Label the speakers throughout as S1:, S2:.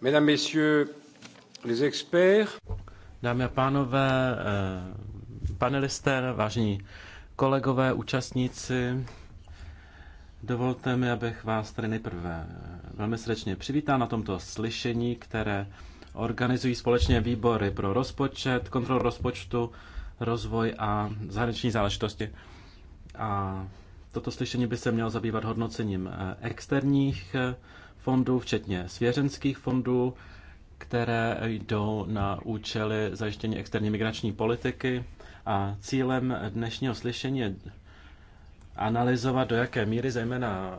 S1: Mesdames, Messieurs, les experts. Dámy a pánové, eh, panelisté, vážení kolegové, účastníci, dovolte mi, abych vás tady nejprve velmi srdečně přivítal na tomto slyšení, které organizují společně výbory pro rozpočet, kontrolu rozpočtu, rozvoj a zahraniční záležitosti. A Toto slyšení by se mělo zabývat hodnocením eh, externích eh, fondů, včetně svěřenských fondů, které jdou na účely zajištění externí migrační politiky. A cílem dnešního slyšení je analyzovat, do jaké míry zejména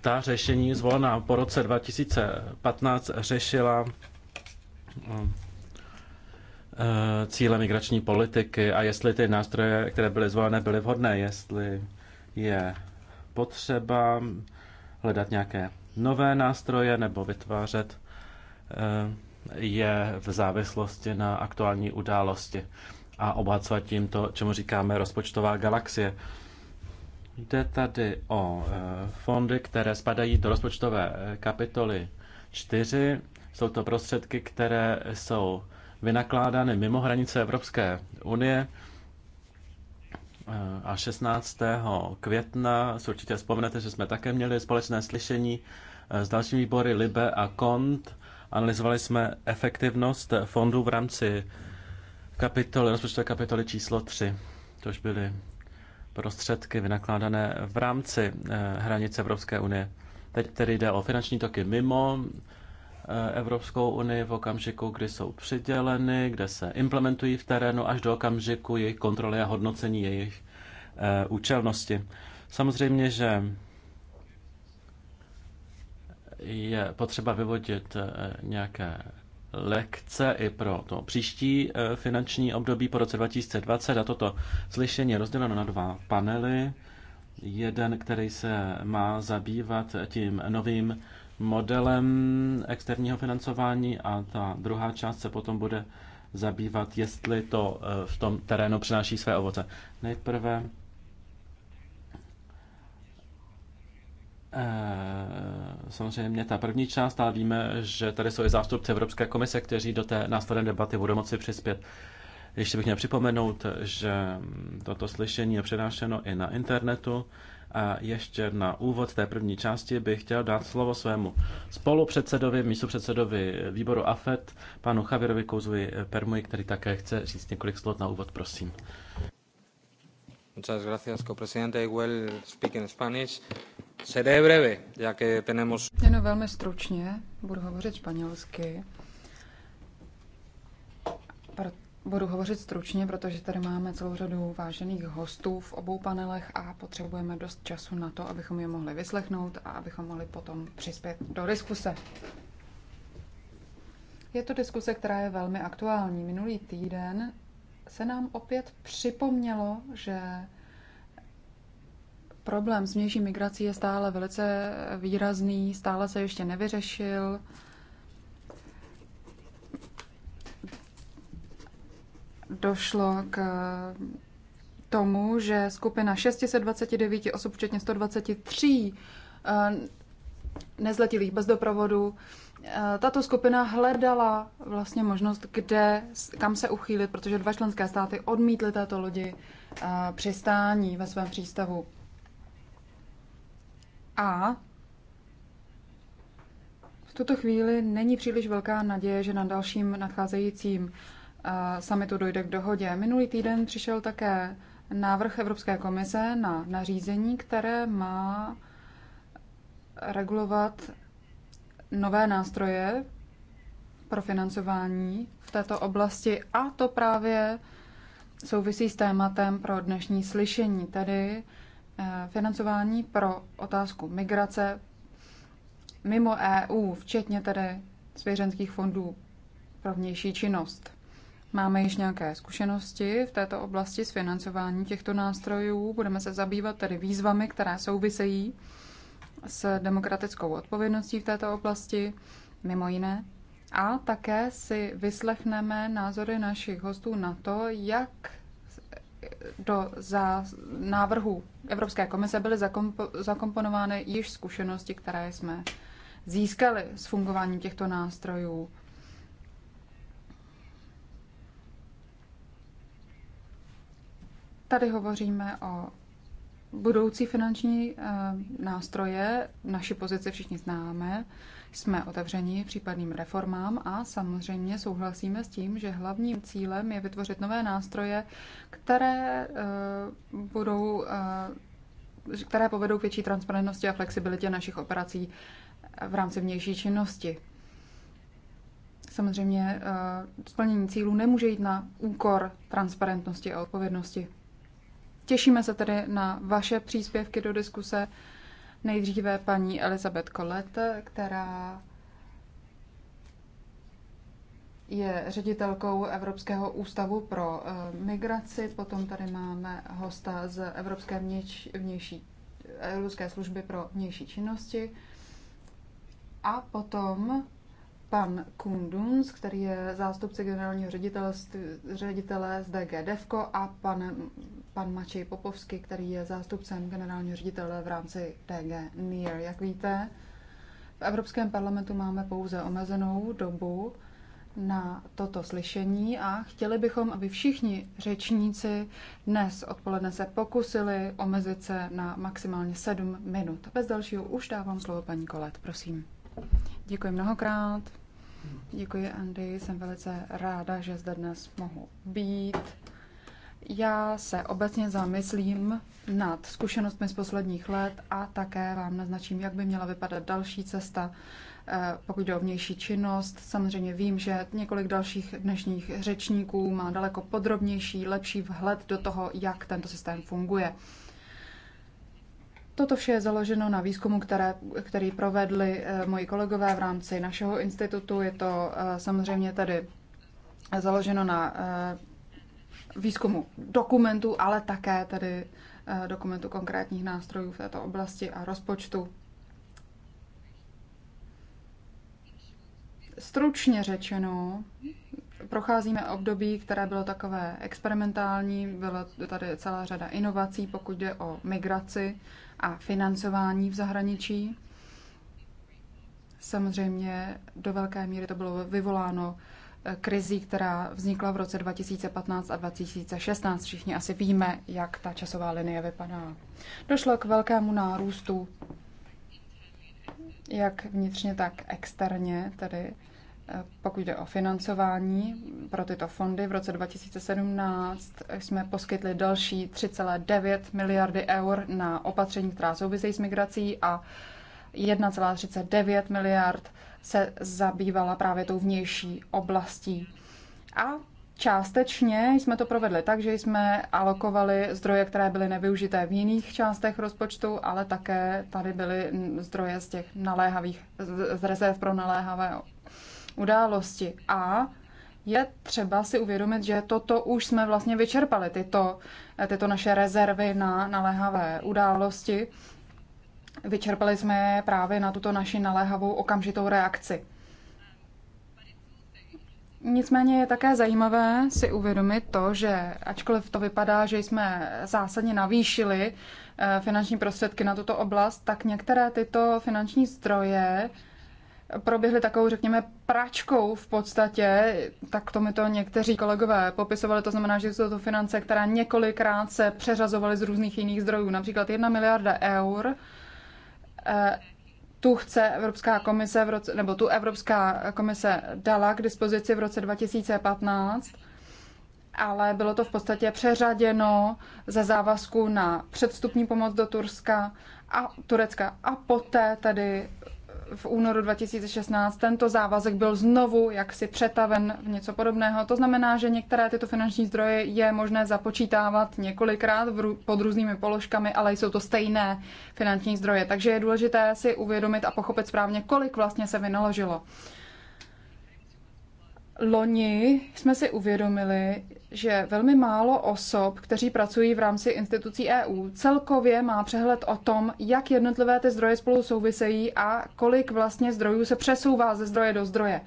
S1: ta řešení zvolená po roce 2015 řešila eh, cíle migrační politiky a jestli ty nástroje, které byly zvolené, byly vhodné, jestli je potřeba hledat nějaké nové nástroje nebo vytvářet eh, je v závislosti na aktuální události a obhacovat tím to, čemu říkáme rozpočtová galaxie. Jde tady o eh, fondy, které spadají do rozpočtové eh, kapitoly 4. Jsou to prostředky, které jsou vynakládány mimo hranice Evropské unie a 16. května, si určitě vzpomenete, že jsme také měli společné slyšení eh, s dalšími výbory Libe a Kont. Analyzovali jsme efektivnost fondů v rámci kapitoly, rozpočtové kapitoly číslo 3, což byly prostředky vynakládané v rámci eh, hranice Evropské unie. Teď tedy jde o finanční toky mimo Eh, Evropskou unii v okamžiku, kdy jsou přiděleny, kde se implementují v terénu, až do okamžiku jejich kontroly a hodnocení jejich eh, účelnosti. Samozřejmě, že je potřeba vyvodit eh, nějaké lekce i pro to příští finanční období po roce 2020 a toto slyšení je rozděleno na dva panely. Jeden, který se má zabývat tím novým modelem externího financování a ta druhá část se potom bude zabývat, jestli to eh, v tom terénu přináší své ovoce. Nejprve eh, samozřejmě ta první část, ale víme, že tady jsou i zástupci Evropské komise, kteří do té následné debaty budou moci přispět. Ještě bych měl připomenout, že toto slyšení je přenášeno i na internetu, a ještě na úvod té první části bych chtěl dát slovo svému spolupředsedovi, místopředsedovi výboru AFET, panu Chavirovi Kouzovi Permuji, který také chce říct několik slov na úvod, prosím.
S2: Muchas gracias, copresidente. I will speak in Spanish.
S1: Seré breve, ya que tenemos...
S3: Jen velmi stručně, budu hovořit španělsky, Budu hovořit stručně, protože tady máme celou řadu vážených hostů v obou panelech a potřebujeme dost času na to, abychom je mohli vyslechnout a abychom mohli potom přispět do diskuse. Je to diskuse, která je velmi aktuální. Minulý týden se nám opět připomnělo, že problém s vnější migrací je stále velice výrazný, stále se ještě nevyřešil. došlo k eh, tomu, že skupina 629 osob, včetně 123 eh, nezletilých bez doprovodu, eh, tato skupina hledala vlastně možnost, kde, kam se uchýlit, protože dva členské státy odmítly této lodi přistání ve svém přístavu. A v tuto chvíli není příliš velká naděje, že na dalším nadcházejícím summitu dojde k dohodě. Minulý týden přišel také návrh Evropské komise na nařízení, které má regulovat nové nástroje pro financování v této oblasti a to právě souvisí s tématem pro dnešní slyšení, tedy eh, financování pro otázku migrace mimo EU, včetně tedy svěřenských fondů pro vnější činnost. Máme již nějaké zkušenosti v této oblasti s financováním těchto nástrojů. Budeme se zabývat tedy výzvami, které souvisejí s demokratickou odpovědností v této oblasti, mimo jiné. A také si vyslechneme názory našich hostů na to, jak do za návrhu Evropské komise byly zakompo, zakomponovány již zkušenosti, které jsme získali s fungováním těchto nástrojů Tady hovoříme o budoucí finanční eh, nástroje. Naši pozici všichni známe. Jsme otevřeni případným reformám a samozřejmě souhlasíme s tím, že hlavním cílem je vytvořit nové nástroje, které eh, budou eh, které povedou k větší transparentnosti a flexibilitě našich operací v rámci vnější činnosti. Samozřejmě splnění cílů nemůže jít na úkor transparentnosti a odpovědnosti. Těšíme se tedy na vaše příspěvky do diskuse. Nejdříve paní Elizabeth Kolet, která je ředitelkou Evropského ústavu pro eh, migraci. Potom tady máme hosta z Evropské vnitř, vnější, Evropské služby pro vnější činnosti. A potom pan Kunduns, který je zástupce generálního ředitele z DG Devko a pan pan Mačej Popovský, který je zástupcem generálního ředitele v rámci DG NIR. Jak víte, v Evropském parlamentu máme pouze omezenou dobu na toto slyšení a chtěli bychom, aby všichni řečníci dnes odpoledne se pokusili omezit se na maximálně 7 minut. Bez dalšího už dávám slovo paní Kolet, prosím. Děkuji mnohokrát. Děkuji, Andy. Jsem velice ráda, že zde dnes mohu být já se obecně zamyslím nad zkušenostmi z posledních let a také vám naznačím, jak by měla vypadat další cesta, eh, pokud jde o vnější činnost. Samozřejmě vím, že několik dalších dnešních řečníků má daleko podrobnější, lepší vhled do toho, jak tento systém funguje. Toto vše je založeno na výzkumu, které, který provedli eh, moji kolegové v rámci našeho institutu. Je to eh, samozřejmě tady založeno na výzkumu dokumentů, ale také tedy eh, dokumentu konkrétních nástrojů v této oblasti a rozpočtu. Stručně řečeno, procházíme období, které bylo takové experimentální, byla tady celá řada inovací, pokud jde o migraci a financování v zahraničí. Samozřejmě do velké míry to bylo vyvoláno krizí, která vznikla v roce 2015 a 2016. Všichni asi víme, jak ta časová linie vypadá. Došlo k velkému nárůstu, jak vnitřně, tak externě, tedy eh, pokud jde o financování pro tyto fondy, v roce 2017 jsme poskytli další 3,9 miliardy eur na opatření, která souvisejí s migrací a 1,39 miliard se zabývala právě tou vnější oblastí. A Částečně jsme to provedli tak, že jsme alokovali zdroje, které byly nevyužité v jiných částech rozpočtu, ale také tady byly zdroje z těch naléhavých, z rezerv pro naléhavé události. A je třeba si uvědomit, že toto už jsme vlastně vyčerpali, tyto, tyto naše rezervy na naléhavé události vyčerpali jsme právě na tuto naši naléhavou okamžitou reakci. Nicméně je také zajímavé si uvědomit to, že ačkoliv to vypadá, že jsme zásadně navýšili eh, finanční prostředky na tuto oblast, tak některé tyto finanční zdroje proběhly takovou, řekněme, pračkou v podstatě, tak to mi to někteří kolegové popisovali, to znamená, že jsou to finance, která několikrát se přeřazovaly z různých jiných zdrojů, například jedna miliarda eur, tu chce Evropská komise, v roce, nebo tu Evropská komise dala k dispozici v roce 2015, ale bylo to v podstatě přeřaděno ze závazku na předstupní pomoc do Turska a Turecka a poté tady v únoru 2016 tento závazek byl znovu jaksi přetaven v něco podobného. To znamená, že některé tyto finanční zdroje je možné započítávat několikrát pod různými položkami, ale jsou to stejné finanční zdroje. Takže je důležité si uvědomit a pochopit správně, kolik vlastně se vynaložilo. Loni jsme si uvědomili, že velmi málo osob, kteří pracují v rámci institucí EU, celkově má přehled o tom, jak jednotlivé ty zdroje spolu souvisejí a kolik vlastně zdrojů se přesouvá ze zdroje do zdroje.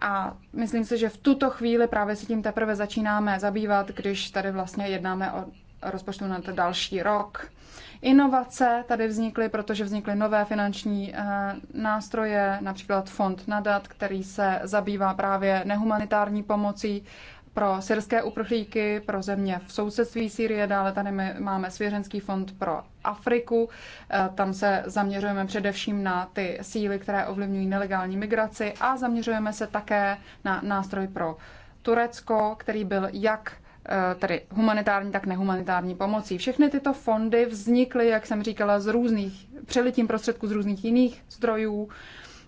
S3: A myslím si, že v tuto chvíli právě se tím teprve začínáme zabývat, když tady vlastně jednáme o rozpočtu na ten další rok. Inovace tady vznikly, protože vznikly nové finanční eh, nástroje, například fond Nadat, který se zabývá právě nehumanitární pomocí pro syrské uprchlíky, pro země v sousedství Sýrie, dále tady my máme Svěřenský fond pro Afriku, eh, tam se zaměřujeme především na ty síly, které ovlivňují nelegální migraci a zaměřujeme se také na nástroj pro Turecko, který byl jak Eh, tedy humanitární, tak nehumanitární pomocí. Všechny tyto fondy vznikly, jak jsem říkala, z různých, přelitím prostředků z různých jiných zdrojů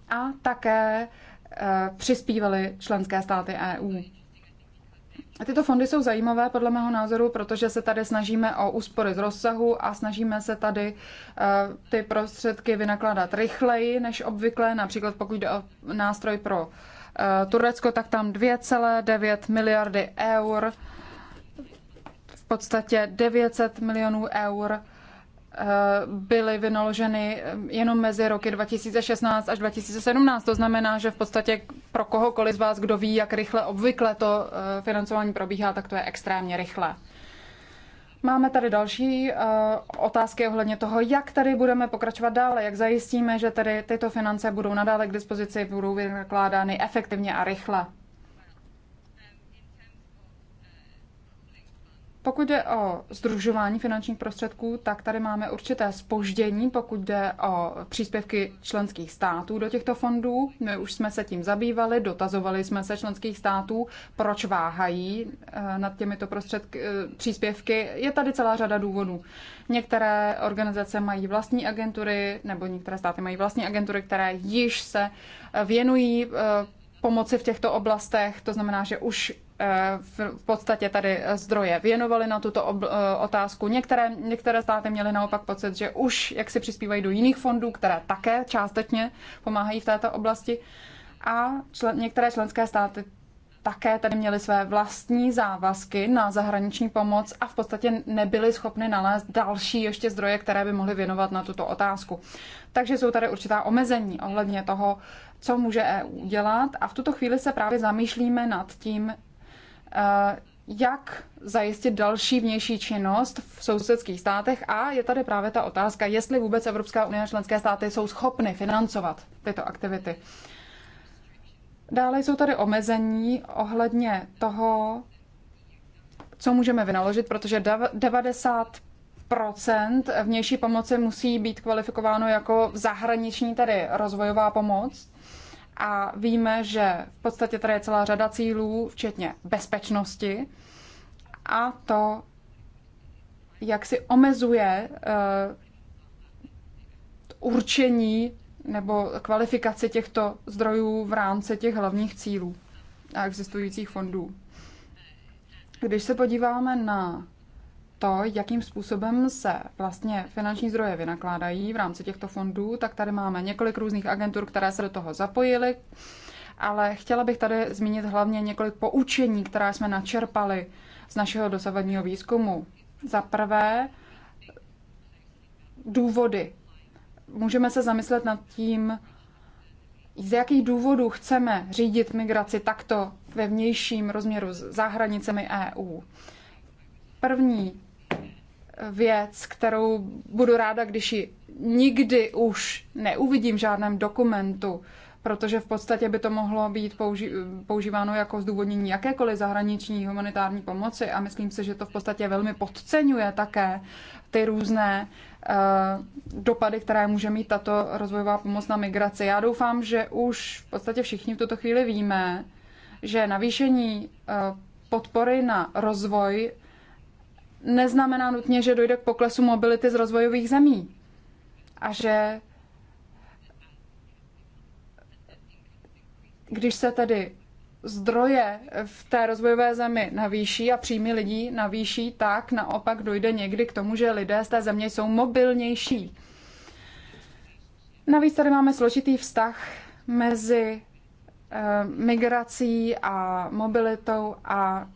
S3: a také eh, přispívaly členské státy EU. A tyto fondy jsou zajímavé podle mého názoru, protože se tady snažíme o úspory z rozsahu a snažíme se tady uh, ty prostředky vynakládat rychleji než obvykle. Například pokud jde o nástroj pro uh, Turecko, tak tam 2,9 miliardy eur uh, podstatě 900 milionů eur eh, byly vynaloženy eh, jenom mezi roky 2016 až 2017. To znamená, že v podstatě pro kohokoliv z vás, kdo ví, jak rychle obvykle to eh, financování probíhá, tak to je extrémně rychlé. Máme tady další otázky ohledně toho, jak tady budeme pokračovat dále, jak zajistíme, že tady tyto finance budou nadále k dispozici, budou vynakládány efektivně a rychle. Pokud jde o združování finančních prostředků, tak tady máme určité spoždění, pokud jde o příspěvky členských států do těchto fondů. My už jsme se tím zabývali, dotazovali jsme se členských států, proč váhají eh, nad těmito prostředky, eh, příspěvky. Je tady celá řada důvodů. Některé organizace mají vlastní agentury, nebo některé státy mají vlastní agentury, které již se eh, věnují pomoci v těchto oblastech, to znamená, že už v podstatě tady zdroje věnovaly na tuto eh, otázku. Některé, některé státy měly naopak pocit, že už jak si přispívají do jiných fondů, které také částečně pomáhají v této oblasti. A člen, některé členské státy také tady měly své vlastní závazky na zahraniční pomoc a v podstatě nebyly schopny nalézt další ještě zdroje, které by mohly věnovat na tuto otázku. Takže jsou tady určitá omezení ohledně toho, co může EU dělat a v tuto chvíli se právě zamýšlíme nad tím, Eh, jak zajistit další vnější činnost v sousedských státech a je tady právě ta otázka, jestli vůbec Evropská unie a členské státy jsou schopny financovat tyto aktivity. Dále jsou tady omezení ohledně toho, co můžeme vynaložit, protože 90 vnější pomoci musí být kvalifikováno jako zahraniční, tedy rozvojová pomoc a víme, že v podstatě tady je celá řada cílů, včetně bezpečnosti a to, jak si omezuje uh, určení nebo kvalifikaci těchto zdrojů v rámci těch hlavních cílů a existujících fondů. Když se podíváme na to, jakým způsobem se vlastně finanční zdroje vynakládají v rámci těchto fondů, tak tady máme několik různých agentur, které se do toho zapojily, ale chtěla bych tady zmínit hlavně několik poučení, která jsme načerpali z našeho dosavadního výzkumu. Za prvé, důvody. Můžeme se zamyslet nad tím, z jakých důvodů chceme řídit migraci takto ve vnějším rozměru za hranicemi EU. První věc, kterou budu ráda, když ji nikdy už neuvidím v žádném dokumentu, protože v podstatě by to mohlo být použi- používáno jako zdůvodnění jakékoliv zahraniční humanitární pomoci a myslím si, že to v podstatě velmi podceňuje také ty různé uh, dopady, které může mít tato rozvojová pomoc na migraci. Já doufám, že už v podstatě všichni v tuto chvíli víme, že navýšení uh, podpory na rozvoj neznamená nutně, že dojde k poklesu mobility z rozvojových zemí a že když se tedy zdroje v té rozvojové zemi navýší a příjmy lidí navýší, tak naopak dojde někdy k tomu, že lidé z té země jsou mobilnější. Navíc tady máme složitý vztah mezi eh, migrací a mobilitou a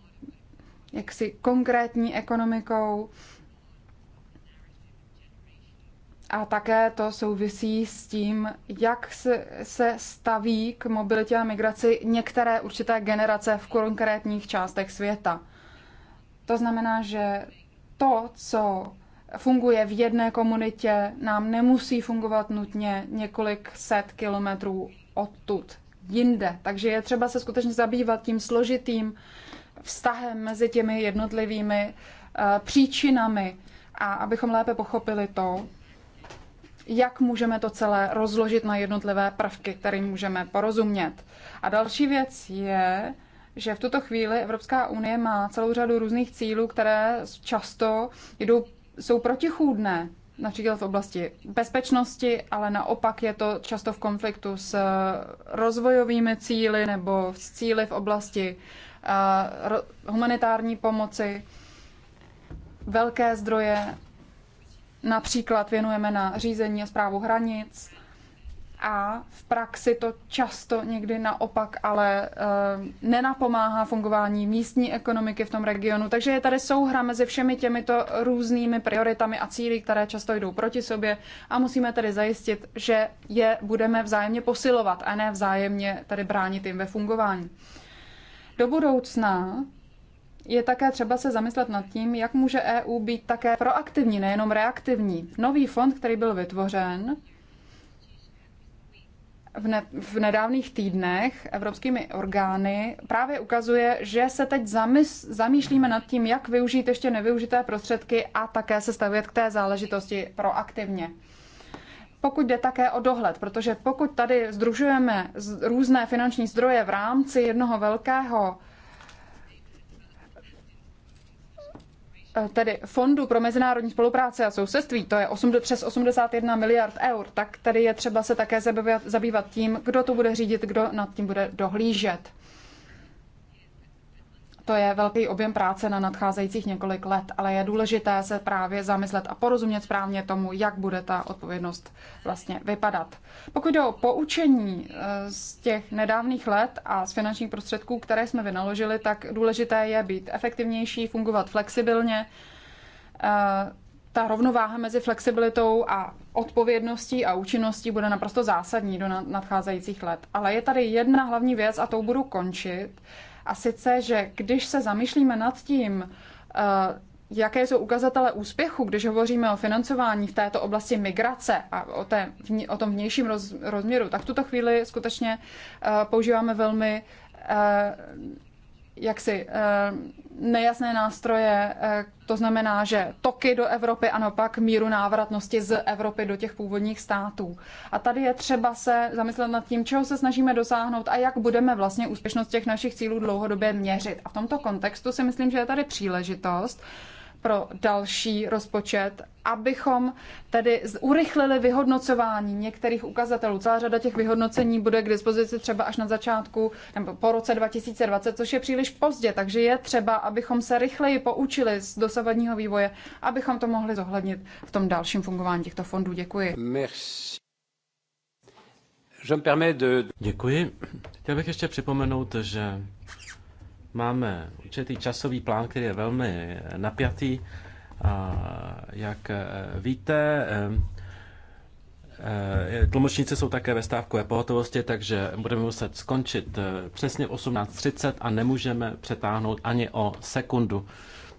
S3: jaksi konkrétní ekonomikou. A také to souvisí s tím, jak se, staví k mobilitě a migraci některé určité generace v konkrétních částech světa. To znamená, že to, co funguje v jedné komunitě, nám nemusí fungovat nutně několik set kilometrů odtud, jinde. Takže je třeba se skutečně zabývat tím složitým vztahem mezi těmi jednotlivými eh, příčinami a abychom lépe pochopili to, jak můžeme to celé rozložit na jednotlivé prvky, kterým můžeme porozumět. A další věc je, že v tuto chvíli Evropská unie má celou řadu různých cílů, které často jdou, jsou protichůdné, například v oblasti bezpečnosti, ale naopak je to často v konfliktu s rozvojovými cíly nebo s cíly v oblasti Eh, humanitární pomoci, velké zdroje například věnujeme na řízení a zprávu hranic a v praxi to často někdy naopak ale e, nenapomáhá fungování místní ekonomiky v tom regionu. Takže je tady souhra mezi všemi těmito různými prioritami a cíly, které často jdou proti sobě a musíme tedy zajistit, že je budeme vzájemně posilovat a ne vzájemně tady bránit jim ve fungování. Do budoucna je také třeba se zamyslet nad tím, jak může EU být také proaktivní, nejenom reaktivní. Nový fond, který byl vytvořen v, ne- v nedávných týdnech evropskými orgány, právě ukazuje, že se teď zamys- zamýšlíme nad tím, jak využít ještě nevyužité prostředky a také se stavět k té záležitosti proaktivně pokud jde také o dohled, protože pokud tady združujeme různé finanční zdroje v rámci jednoho velkého eh, tedy Fondu pro mezinárodní spolupráci a sousedství, to je 8, přes 81 miliard eur, tak tady je třeba se také zabývat tím, kdo to bude řídit, kdo nad tím bude dohlížet. To je velký objem práce na nadcházejících několik let, ale je důležité se právě zamyslet a porozumět správně tomu, jak bude ta odpovědnost vlastně vypadat. Pokud jde o poučení eh, z těch nedávných let a z finančních prostředků, které jsme vynaložili, tak důležité je být efektivnější, fungovat flexibilně. Eh, ta rovnováha mezi flexibilitou a odpovědností a účinností bude naprosto zásadní do nadcházejících let. Ale je tady jedna hlavní věc a tou budu končit a sice, že když se zamýšlíme nad tím, eh, jaké jsou ukazatele úspěchu, když hovoříme o financování v této oblasti migrace a o, té, o tom vnějším roz, rozměru, tak v tuto chvíli skutečně eh, používáme velmi eh, jaksi eh, nejasné nástroje, eh, to znamená, že toky do Evropy a naopak míru návratnosti z Evropy do těch původních států. A tady je třeba se zamyslet nad tím, čeho se snažíme dosáhnout a jak budeme vlastně úspěšnost těch našich cílů dlouhodobě měřit. A v tomto kontextu si myslím, že je tady příležitost pro další rozpočet, abychom tedy urychlili vyhodnocování některých ukazatelů. Celá řada těch vyhodnocení bude k dispozici třeba až na začátku nebo po roce 2020, což je příliš pozdě, takže je třeba, abychom se rychleji poučili z dosavadního vývoje, abychom to mohli zohlednit v tom dalším fungování těchto fondů. Děkuji. Merci.
S1: Je me de... Děkuji. Chtěl bych ještě připomenout, že Máme určitý časový plán, který je velmi eh, napjatý. A jak eh, víte, eh, Tlumočníci jsou také ve stávkové pohotovosti, takže budeme muset skončit přesně v 18.30 a nemůžeme přetáhnout ani o sekundu.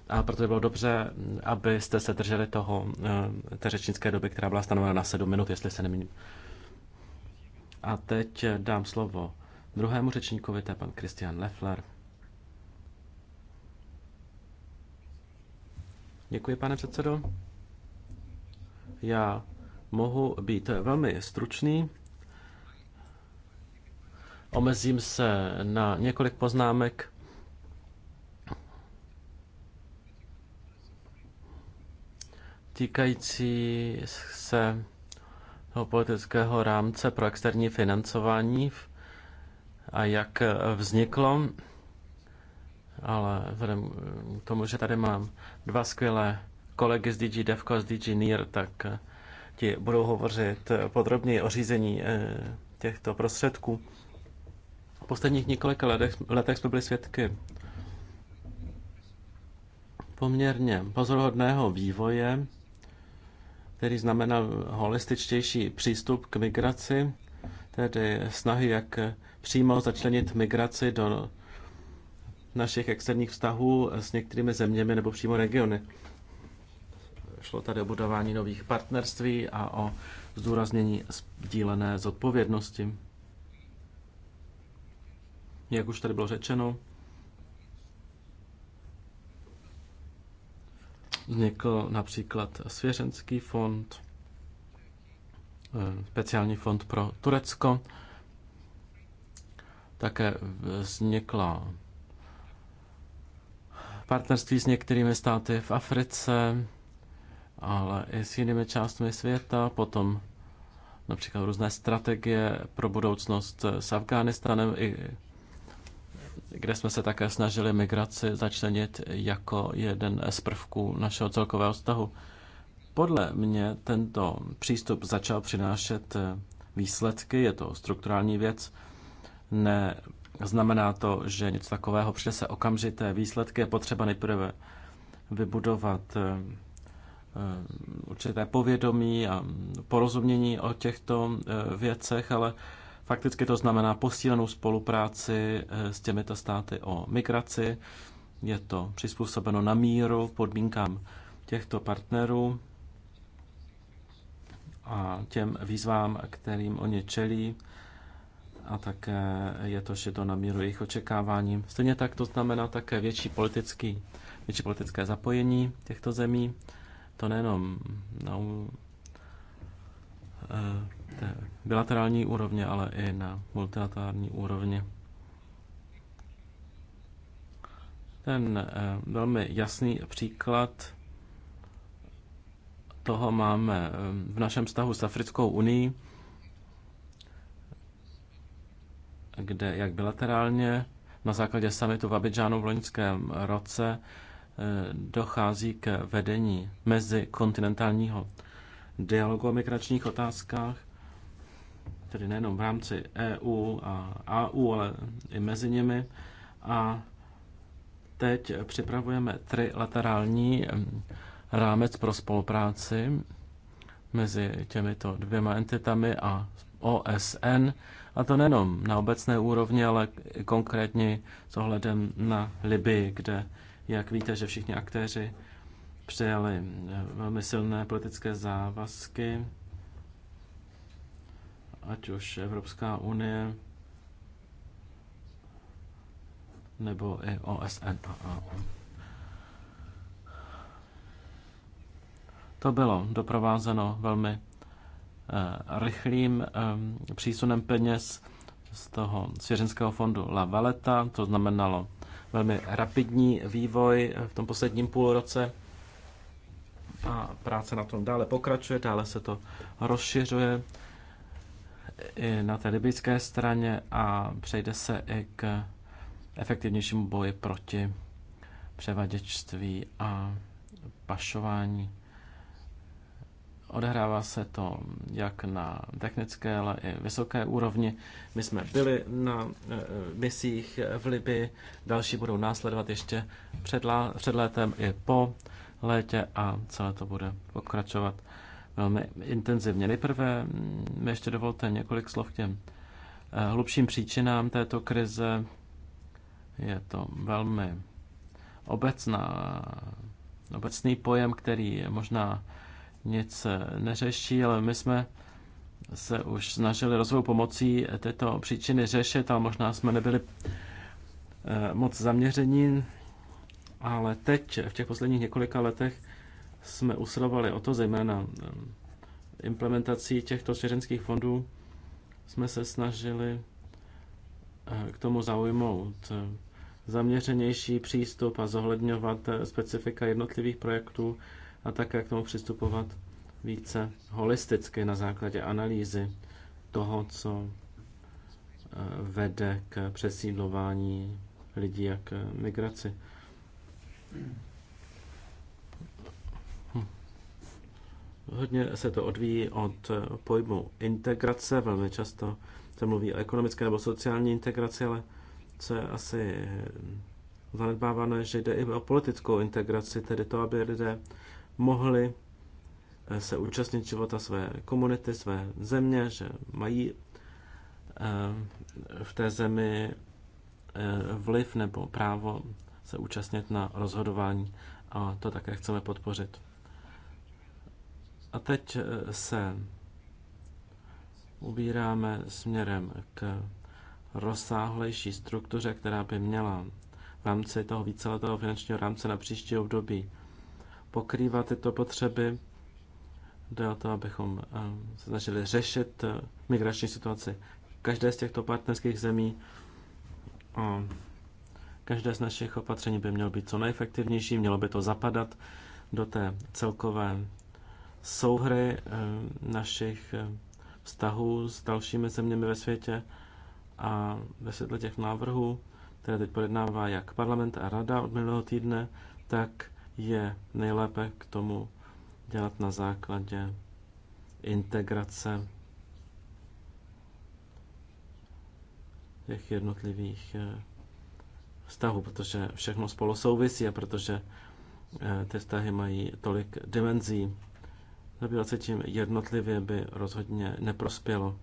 S1: A proto by bylo dobře, mm, abyste se drželi toho, té řečnické doby, která byla stanovena na 7 minut, jestli se nemýlím. A teď dám slovo druhému řečníkovi, to je pan Christian Leffler. Děkuji, pane předsedo. Já mohu být velmi stručný. Omezím se na několik poznámek. týkající se toho politického rámce pro externí financování a jak vzniklo ale vzhledem k tomu, že tady mám dva skvělé kolegy z DG Devco a z DG NIR, tak eh, ti budou hovořit eh, podrobněji o řízení eh, těchto prostředků. V posledních několika letech, letech jsme byli svědky poměrně pozoruhodného vývoje, který znamená holističtější přístup k migraci, tedy snahy, jak přímo začlenit migraci do našich externích vztahů s některými zeměmi nebo přímo regiony. Šlo tady o budování nových partnerství a o zdůraznění sdílené zodpovědnosti. Jak už tady bylo řečeno, vznikl například svěřenský fond, eh, speciální fond pro Turecko, také vznikla partnerství s některými státy v Africe, ale i s jinými částmi světa, potom například různé strategie pro budoucnost s Afghánistánem, kde jsme se také snažili migraci začlenit jako jeden z prvků našeho celkového vztahu. Podle mě tento přístup začal přinášet výsledky, je to strukturální věc, ne Znamená to, že něco takového přinese okamžité výsledky. Je potřeba nejprve vybudovat eh, eh, určité povědomí a porozumění o těchto eh, věcech, ale fakticky to znamená posílenou spolupráci s těmito státy o migraci. Je to přizpůsobeno na míru podmínkám těchto partnerů a těm výzvám, kterým oni čelí a také je to to na míru jejich očekáváním. Stejně tak to znamená také větší, politický, větší politické zapojení těchto zemí. To nejenom na eh, té bilaterální úrovně, ale i na multilaterální úrovni. Ten eh, velmi jasný příklad toho máme eh, v našem vztahu s Africkou unii. kde jak bilaterálně na základě samitu v Abidžánu v loňském roce eh, dochází k vedení mezi kontinentálního dialogu o migračních otázkách, tedy nejenom v rámci EU a AU, ale i mezi nimi. A teď připravujeme trilaterální eh, rámec pro spolupráci mezi těmito dvěma entitami a OSN a to nejenom na obecné úrovni, ale konkrétně s ohledem na Libii, kde, jak víte, že všichni aktéři přijali eh, velmi silné politické závazky, ať už Evropská unie nebo i OSN. To bylo doprovázeno velmi Eh, rychlým eh, přísunem peněz z toho svěřenského fondu La Valeta. To znamenalo velmi rapidní vývoj eh, v tom posledním půlroce a práce na tom dále pokračuje, dále se to rozšiřuje i na té libyjské straně a přejde se i k efektivnějšímu boji proti převaděčství a pašování Odehrává se to jak na technické, ale i vysoké úrovni. My jsme byli na e, e, misích v Libii, další budou následovat ještě před, lá, před létem i po létě a celé to bude pokračovat velmi intenzivně. Nejprve mi mm, ještě dovolte několik slov k těm e, hlubším příčinám této krize. Je to velmi obecná, obecný pojem, který možná nic eh, neřeší, ale my jsme se už snažili rozvoj pomocí eh, této příčiny řešit, ale možná jsme nebyli eh, moc zaměření. Ale teď, v těch posledních několika letech, jsme usilovali o to, zejména implementací těchto svěřenských fondů, jsme se snažili k tomu zaujmout zaměřenější přístup a zohledňovat specifika jednotlivých projektů a také k tomu přistupovat více holisticky na základě analýzy toho, co eh, vede k přesídlování lidí a k eh, migraci. Hm. Hodně se to odvíjí od eh, pojmu integrace. Velmi často se mluví o ekonomické nebo sociální integraci, ale co je asi hm, zanedbáváno, že jde i o politickou integraci, tedy to, aby lidé mohli eh, se účastnit života své komunity, své země, že mají eh, v té zemi eh, vliv nebo právo se účastnit na rozhodování a to také chceme podpořit. A teď se ubíráme směrem k rozsáhlejší struktuře, která by měla v rámci toho víceletého finančního rámce na příští období pokrývá tyto potřeby. Jde o to, abychom eh, se snažili řešit eh, migrační situaci každé z těchto partnerských zemí. Každé z našich opatření by mělo být co nejefektivnější, mělo by to zapadat do té celkové souhry eh, našich vztahů s dalšími zeměmi ve světě a ve světle těch návrhů, které teď projednává jak parlament a rada od minulého týdne, tak je nejlépe k tomu dělat na základě integrace těch jednotlivých eh, vztahů, protože všechno spolu souvisí a protože eh, ty vztahy mají tolik dimenzí. Zabývat se tím jednotlivě by rozhodně neprospělo.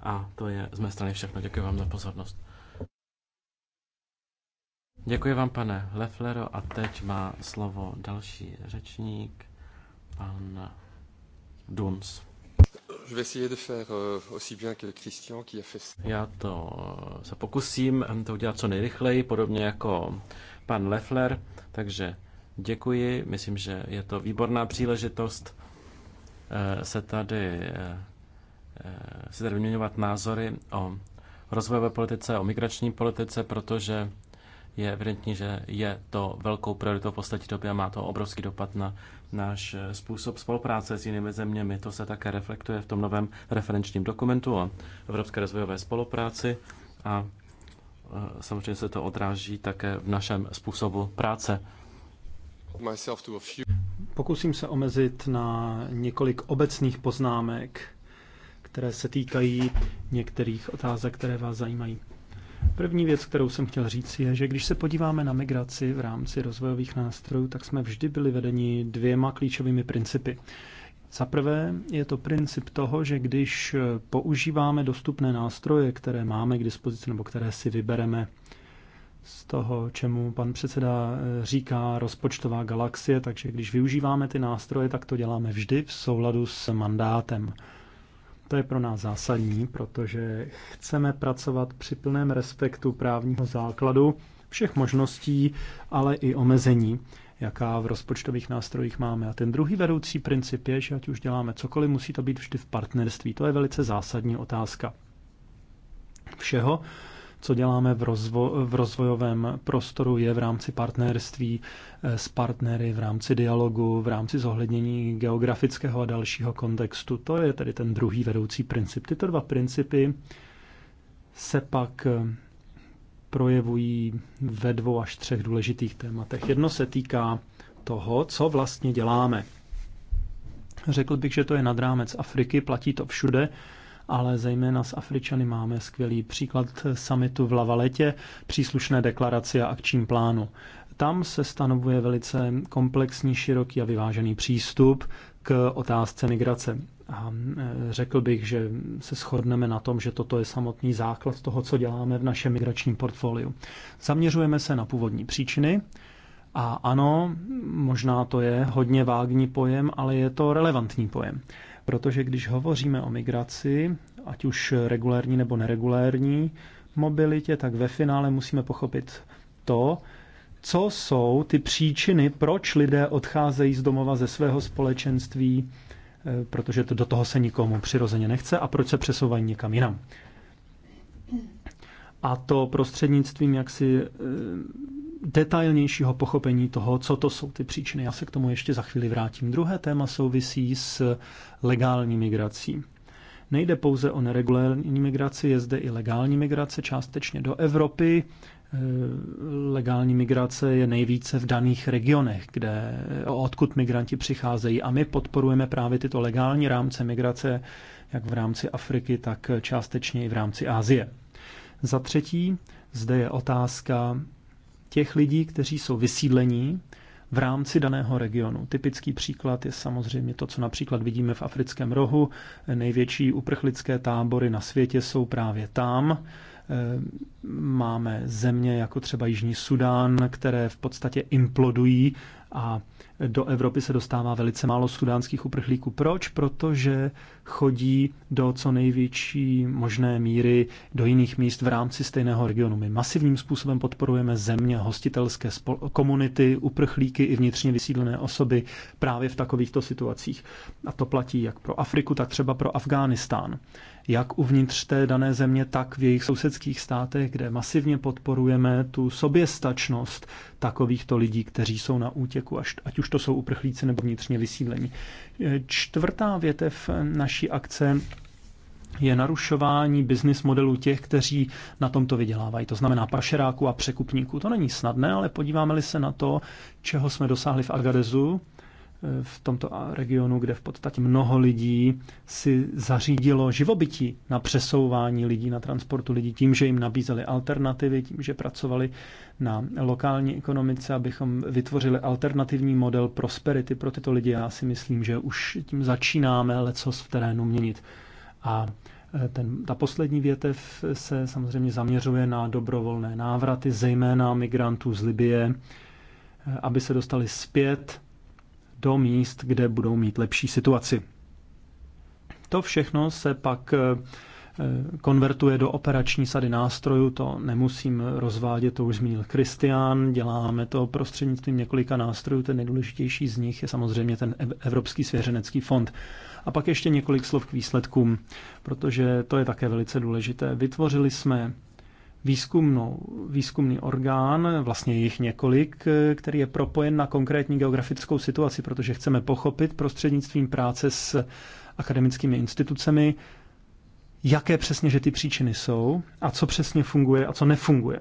S1: A to je z mé strany všechno. Děkuji vám za pozornost. Děkuji vám, pane Leflero, a teď má slovo další řečník, pan Duns.
S3: Euh,
S1: Já to eh, se pokusím eh, to udělat co nejrychleji, podobně jako pan Leffler, takže děkuji. Myslím, že je to výborná příležitost eh, se tady, se tady vyměňovat názory o rozvojové politice, o migrační politice, protože je evidentní, že je to velkou prioritou v poslední době a má to obrovský dopad na náš eh, způsob spolupráce s jinými zeměmi. To se také reflektuje v tom novém referenčním dokumentu o Evropské rozvojové spolupráci a eh, samozřejmě se to odráží také v našem způsobu práce.
S2: Pokusím se omezit na několik obecných poznámek, které se týkají některých otázek, které vás zajímají. První věc, kterou jsem chtěl říct, je, že když se podíváme na migraci v rámci rozvojových nástrojů, tak jsme vždy byli vedeni dvěma klíčovými principy. Za prvé je to princip toho, že když používáme dostupné nástroje, které máme k dispozici nebo které si vybereme z toho, čemu pan předseda eh, říká rozpočtová galaxie, takže když využíváme ty nástroje, tak to děláme vždy v souladu s mandátem to je pro nás zásadní, protože chceme pracovat při plném respektu právního základu, všech možností, ale i omezení, jaká v rozpočtových nástrojích máme. A ten druhý vedoucí princip je, že ať už děláme cokoliv, musí to být vždy v partnerství. To je velice zásadní otázka všeho, co děláme v, rozvo- v rozvojovém prostoru, je v rámci partnerství eh, s partnery, v rámci dialogu, v rámci zohlednění geografického a dalšího kontextu. To je tedy ten druhý vedoucí princip. Tyto dva principy se pak eh, projevují ve dvou až třech důležitých tématech. Jedno se týká toho, co vlastně děláme. Řekl bych, že to je nad rámec Afriky, platí to všude ale zejména s Afričany máme skvělý příklad samitu v Lavaletě, příslušné deklaraci a akčním plánu. Tam se stanovuje velice komplexní, široký a vyvážený přístup k otázce migrace. A e, řekl bych, že se shodneme na tom, že toto je samotný základ toho, co děláme v našem migračním portfoliu. Zaměřujeme se na původní příčiny, a ano, možná to je hodně vágní pojem, ale je to relevantní pojem. Protože když hovoříme o migraci, ať už regulérní nebo neregulérní mobilitě, tak ve finále musíme pochopit to, co jsou ty příčiny, proč lidé odcházejí z domova ze svého společenství, eh, protože to do toho se nikomu přirozeně nechce a proč se přesouvají někam jinam. A to prostřednictvím jaksi eh, detailnějšího pochopení toho, co to jsou ty příčiny. Já se k tomu ještě za chvíli vrátím. Druhé téma souvisí s legální migrací. Nejde pouze o neregulární migraci, je zde i legální migrace částečně do Evropy. E, legální migrace je nejvíce v daných regionech, kde, odkud migranti přicházejí. A my podporujeme právě tyto legální rámce migrace, jak v rámci Afriky, tak částečně i v rámci Asie. Za třetí, zde je otázka těch lidí, kteří jsou vysídlení v rámci daného regionu. Typický příklad je samozřejmě to, co například vidíme v africkém rohu. Největší uprchlické tábory na světě jsou právě tam. Ehm, máme země jako třeba Jižní Sudán, které v podstatě implodují a do Evropy se dostává velice málo sudánských uprchlíků. Proč? Protože chodí do co největší možné míry do jiných míst v rámci stejného regionu. My masivním způsobem podporujeme země, hostitelské komunity, uprchlíky i vnitřně vysídlené osoby právě v takovýchto situacích. A to platí jak pro Afriku, tak třeba pro Afghánistán jak uvnitř té dané země, tak v jejich sousedských státech, kde masivně podporujeme tu soběstačnost takovýchto lidí, kteří jsou na útěku, ať už to jsou uprchlíci nebo vnitřně vysídlení. Eh, čtvrtá větev naší akce je narušování business modelu těch, kteří na tomto vydělávají, to znamená pašeráku a překupníků. To není snadné, ale podíváme-li se na to, čeho jsme dosáhli v Agadezu, v tomto regionu, kde v podstatě mnoho lidí si zařídilo živobytí na přesouvání lidí, na transportu lidí, tím, že jim nabízeli alternativy, tím, že pracovali na lokální ekonomice, abychom vytvořili alternativní model prosperity pro tyto lidi. Já si myslím, že už tím začínáme lecos v terénu měnit. A e, ten, ta poslední větev se samozřejmě zaměřuje na dobrovolné návraty, zejména migrantů z Libie, e, aby se dostali zpět do míst, kde budou mít lepší situaci. To všechno se pak eh, konvertuje do operační sady nástrojů, to nemusím rozvádět, to už zmínil Kristián, děláme to prostřednictvím několika nástrojů, ten nejdůležitější z nich je samozřejmě ten Evropský svěřenecký fond. A pak ještě několik slov k výsledkům, protože to je také velice důležité. Vytvořili jsme výzkumnou, výzkumný orgán, vlastně jich několik, eh, který je propojen na konkrétní geografickou situaci, protože chceme pochopit prostřednictvím práce s akademickými institucemi, jaké přesně že ty příčiny jsou a co přesně funguje a co nefunguje.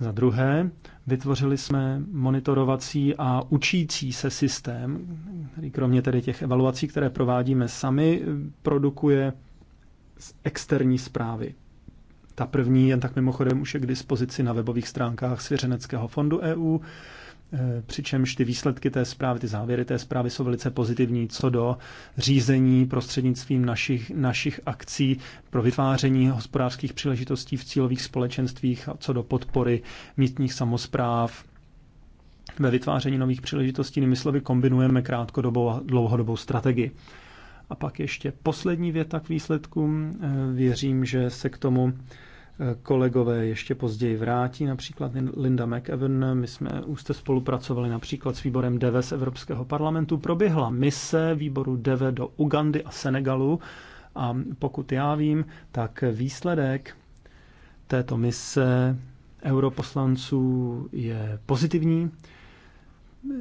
S2: Za druhé, vytvořili jsme monitorovací a učící se systém, který kromě tedy těch evaluací, které provádíme sami, eh, produkuje externí zprávy. Ta první jen tak mimochodem už je k dispozici na webových stránkách Svěřeneckého fondu EU, eh, přičemž ty výsledky té zprávy, ty závěry té zprávy jsou velice pozitivní co do řízení prostřednictvím našich, našich akcí pro vytváření hospodářských příležitostí v cílových společenstvích, a co do podpory místních samozpráv, ve vytváření nových příležitostí, Nyní slovy, kombinujeme krátkodobou a dlouhodobou strategii. A pak ještě poslední věta k výsledkům. Eh, věřím, že se k tomu kolegové ještě později vrátí, například Linda McEwen, my jsme už jste spolupracovali například s výborem DEVE z Evropského parlamentu, proběhla mise výboru DEVE do Ugandy a Senegalu a pokud já vím, tak výsledek této mise europoslanců je pozitivní,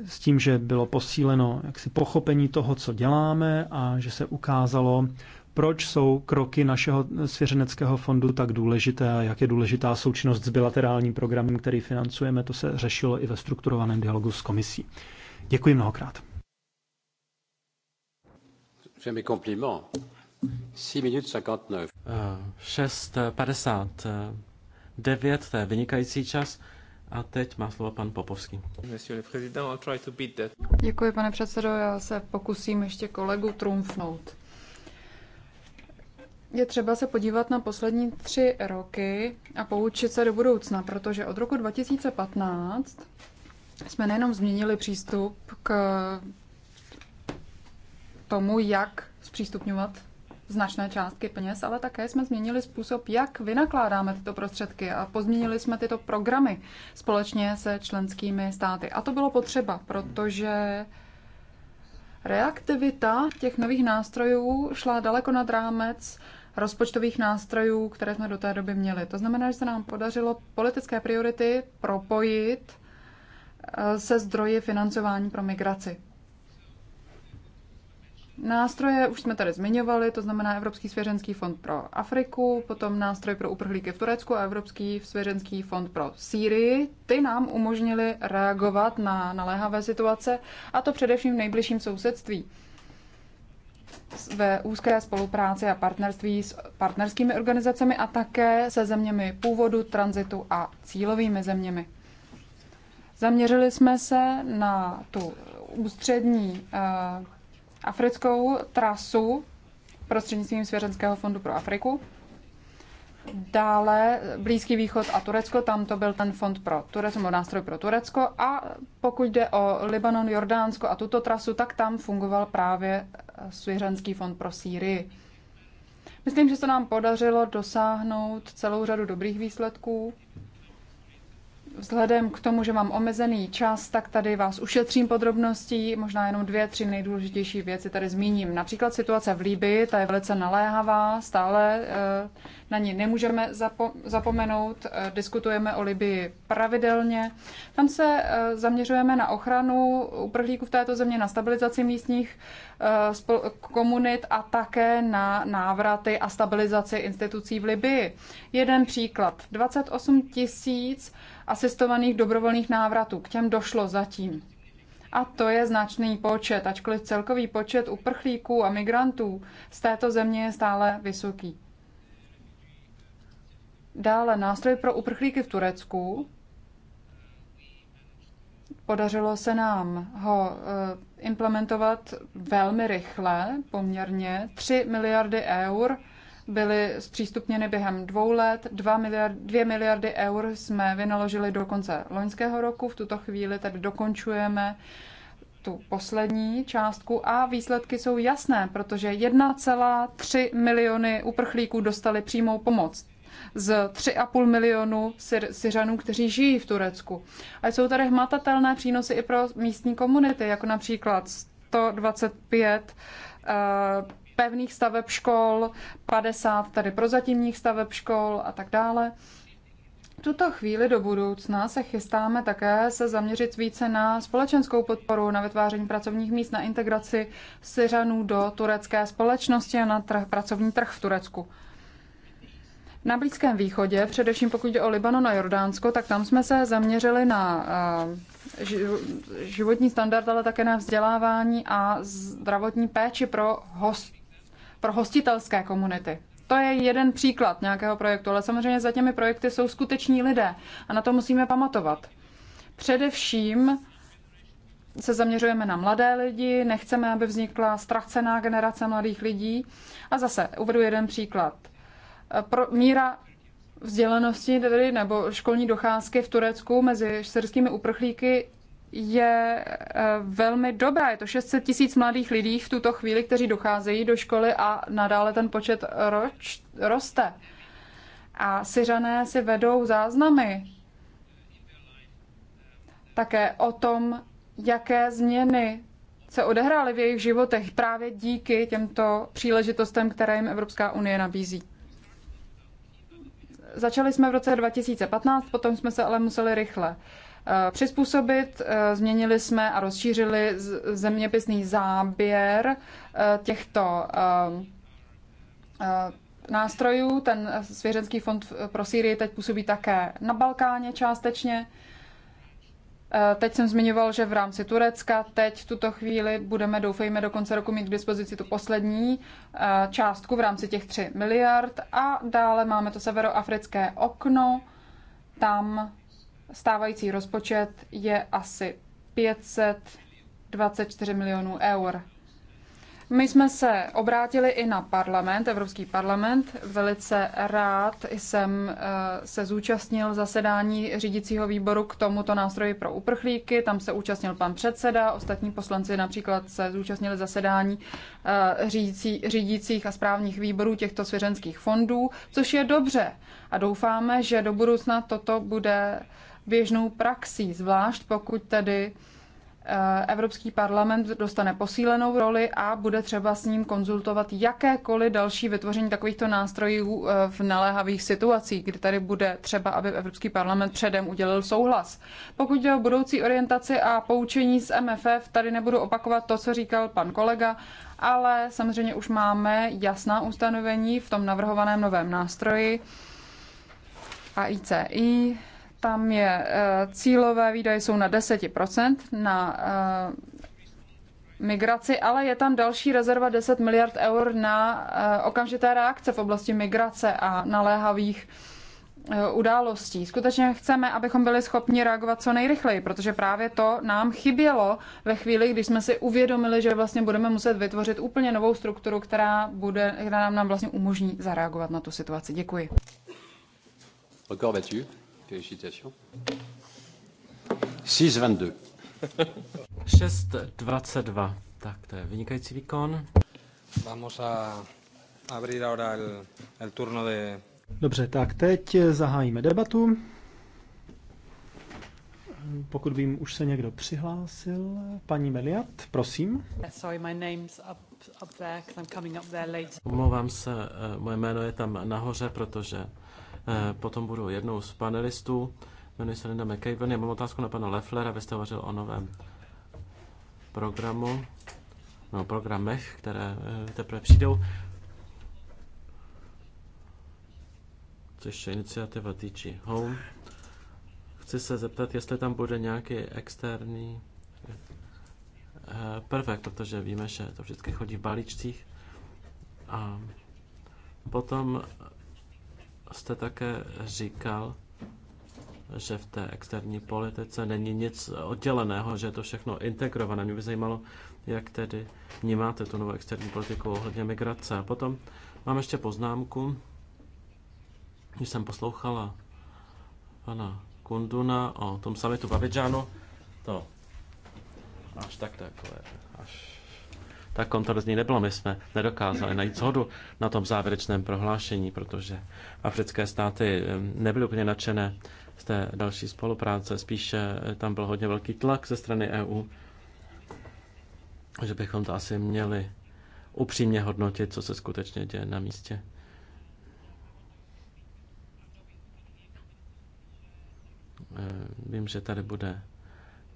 S2: s tím, že bylo posíleno jaksi pochopení toho, co děláme a že se ukázalo proč jsou kroky našeho svěřeneckého fondu tak důležité a jak je důležitá součinnost s bilaterálním programem, který financujeme. To se řešilo i ve strukturovaném dialogu s komisí. Děkuji mnohokrát.
S1: Všemi kompliment. 6 minut 59. 6.59, to je vynikající čas. A teď má slovo pan Popovský.
S3: Děkuji, pane předsedo. Já se pokusím ještě kolegu trumfnout je třeba se podívat na poslední tři roky a poučit se do budoucna, protože od roku 2015 jsme nejenom změnili přístup k tomu, jak zpřístupňovat značné částky peněz, ale také jsme změnili způsob, jak vynakládáme tyto prostředky a pozměnili jsme tyto programy společně se členskými státy. A to bylo potřeba, protože reaktivita těch nových nástrojů šla daleko nad rámec rozpočtových nástrojů, které jsme do té doby měli. To znamená, že se nám podařilo politické priority propojit eh, se zdroji financování pro migraci. Nástroje už jsme tady zmiňovali, to znamená Evropský svěřenský fond pro Afriku, potom nástroj pro uprchlíky v Turecku a Evropský svěřenský fond pro Sýrii. Ty nám umožnili reagovat na naléhavé situace, a to především v nejbližším sousedství ve úzké spolupráci a partnerství s partnerskými organizacemi a také se zeměmi původu, tranzitu a cílovými zeměmi. Zaměřili jsme se na tu ústřední eh, africkou trasu prostřednictvím Svěřenského fondu pro Afriku. Dále Blízký východ a Turecko, tam to byl ten fond pro Turecko, nebo nástroj pro Turecko. A pokud jde o Libanon, Jordánsko a tuto trasu, tak tam fungoval právě Svěřenský fond pro Sýrii. Myslím, že se nám podařilo dosáhnout celou řadu dobrých výsledků Vzhledem k tomu, že mám omezený čas, tak tady vás ušetřím podrobností, možná jenom dvě, tři nejdůležitější věci tady zmíním. Například situace v Líbii, ta je velice naléhavá, stále eh, na ní nemůžeme zapo- zapomenout, eh, diskutujeme o Libii pravidelně. Tam se eh, zaměřujeme na ochranu uprchlíků v této země, na stabilizaci místních komunit a také na návraty a stabilizaci institucí v Libii. Jeden příklad. 28 tisíc 000 asistovaných dobrovolných návratů. K těm došlo zatím. A to je značný počet, ačkoliv celkový počet uprchlíků a migrantů z této země je stále vysoký. Dále nástroj pro uprchlíky v Turecku. Podařilo se nám ho eh, implementovat velmi rychle, poměrně 3 miliardy eur byly zpřístupněny během dvou let. 2 miliard, dvě miliardy eur jsme vynaložili do konce loňského roku. V tuto chvíli tedy dokončujeme tu poslední částku a výsledky jsou jasné, protože 1,3 miliony uprchlíků dostali přímou pomoc z 3,5 milionu Syřanů, kteří žijí v Turecku. A jsou tady hmatatelné přínosy i pro místní komunity, jako například 125 uh, pevných staveb škol, 50 tady prozatímních staveb škol a tak dále. V tuto chvíli do budoucna se chystáme také se zaměřit více na společenskou podporu, na vytváření pracovních míst, na integraci Syřanů do turecké společnosti a na trh, pracovní trh v Turecku. Na Blízkém východě, především pokud jde o Libanon a Jordánsko, tak tam jsme se zaměřili na eh, životní standard, ale také na vzdělávání a zdravotní péči pro host, pro hostitelské komunity. To je jeden příklad nějakého projektu, ale samozřejmě za těmi projekty jsou skuteční lidé a na to musíme pamatovat. Především se zaměřujeme na mladé lidi, nechceme, aby vznikla ztracená generace mladých lidí. A zase uvedu jeden příklad. Pro, míra vzdělanosti tedy, nebo školní docházky v Turecku mezi syrskými uprchlíky je eh, velmi dobrá. Je to 600 tisíc mladých lidí v tuto chvíli, kteří docházejí do školy a nadále ten počet roč, roste. A Syřané si vedou záznamy také o tom, jaké změny se odehrály v jejich životech právě díky těmto příležitostem, které jim Evropská unie nabízí. Začali jsme v roce 2015, potom jsme se ale museli rychle Eh, přizpůsobit. Eh, změnili jsme a rozšířili zeměpisný záběr eh, těchto nástrojů. Ten svěřenský fond pro Sýrii teď působí také na Balkáně částečně. Teď jsem zmiňoval, že v rámci Turecka teď v tuto chvíli budeme, doufejme, do konce roku mít k dispozici tu poslední částku v rámci těch 3 miliard. A dále máme to severoafrické okno. Tam Stávající rozpočet je asi 524 milionů eur. My jsme se obrátili i na parlament, Evropský parlament. Velice rád jsem eh, se zúčastnil zasedání řídicího výboru k tomuto nástroji pro uprchlíky. Tam se účastnil pan předseda, ostatní poslanci například se zúčastnili zasedání eh, řídící, řídících a správních výborů těchto svěřenských fondů, což je dobře. A doufáme, že do budoucna toto bude běžnou praxí, zvlášť pokud tedy eh, Evropský parlament dostane posílenou roli a bude třeba s ním konzultovat jakékoliv další vytvoření takovýchto nástrojů eh, v naléhavých situacích, kdy tady bude třeba, aby Evropský parlament předem udělil souhlas. Pokud jde o budoucí orientaci a poučení z MFF, tady nebudu opakovat to, co říkal pan kolega, ale samozřejmě už máme jasná ustanovení v tom navrhovaném novém nástroji. AICI, tam je eh, cílové výdaje jsou na 10% na eh, migraci, ale je tam další rezerva 10 miliard eur na eh, okamžité reakce v oblasti migrace a naléhavých událostí. Skutečně chceme, abychom byli schopni reagovat co nejrychleji, protože právě to nám chybělo ve chvíli, když jsme si uvědomili, že vlastně budeme muset vytvořit úplně novou strukturu, která, bude, která nám, nám vlastně umožní zareagovat na tu situaci. Děkuji.
S2: Encore
S1: Félicitations. 6.22. Tak to je vynikající výkon. Vamos a abrir ahora el, el turno de...
S2: Dobře, tak teď zahájíme debatu. Pokud vím, už se někdo přihlásil. Paní Meliat, prosím. Sorry, my name's up, up there, I'm coming
S3: up there
S1: Omlouvám se, eh, moje jméno je tam nahoře, protože Eh, potom budu jednou z panelistů. Jmenuji se Linda McCaven. Já mám otázku na pana Leflera, Vy jste hovořil o novém programu, no programech, které eh, teprve přijdou. což je iniciativa Teachy Home. Chci se zeptat, jestli tam bude nějaký externí eh, prvek, protože víme, že to vždycky chodí v balíčcích. A potom jste také říkal, že v té externí politice není nic odděleného, že je to všechno integrované. Mě by zajímalo, jak tedy vnímáte tu novou externí politiku ohledně migrace. A potom mám ještě poznámku, když jsem poslouchala pana Kunduna o tom samitu Babidžánu, to až tak takové, až tak kontroverzní nebylo. My jsme nedokázali najít shodu na tom závěrečném prohlášení, protože africké státy nebyly úplně nadšené z té další spolupráce. Spíše eh, tam byl hodně velký tlak ze strany EU, že bychom to asi měli upřímně hodnotit, co se skutečně děje na místě. Eh, vím, že tady bude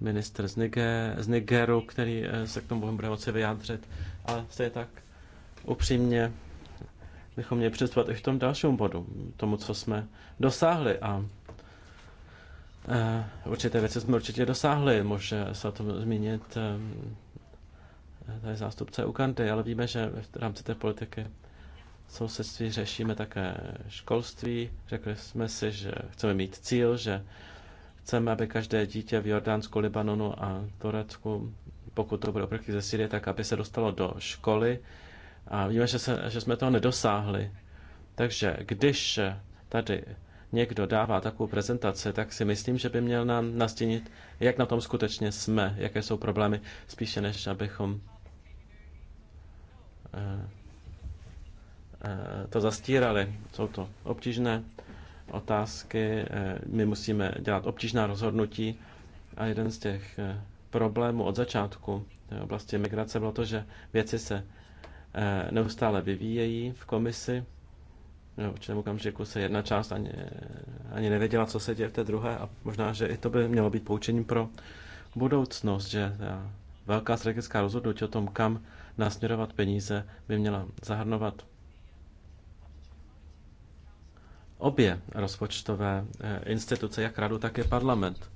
S1: ministr z, Niger, z Nigeru, který eh, se k tomu bude moci vyjádřit, ale stejně tak upřímně bychom měli představit i v tom dalším bodu, tomu, co jsme dosáhli a eh, Určité věci jsme určitě dosáhli, může se o tom zmínit eh, tady zástupce Ugandy, ale víme, že v rámci té politiky sousedství řešíme také školství. Řekli jsme si, že chceme mít cíl, že Chceme, aby každé dítě v Jordánsku, Libanonu a Turecku, pokud to bude oprchlík ze Syrie, tak aby se dostalo do školy. A víme, že, se, že jsme toho nedosáhli. Takže když tady někdo dává takovou prezentaci, tak si myslím, že by měl nám nastínit, jak na tom skutečně jsme, jaké jsou problémy, spíše než abychom eh, eh, to zastírali. Jsou to obtížné otázky. Eh, my musíme dělat obtížná rozhodnutí a jeden z těch eh, problémů od začátku v oblasti migrace bylo to, že věci se eh, neustále vyvíjejí v komisi. V určitém okamžiku se jedna část ani, ani nevěděla, co se děje v té druhé a možná, že i to by mělo být poučením pro budoucnost, že ta velká strategická rozhodnutí o tom, kam nasměrovat peníze, by měla zahrnovat obě rozpočtové eh, instituce, jak radu, tak i parlament.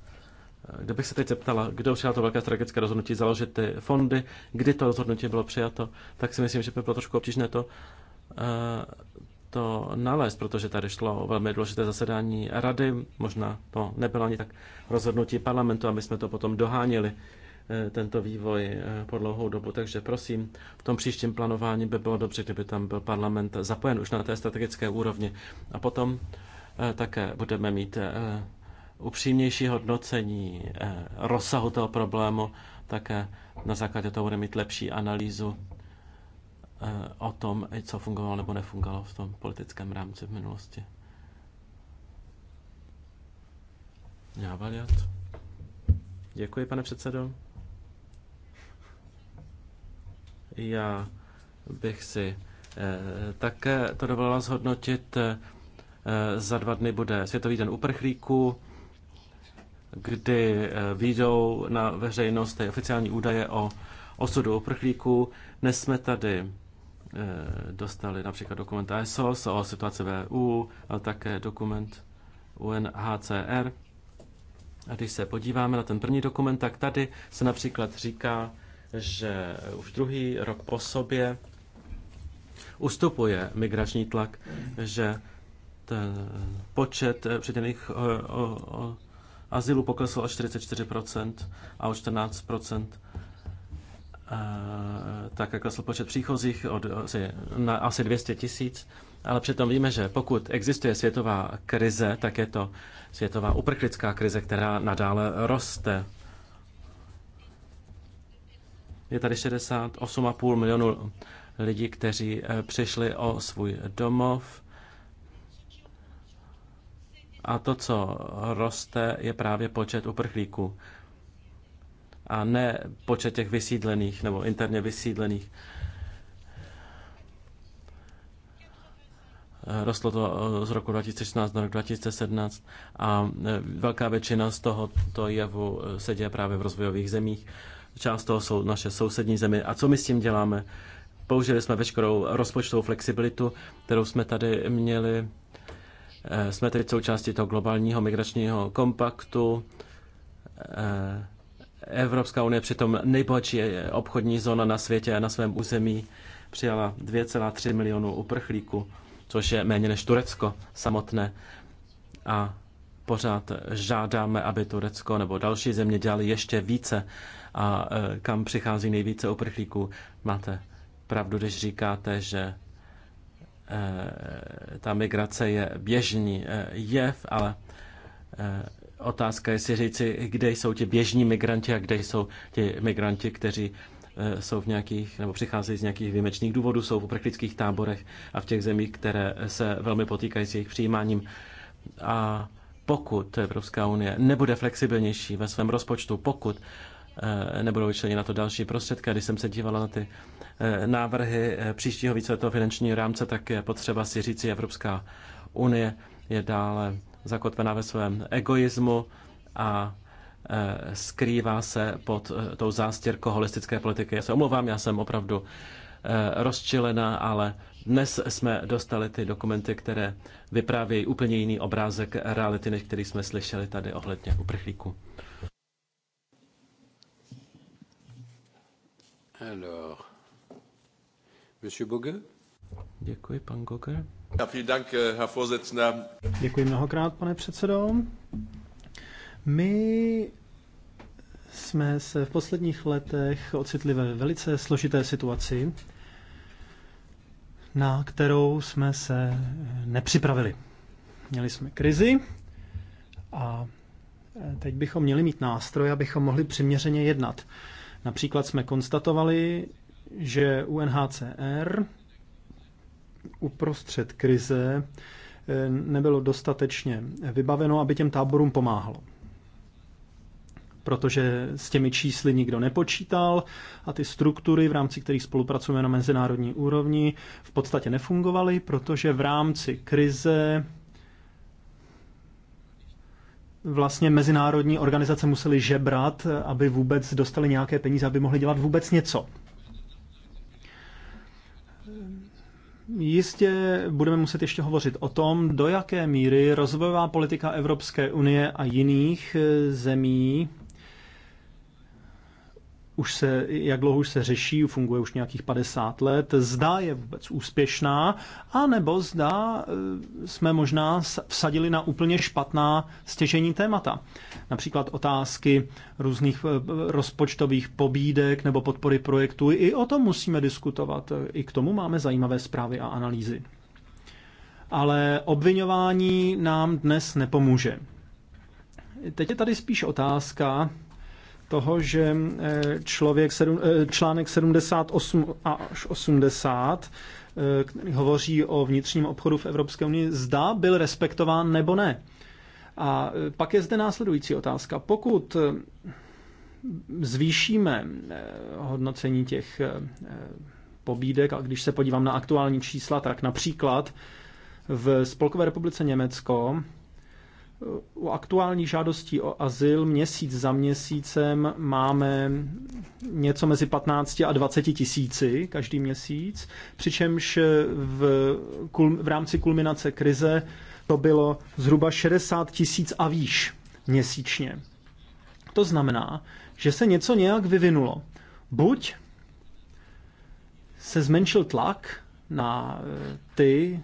S1: Eh, Kdybych se teď zeptala, kdo přijal to velké strategické rozhodnutí založit ty fondy, kdy to rozhodnutí bylo přijato, tak si myslím, že by bylo trošku obtížné to, eh, to nalézt, protože tady šlo o velmi důležité zasedání rady, možná to nebylo ani tak rozhodnutí parlamentu a my jsme to potom doháněli. Eh, tento vývoj eh, po dlouhou dobu, takže prosím, v tom příštím plánování by bylo dobře, kdyby tam byl parlament zapojen už na té strategické úrovni. A potom eh, také budeme mít upřímnější hodnocení rozsahu toho problému, také na základě toho bude mít lepší analýzu o tom, co fungovalo nebo nefungovalo v tom politickém rámci v minulosti. Já valiat. Děkuji, pane předsedo. Já bych si eh, také to dovolila zhodnotit. Eh, za dva dny bude Světový den uprchlíků, kdy eh, výjdou na veřejnost ty oficiální údaje o osudu uprchlíků. Dnes jsme tady dostali například dokument ESOS o situaci v EU, ale také dokument UNHCR. A když se podíváme na ten první dokument, tak tady se například říká, že už druhý rok po sobě ustupuje migrační tlak, že ten počet přidělených eh, azylů poklesl o 44% a o 14% eh, také klesl počet příchozích od, eh, asi, na asi 200 tisíc, ale přitom víme, že pokud existuje světová krize, tak je to světová uprchlická krize, která nadále roste. Je tady 68,5 milionů lidí, kteří eh, přišli o svůj domov. A to, co roste, je právě počet uprchlíků. A ne počet těch vysídlených nebo interně vysídlených. Rostlo to eh, z roku 2016 do roku 2017 a eh, velká většina z tohoto jevu se děje právě v rozvojových zemích část toho jsou naše sousední země. A co my s tím děláme? Použili jsme veškerou rozpočtovou flexibilitu, kterou jsme tady měli. Eh, jsme tedy součástí toho globálního migračního kompaktu. Eh, Evropská unie přitom nejbohatší obchodní zóna na světě a na svém území přijala 2,3 milionů uprchlíků, což je méně než Turecko samotné. A pořád žádáme, aby Turecko nebo další země dělali ještě více a e, kam přichází nejvíce uprchlíků. Máte pravdu, když říkáte, že e, ta migrace je běžný e, jev, ale otázka je si říci, kde jsou ti běžní migranti a kde jsou ti migranti, kteří jsou v nějakých, nebo přicházejí z nějakých výjimečných důvodů, jsou v uprchlických táborech a v těch zemích, které se velmi potýkají s jejich přijímáním. A pokud Evropská unie nebude flexibilnější ve svém rozpočtu, pokud Eh, nebudou vyčleněny na to další prostředky. Když jsem se dívala na ty eh, návrhy eh, příštího víceletého finančního rámce, tak je potřeba si že Evropská unie je dále zakotvená ve svém egoismu a skrývá se pod tou zástěrkou holistické politiky. Já se omlouvám, já jsem opravdu rozčilena, ale dnes jsme dostali ty dokumenty, které vyprávějí úplně jiný obrázek reality, než který jsme slyšeli tady ohledně uprchlíků. Alors, Monsieur Bogue?
S2: Děkuji, pan Goger.
S3: Eh,
S2: Děkuji mnohokrát, pane předsedo. My jsme se v posledních letech ocitli ve velice složité situaci, na kterou jsme se nepřipravili. Měli jsme krizi a teď bychom měli mít nástroj, abychom mohli přiměřeně jednat. Například jsme konstatovali, že UNHCR uprostřed krize eh, nebylo dostatečně vybaveno, aby těm táborům pomáhalo. Protože s těmi čísly nikdo nepočítal a ty struktury, v rámci kterých spolupracujeme na mezinárodní úrovni, v podstatě nefungovaly, protože v rámci krize vlastně mezinárodní organizace musely žebrat, aby vůbec dostali nějaké peníze, aby mohli dělat vůbec něco. Jistě budeme muset ještě hovořit o tom, do jaké míry rozvojová politika Evropské unie a jiných eh, zemí už se, jak dlouho už se řeší, funguje už nějakých 50 let, zda je vůbec úspěšná, anebo zda eh, jsme možná vsadili na úplně špatná stěžení témata. Například otázky různých eh, rozpočtových pobídek nebo podpory projektů. I o tom musíme diskutovat. I k tomu máme zajímavé zprávy a analýzy. Ale obvinování nám dnes nepomůže. Teď je tady spíš otázka, toho, že eh, člověk, eh, článek 78 až 80, eh, který hovoří o vnitřním obchodu v Evropské unii, zda byl respektován nebo ne. A pak je zde následující otázka. Pokud zvýšíme hodnocení těch pobídek, a když se podívám na aktuální čísla, tak například v Spolkové republice Německo u aktuální žádostí o azyl měsíc za měsícem máme něco mezi 15 a 20 tisíci každý měsíc, přičemž v, v rámci kulminace krize to bylo zhruba 60 tisíc a výš měsíčně. To znamená, že se něco nějak vyvinulo. Buď se zmenšil tlak na eh, ty,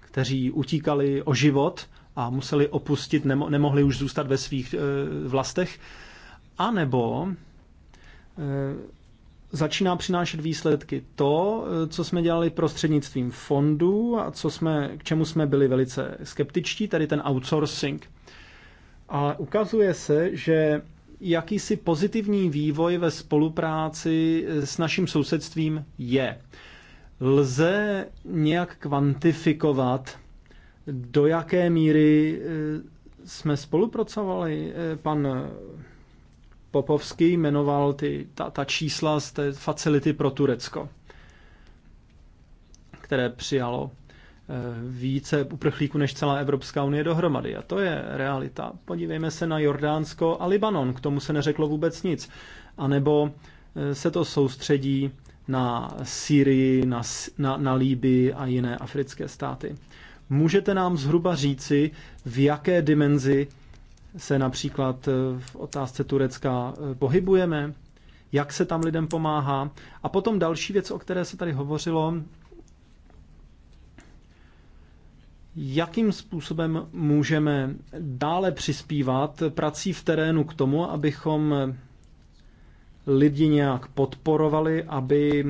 S2: kteří utíkali o život, a museli opustit, nemo, nemohli už zůstat ve svých e, vlastech, anebo e, začíná přinášet výsledky to, eh, co jsme dělali prostřednictvím fondů a co jsme, k čemu jsme byli velice skeptičtí, tedy ten outsourcing. Ale ukazuje se, že jakýsi pozitivní vývoj ve spolupráci s naším sousedstvím je. Lze nějak kvantifikovat do jaké míry eh, jsme spolupracovali. Eh, pan Popovský jmenoval ty, ta, ta čísla z té facility pro Turecko, které přijalo eh, více uprchlíků než celá Evropská unie dohromady. A to je realita. Podívejme se na Jordánsko a Libanon, k tomu se neřeklo vůbec nic. A nebo se to soustředí na Syrii, na, na, na Líbii a jiné africké státy. Můžete nám zhruba říci, v jaké dimenzi se například eh, v otázce Turecka eh, pohybujeme, jak se tam lidem pomáhá. A potom další věc, o které se tady hovořilo, jakým způsobem můžeme dále přispívat prací v terénu k tomu, abychom lidi nějak podporovali, aby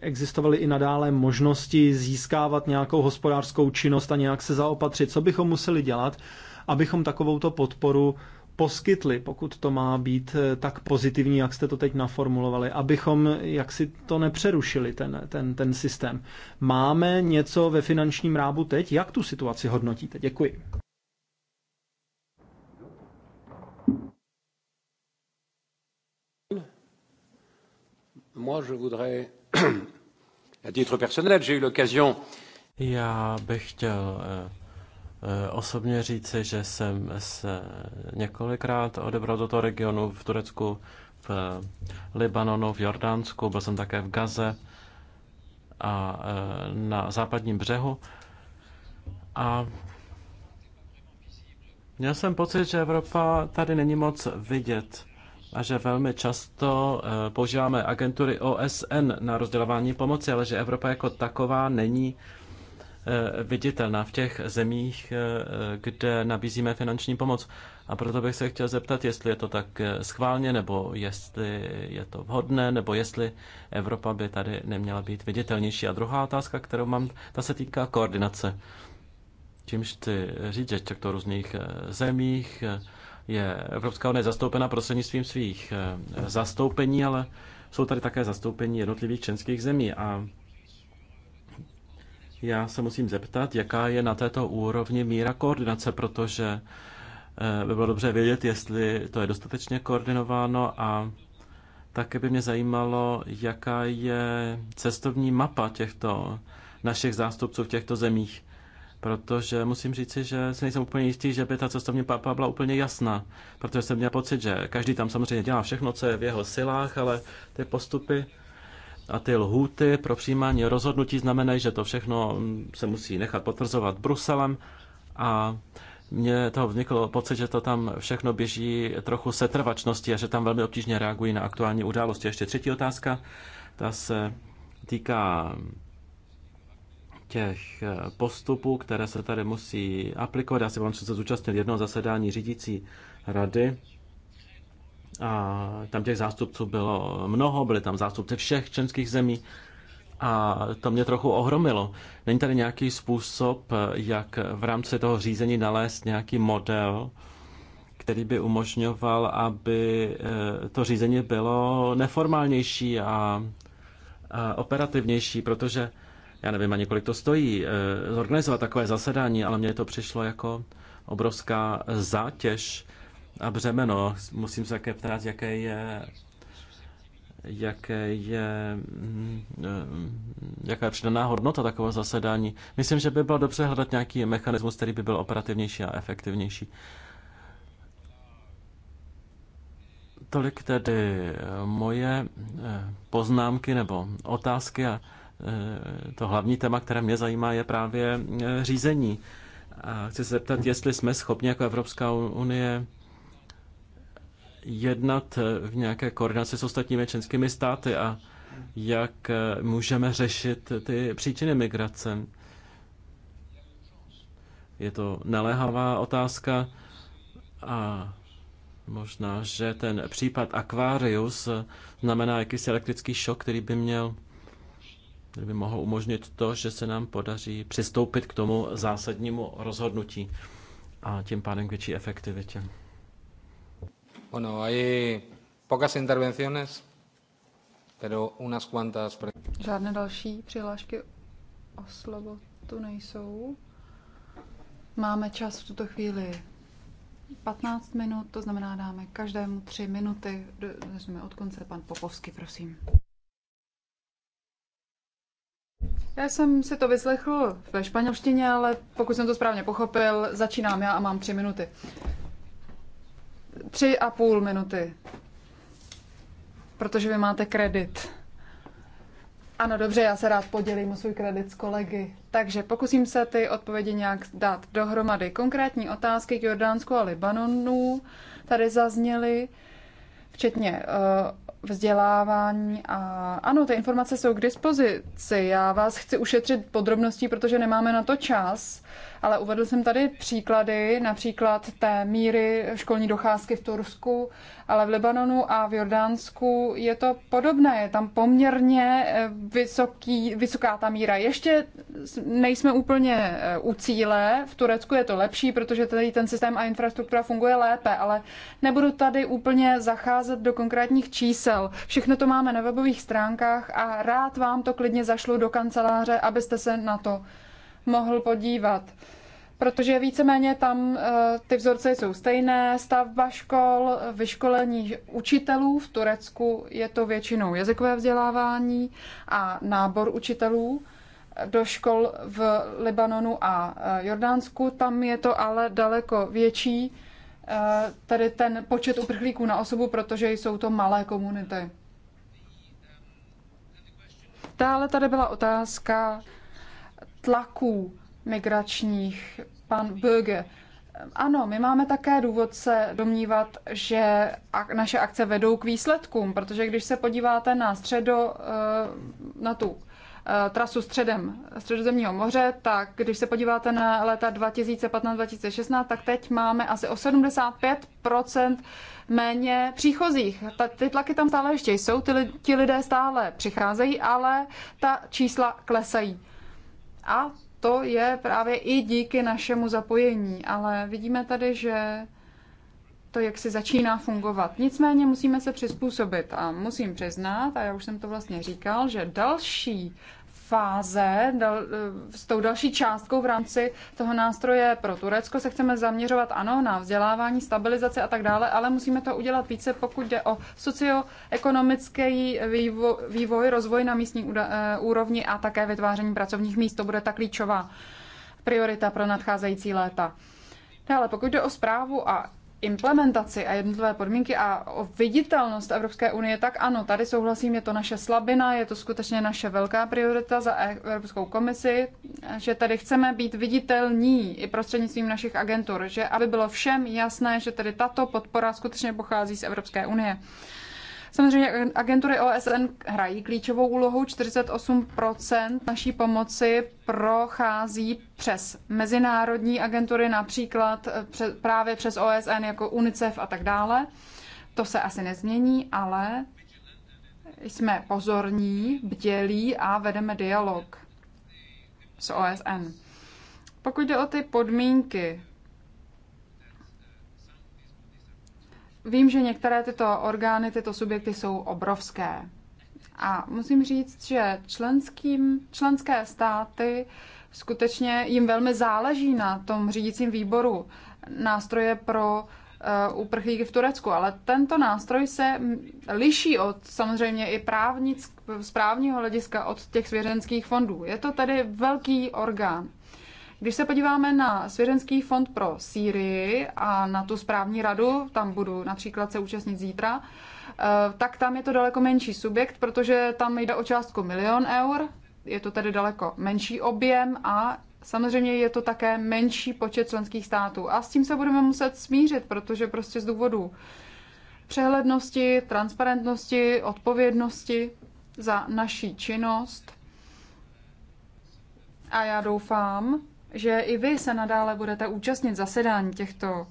S2: existovaly i nadále možnosti získávat nějakou hospodářskou činnost a nějak se zaopatřit. Co bychom museli dělat, abychom takovouto podporu poskytli, pokud to má být eh, tak pozitivní, jak jste to teď naformulovali, abychom jak si to nepřerušili, ten, ten, ten systém. Máme něco ve finančním rábu teď? Jak tu situaci hodnotíte? Děkuji.
S1: Já bych chtěl eh, eh, osobně říci, že jsem se několikrát odebral do toho regionu v Turecku, v eh, Libanonu, v Jordánsku, byl jsem také v Gaze a na západním břehu. A měl jsem pocit, že Evropa tady není moc vidět a že velmi často eh, používáme agentury OSN na rozdělování pomoci, ale že Evropa jako taková není eh, viditelná v těch zemích, eh, kde nabízíme finanční pomoc. A proto bych se chtěl zeptat, jestli je to tak schválně, nebo jestli je to vhodné, nebo jestli Evropa by tady neměla být viditelnější. A druhá otázka, kterou mám, ta se týká koordinace. Čímž chci říct, že v těchto různých zemích je Evropská unie zastoupena prostřednictvím svých eh, zastoupení, ale jsou tady také zastoupení jednotlivých členských zemí. A já se musím zeptat, jaká je na této úrovni míra koordinace, protože eh, by bylo dobře vědět, jestli to je dostatečně koordinováno a také by mě zajímalo, jaká je cestovní mapa těchto našich zástupců v těchto zemích protože musím říci, že se nejsem úplně jistý, že by ta cestovní papa byla úplně jasná, protože jsem měl pocit, že každý tam samozřejmě dělá všechno, co je v jeho silách, ale ty postupy a ty lhůty pro přijímání rozhodnutí znamenají, že to všechno mm, se musí nechat potvrzovat Bruselem a mně to vzniklo pocit, že to tam všechno běží trochu setrvačnosti a že tam velmi obtížně reagují na aktuální události. Ještě třetí otázka, ta se týká těch eh, postupů, které se tady musí aplikovat. Já si vám se zúčastnil jednoho zasedání řídící rady a tam těch zástupců bylo mnoho, byli tam zástupci všech členských zemí a to mě trochu ohromilo. Není tady nějaký způsob, jak v rámci toho řízení nalézt nějaký model, který by umožňoval, aby eh, to řízení bylo neformálnější a operativnější, protože já nevím ani kolik to stojí, eh, zorganizovat takové zasedání, ale mně to přišlo jako obrovská zátěž a břemeno. Musím se také ptát, jaké je jaké je, mm, eh, jaká je přidaná hodnota takového zasedání. Myslím, že by bylo dobře hledat nějaký mechanismus, který by byl operativnější a efektivnější. Tolik tedy moje eh, poznámky nebo otázky a Eh, to hlavní téma, které mě zajímá, je právě eh, řízení. A chci se zeptat, jestli jsme schopni jako Evropská unie jednat eh, v nějaké koordinaci s ostatními členskými státy a jak můžeme řešit ty příčiny migrace. Je to naléhavá otázka a možná, že ten případ Aquarius znamená jakýsi elektrický šok, který by měl které by umožnit to, že se nám podaří přistoupit k tomu zásadnímu rozhodnutí a tím pádem k větší efektivitě. Bueno, hay pocas intervenciones, pero unas cuantas...
S3: Žádné další přihlášky o slovo tu nejsou. Máme čas v tuto chvíli 15 minut, to znamená dáme každému 3 minuty. Začneme od konce. Pan Popovský, prosím. Já jsem si to vyslechl ve španělštině, ale pokud jsem to správně pochopil, začínám já a mám tři minuty. Tři a půl minuty. Protože vy máte kredit. Ano, dobře, já se rád podělím o svůj kredit s kolegy. Takže pokusím se ty odpovědi nějak dát dohromady. Konkrétní otázky k Jordánsku a Libanonu tady zazněly, včetně uh, vzdělávání a ano, ty informace jsou k dispozici. Já vás chci ušetřit podrobností, protože nemáme na to čas. Ale uvedl jsem tady příklady, například té míry školní docházky v Tursku, ale v Libanonu a v Jordánsku je to podobné. Je tam poměrně eh, vysoký, vysoká ta míra. Ještě nejsme úplně eh, u cíle. V Turecku je to lepší, protože tady ten systém a infrastruktura funguje lépe, ale nebudu tady úplně zacházet do konkrétních čísel. Všechno to máme na webových stránkách a rád vám to klidně zašlu do kanceláře, abyste se na to mohl podívat. Protože víceméně tam eh, ty vzorce jsou stejné, stavba škol, vyškolení učitelů v Turecku je to většinou jazykové vzdělávání a nábor učitelů do škol v Libanonu a eh, Jordánsku. Tam je to ale daleko větší, eh, tady ten počet uprchlíků na osobu, protože jsou to malé komunity. Dále tady byla otázka tlaků migračních, pan Böge. Ano, my máme také důvod se domnívat, že naše akce vedou k výsledkům, protože když se podíváte na středo, eh, na tu eh, trasu středem Středozemního moře, tak když se podíváte na léta 2015-2016, tak teď máme asi o 75 méně příchozích. Ta, ty tlaky tam stále ještě jsou, ty, ti lidé stále přicházejí, ale ta čísla klesají. A to je právě i díky našemu zapojení, ale vidíme tady, že to, jak si začíná fungovat. Nicméně musíme se přizpůsobit a musím přiznat, a já už jsem to vlastně říkal, že další fáze dal, eh, s tou další částkou v rámci toho nástroje pro Turecko se chceme zaměřovat ano na vzdělávání, stabilizaci a tak dále, ale musíme to udělat více, pokud jde o socioekonomický vývoj, vývoj rozvoj na místní eh, úrovni a také vytváření pracovních míst. To bude ta klíčová priorita pro nadcházející léta. Dále, pokud jde o zprávu a implementaci a jednotlivé podmínky a o viditelnost Evropské unie, tak ano, tady souhlasím, je to naše slabina, je to skutečně naše velká priorita za e- Evropskou komisi, že tady chceme být viditelní i prostřednictvím našich agentur, že aby bylo všem jasné, že tady tato podpora skutečně pochází z Evropské unie. Samozřejmě agentury OSN hrají klíčovou úlohu. 48 naší pomoci prochází přes mezinárodní agentury, například eh, právě přes OSN jako UNICEF a tak dále. To se asi nezmění, ale jsme pozorní, bdělí a vedeme dialog s OSN. Pokud jde o ty podmínky Vím, že některé tyto orgány, tyto subjekty jsou obrovské. A musím říct, že členským, členské státy skutečně jim velmi záleží na tom řídícím výboru nástroje pro eh, uprchlíky v Turecku, ale tento nástroj se liší od samozřejmě i právnic, z právního hlediska od těch svěřenských fondů. Je to tedy velký orgán. Když se podíváme na Svěřenský fond pro Sýrii a na tu správní radu, tam budu například se účastnit zítra, eh, tak tam je to daleko menší subjekt, protože tam jde o částku milion eur, je to tedy daleko menší objem a samozřejmě je to také menší počet členských států. A s tím se budeme muset smířit, protože prostě z důvodu přehlednosti, transparentnosti, odpovědnosti za naší činnost. A já doufám, že i vy se nadále budete účastnit zasedání těchto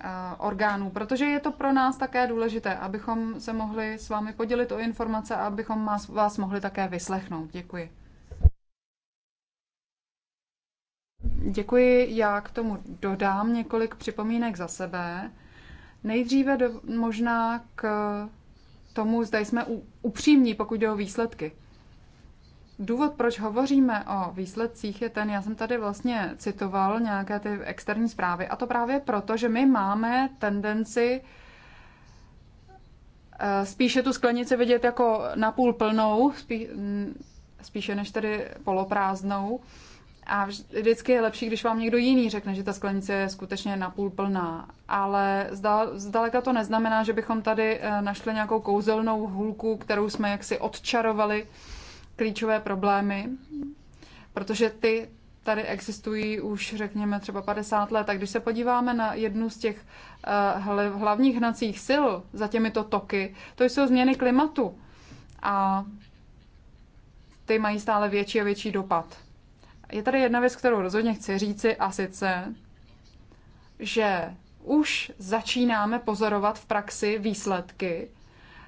S3: eh, orgánů, protože je to pro nás také důležité, abychom se mohli s vámi podělit o informace a abychom vás mohli také vyslechnout. Děkuji. Děkuji, já k tomu dodám několik připomínek za sebe. Nejdříve do, možná k tomu, zda jsme upřímní, pokud jde o výsledky. Důvod, proč hovoříme o výsledcích, je ten, já jsem tady vlastně citoval nějaké ty externí zprávy, a to právě proto, že my máme tendenci eh, spíše tu sklenici vidět jako napůl plnou, spíše než tedy poloprázdnou. A vždycky je lepší, když vám někdo jiný řekne, že ta sklenice je skutečně napůl plná. Ale zdaleka to neznamená, že bychom tady eh, našli nějakou kouzelnou hůlku, kterou jsme jaksi odčarovali klíčové problémy, protože ty tady existují už, řekněme, třeba 50 let. A když se podíváme na jednu z těch eh, hlavních hnacích sil za těmito toky, to jsou změny klimatu. A ty mají stále větší a větší dopad. Je tady jedna věc, kterou rozhodně chci říci, a sice, že už začínáme pozorovat v praxi výsledky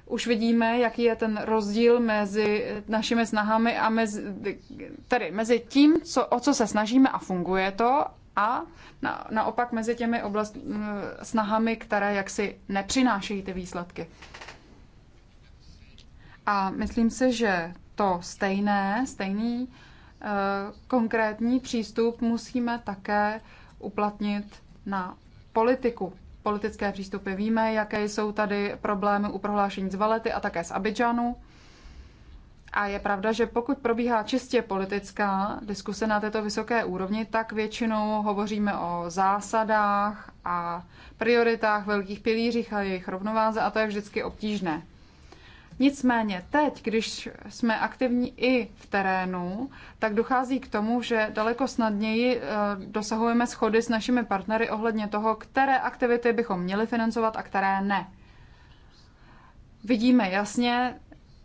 S3: už vidíme, jaký je ten rozdíl mezi našimi snahami a mezi, tedy mezi tím, co, o co se snažíme a funguje to, a na, naopak mezi těmi oblast, snahami, které jaksi nepřinášejí ty výsledky. A myslím si, že to stejné, stejný e, konkrétní přístup musíme také uplatnit na politiku politické přístupy. Víme, jaké jsou tady problémy u prohlášení z Valety a také z Abidžanu. A je pravda, že pokud probíhá čistě politická diskuse na této vysoké úrovni, tak většinou hovoříme o zásadách a prioritách, velkých pilířích a jejich rovnováze a to je vždycky obtížné. Nicméně teď, když jsme aktivní i v terénu, tak dochází k tomu, že daleko snadněji eh, dosahujeme schody s našimi partnery ohledně toho, které aktivity bychom měli financovat a které ne. Vidíme jasně,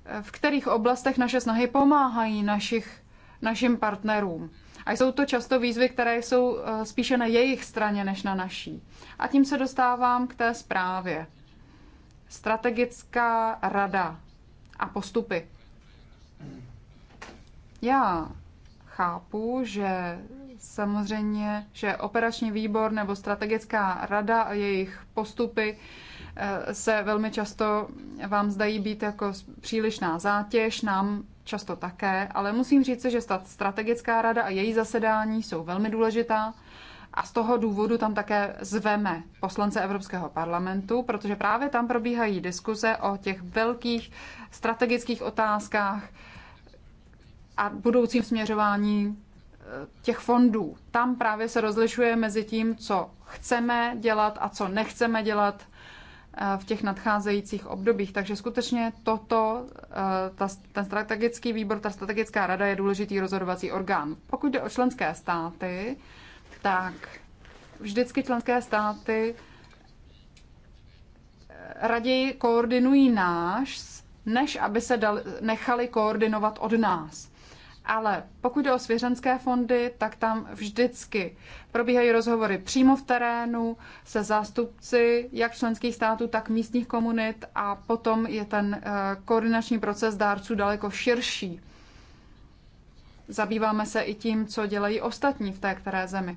S3: eh, v kterých oblastech naše snahy pomáhají našich, našim partnerům. A jsou to často výzvy, které jsou eh, spíše na jejich straně než na naší. A tím se dostávám k té zprávě. Strategická rada a postupy. Já chápu, že samozřejmě, že operační výbor nebo strategická rada a jejich postupy eh, se velmi často vám zdají být jako přílišná zátěž, nám často také, ale musím říct, že strategická rada a její zasedání jsou velmi důležitá a z toho důvodu tam také zveme poslance Evropského parlamentu, protože právě tam probíhají diskuze o těch velkých strategických otázkách a budoucím směřování e, těch fondů. Tam právě se rozlišuje mezi tím, co chceme dělat a co nechceme dělat e, v těch nadcházejících obdobích. Takže skutečně toto, e, ta, ten strategický výbor, ta strategická rada je důležitý rozhodovací orgán. Pokud jde o členské státy, tak vždycky členské státy eh, raději koordinují náš, než aby se dal, nechali koordinovat od nás. Ale pokud jde o svěřenské fondy, tak tam vždycky probíhají rozhovory přímo v terénu se zástupci jak členských států, tak místních komunit a potom je ten eh, koordinační proces dárců daleko širší. Zabýváme se i tím, co dělají ostatní v té které zemi.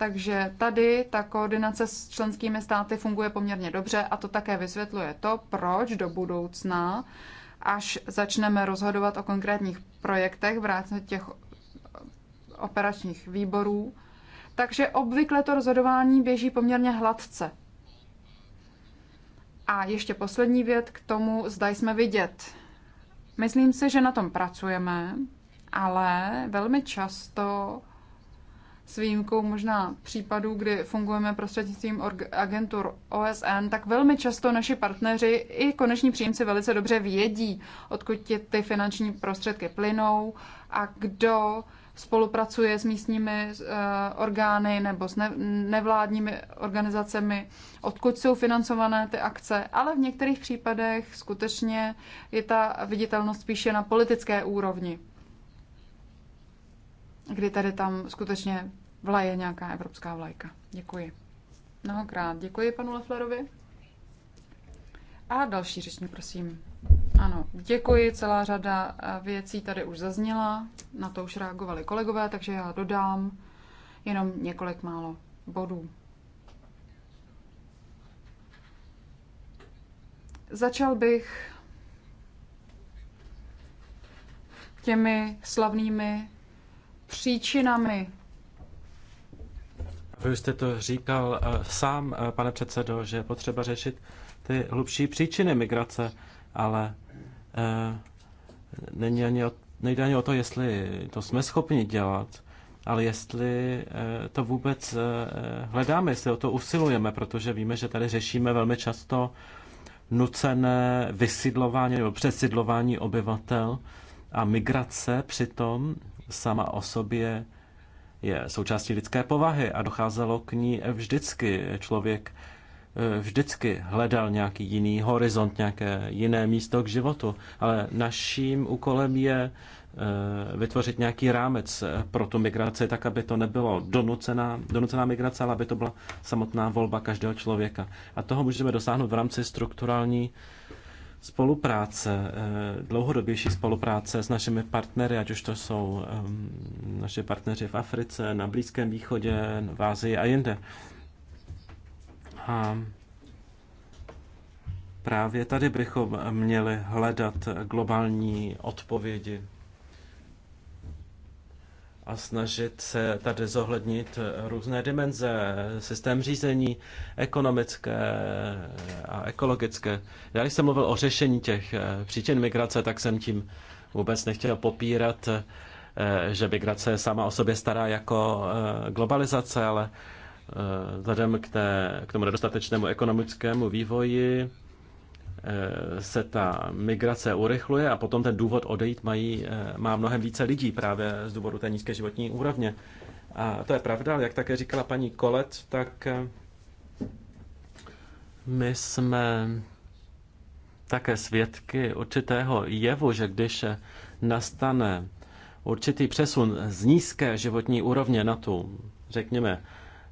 S3: Takže tady ta koordinace s členskými státy funguje poměrně dobře a to také vysvětluje to, proč do budoucna, až začneme rozhodovat o konkrétních projektech v rámci těch eh, operačních výborů, takže obvykle to rozhodování běží poměrně hladce. A ještě poslední věc k tomu, zda jsme vidět. Myslím si, že na tom pracujeme, ale velmi často s výjimkou možná případů, kdy fungujeme prostřednictvím agentur OSN, tak velmi často naši partneři i koneční příjemci velice dobře vědí, odkud ti ty finanční prostředky plynou a kdo spolupracuje s místními eh, orgány nebo s nevládními organizacemi, odkud jsou financované ty akce, ale v některých případech skutečně je ta viditelnost spíše na politické úrovni kdy tady tam skutečně vlaje, nějaká evropská vlajka. Děkuji. Mnohokrát děkuji panu Leflerovi. A další řečník, prosím. Ano, děkuji. Celá řada eh, věcí tady už zazněla, na to už reagovali kolegové, takže já dodám jenom několik málo bodů. Začal bych těmi slavnými příčinami
S1: vy jste to říkal eh, sám, eh, pane předsedo, že je potřeba řešit ty hlubší příčiny migrace, ale eh, není ani o, nejde ani o to, jestli to jsme schopni dělat, ale jestli to vůbec hledáme, jestli o to usilujeme, protože víme, že tady řešíme velmi často nucené vysidlování nebo přesidlování obyvatel a migrace přitom sama o sobě je součástí lidské povahy a docházelo k ní vždycky. Člověk eh, vždycky hledal nějaký jiný horizont, nějaké jiné místo k životu, ale naším úkolem je eh, vytvořit nějaký rámec pro tu migraci, tak aby to nebylo donucená, donucená migrace, ale aby to byla samotná volba každého člověka. A toho můžeme dosáhnout v rámci strukturální spolupráce, eh, dlouhodobější spolupráce s našimi partnery, ať už to jsou ehm, naše partneři v Africe, na Blízkém východě, v Ázii a jinde. A právě tady bychom měli hledat globální odpovědi a snažit se tady zohlednit různé dimenze, systém řízení, ekonomické a ekologické. Já když jsem mluvil o řešení těch eh, příčin migrace, tak jsem tím vůbec nechtěl popírat, eh, že migrace sama o sobě stará jako eh, globalizace, ale vzhledem k, té, k tomu nedostatečnému ekonomickému vývoji Eh, se ta migrace urychluje a potom ten důvod odejít mají, eh, má mnohem více lidí právě z důvodu té nízké životní úrovně. A to je pravda, jak také říkala paní Kolet, tak eh, my jsme také svědky určitého jevu, že když nastane určitý přesun z nízké životní úrovně na tu, řekněme,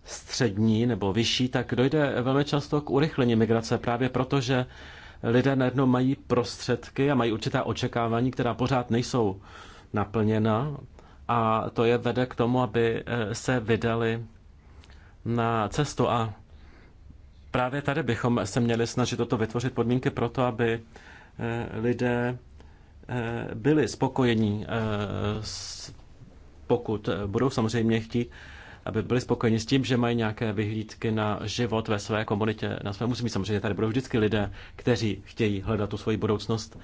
S1: střední nebo vyšší, tak dojde velmi často k urychlení migrace právě protože lidé najednou mají prostředky a mají určitá očekávání, která pořád nejsou naplněna a to je vede k tomu, aby eh, se vydali na cestu a právě tady bychom se měli snažit toto vytvořit podmínky pro to, aby eh, lidé eh, byli spokojení, pokud budou samozřejmě chtít aby byli spokojeni s tím, že mají nějaké vyhlídky na život ve své komunitě, na svém území. Samozřejmě tady budou vždycky lidé, kteří chtějí hledat tu svoji budoucnost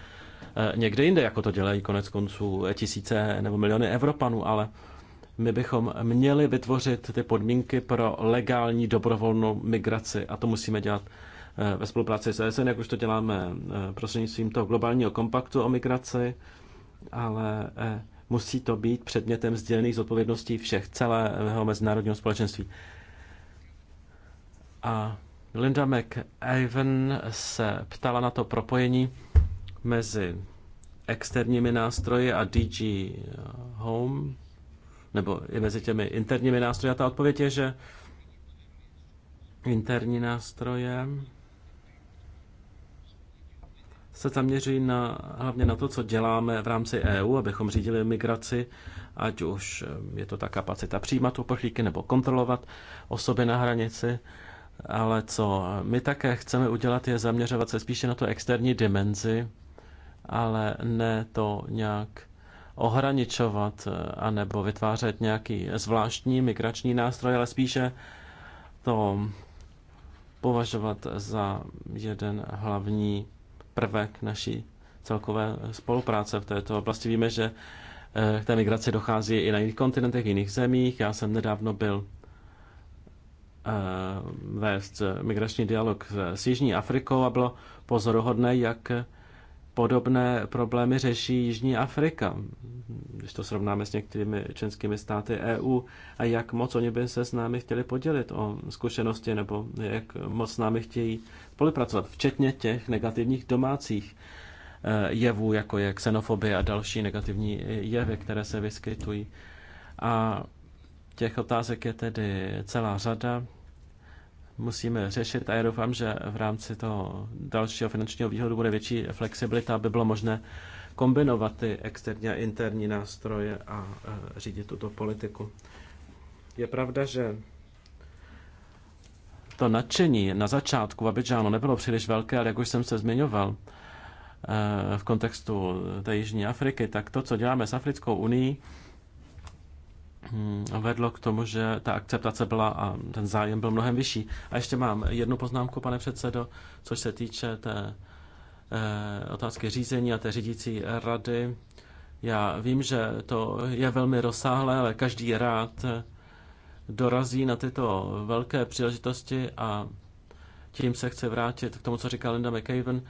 S1: eh, někde jinde, jako to dělají konec konců tisíce nebo miliony Evropanů, ale my bychom měli vytvořit ty podmínky pro legální dobrovolnou migraci a to musíme dělat eh, ve spolupráci s ESN, jak už to děláme eh, prostřednictvím toho globálního kompaktu o migraci, ale Musí to být předmětem sdělených zodpovědností všech, celého mezinárodního společenství. A Linda McAven se ptala na to propojení mezi externími nástroji a DG Home, nebo i mezi těmi interními nástroji. A ta odpověď je, že interní nástroje se zaměřují na, hlavně na to, co děláme v rámci EU, abychom řídili migraci, ať už eh, je to ta kapacita přijímat uprchlíky nebo kontrolovat osoby na hranici. Ale co my také chceme udělat, je zaměřovat se spíše na tu externí dimenzi, ale ne to nějak ohraničovat eh, anebo vytvářet nějaký zvláštní migrační nástroj, ale spíše to považovat za jeden hlavní prvek naší celkové spolupráce v této oblasti. Víme, že eh, k té migraci dochází i na jiných kontinentech, jiných zemích. Já jsem nedávno byl eh, vést migrační dialog s Jižní Afrikou a bylo pozoruhodné, jak podobné problémy řeší Jižní Afrika, když to srovnáme s některými členskými státy EU a jak moc oni by se s námi chtěli podělit o zkušenosti nebo jak moc s námi chtějí spolupracovat, včetně těch negativních domácích eh, jevů, jako je xenofobie a další negativní jevy, které se vyskytují. A těch otázek je tedy celá řada musíme řešit a já doufám, že v rámci toho dalšího finančního výhodu bude větší flexibilita, aby bylo možné kombinovat ty externí a interní nástroje a e, řídit tuto politiku. Je pravda, že to nadšení na začátku v Abidžánu nebylo příliš velké, ale jak už jsem se zmiňoval e, v kontextu té Jižní Afriky, tak to, co děláme s Africkou unii, Hmm, vedlo k tomu, že ta akceptace byla a ten zájem byl mnohem vyšší. A ještě mám jednu poznámku, pane předsedo, což se týče té eh, otázky řízení a té řídící rady. Já vím, že to je velmi rozsáhlé, ale každý rád eh, dorazí na tyto velké příležitosti a tím se chce vrátit k tomu, co říkal Linda McAven.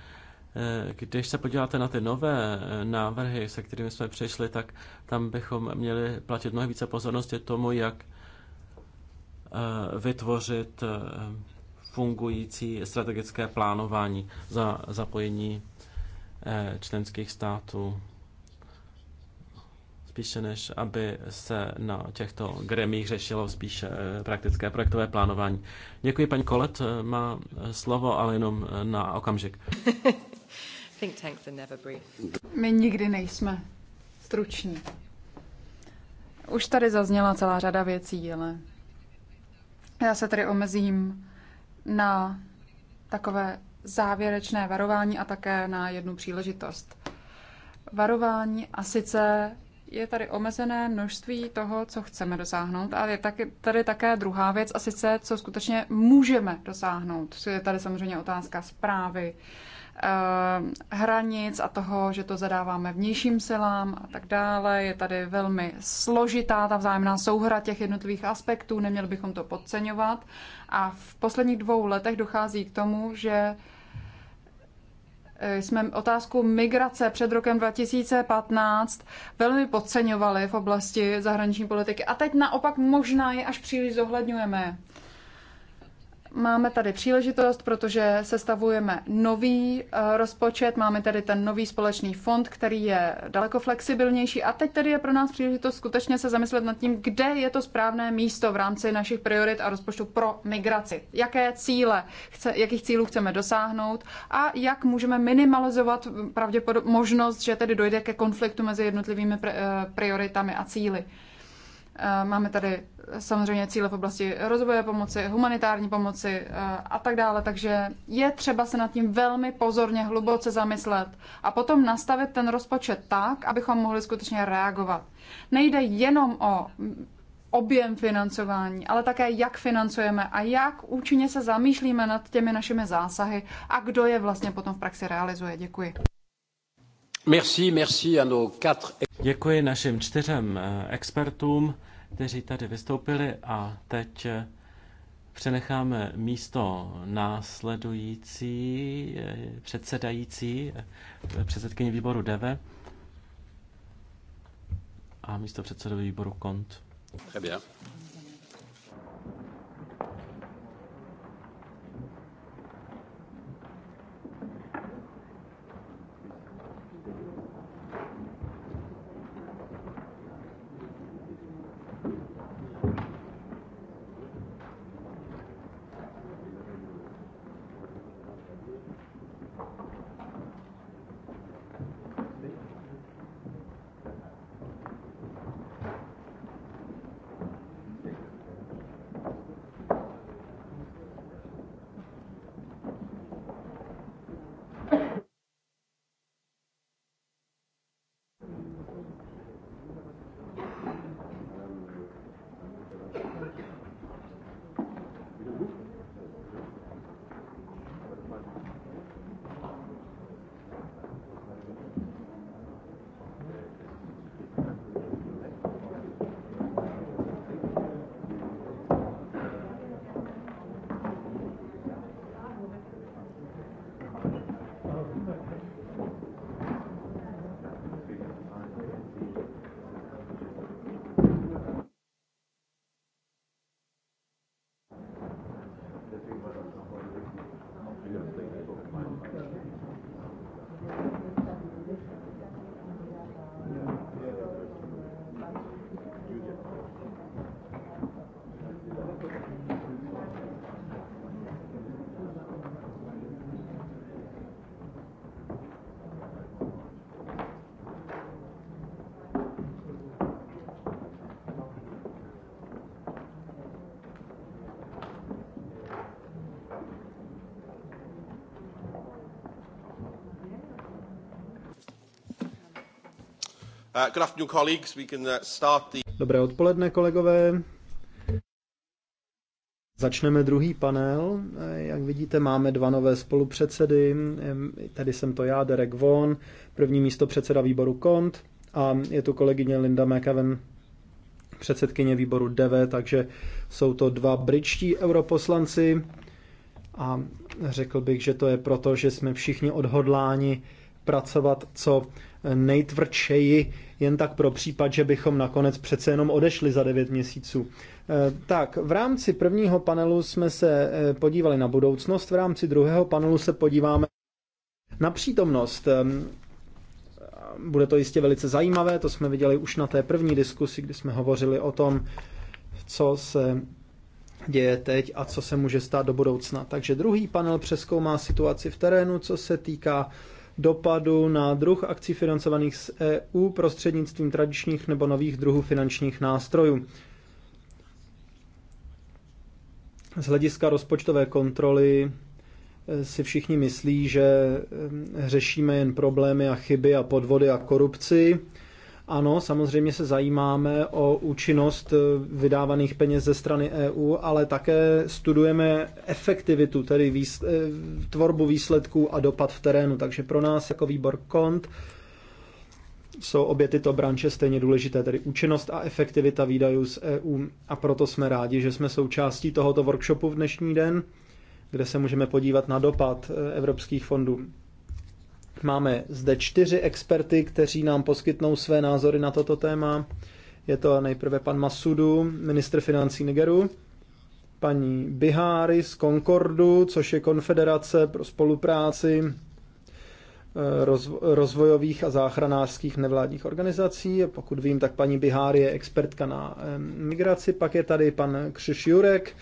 S1: Když se podíváte na ty nové eh, návrhy, se kterými jsme přišli, tak tam bychom měli platit mnohem více pozornosti tomu, jak eh, vytvořit eh, fungující strategické plánování za zapojení členských států, spíše než aby se na těchto gremích řešilo spíše praktické projektové plánování. Děkuji, paní Kolet, má slovo, ale jenom na okamžik.
S3: Think tanks are never brief. My nikdy nejsme struční. Už tady zazněla celá řada věcí, ale já se tady omezím na takové závěrečné varování a také na jednu příležitost. Varování a sice je tady omezené množství toho, co chceme dosáhnout, ale je taky, tady také druhá věc a sice, co skutečně můžeme dosáhnout. Je tady samozřejmě otázka zprávy, Eh, hranic a toho, že to zadáváme vnějším silám a tak dále. Je tady velmi složitá ta vzájemná souhra těch jednotlivých aspektů, neměli bychom to podceňovat. A v posledních dvou letech dochází k tomu, že eh, jsme otázku migrace před rokem 2015 velmi podceňovali v oblasti zahraniční politiky a teď naopak možná je až příliš zohledňujeme. Máme tady příležitost, protože sestavujeme nový eh, rozpočet, máme tady ten nový společný fond, který je daleko flexibilnější a teď tady je pro nás příležitost skutečně se zamyslet nad tím, kde je to správné místo v rámci našich priorit a rozpočtu pro migraci. Jaké cíle, chce, jakých cílů chceme dosáhnout a jak můžeme minimalizovat pravděpodobnost, že tedy dojde ke konfliktu mezi jednotlivými eh, prioritami a cíly. Eh, máme tady eh, samozřejmě cíle v oblasti rozvoje pomoci, humanitární pomoci eh, a tak dále, takže je třeba se nad tím velmi pozorně, hluboce zamyslet a potom nastavit ten rozpočet tak, abychom mohli skutečně reagovat. Nejde jenom o objem financování, ale také jak financujeme a jak účinně se zamýšlíme nad těmi našimi zásahy a kdo je vlastně potom v praxi realizuje. Děkuji.
S1: Děkuji našim čtyřem eh, expertům, kteří tady vystoupili a teď eh, přenecháme místo následující eh, předsedající předsedkyni výboru DEVE a místo předsedovi výboru KONT. Très bien. Uh, uh, Dobré
S2: odpoledne, kolegové. Začneme druhý panel. Eh, jak vidíte, máme dva nové spolupředsedy. Tady jsem to já, Derek Von, první místo předseda výboru KONT a je tu kolegyně Linda McEwen, předsedkyně výboru DEVE, takže jsou to dva britští europoslanci a řekl bych, že to je proto, že jsme všichni odhodláni pracovat co nejtvrdšeji, jen tak pro případ, že bychom nakonec přece jenom odešli za 9 měsíců. E, tak, v rámci prvního panelu jsme se e, podívali na budoucnost, v rámci druhého panelu se podíváme na přítomnost. E, bude to jistě velice zajímavé, to jsme viděli už na té první diskusi, kdy jsme hovořili o tom, co se děje teď a co se může stát do budoucna. Takže druhý panel přeskoumá situaci v terénu, co se týká dopadu na druh akcí financovaných z EU prostřednictvím tradičních nebo nových druhů finančních nástrojů. Z hlediska rozpočtové kontroly eh, si všichni myslí, že eh, řešíme jen problémy a chyby a podvody a korupci ano, samozřejmě se zajímáme o účinnost eh, vydávaných peněz ze strany EU, ale také studujeme efektivitu, tedy výs- eh, tvorbu výsledků a dopad v terénu. Takže pro nás jako výbor KONT jsou obě tyto branče stejně důležité, tedy účinnost a efektivita výdajů z EU. A proto jsme rádi, že jsme součástí tohoto workshopu v dnešní den, kde se můžeme podívat na dopad eh, evropských fondů. Máme zde čtyři experty, kteří nám poskytnou své názory na toto téma. Je to nejprve pan Masudu, ministr financí Nigeru, paní Bihari z Concordu, což je konfederace pro spolupráci eh, rozvojových a záchranářských nevládních organizací. Pokud vím, tak paní Bihár je expertka na eh, migraci. Pak je tady pan Křiš Jurek,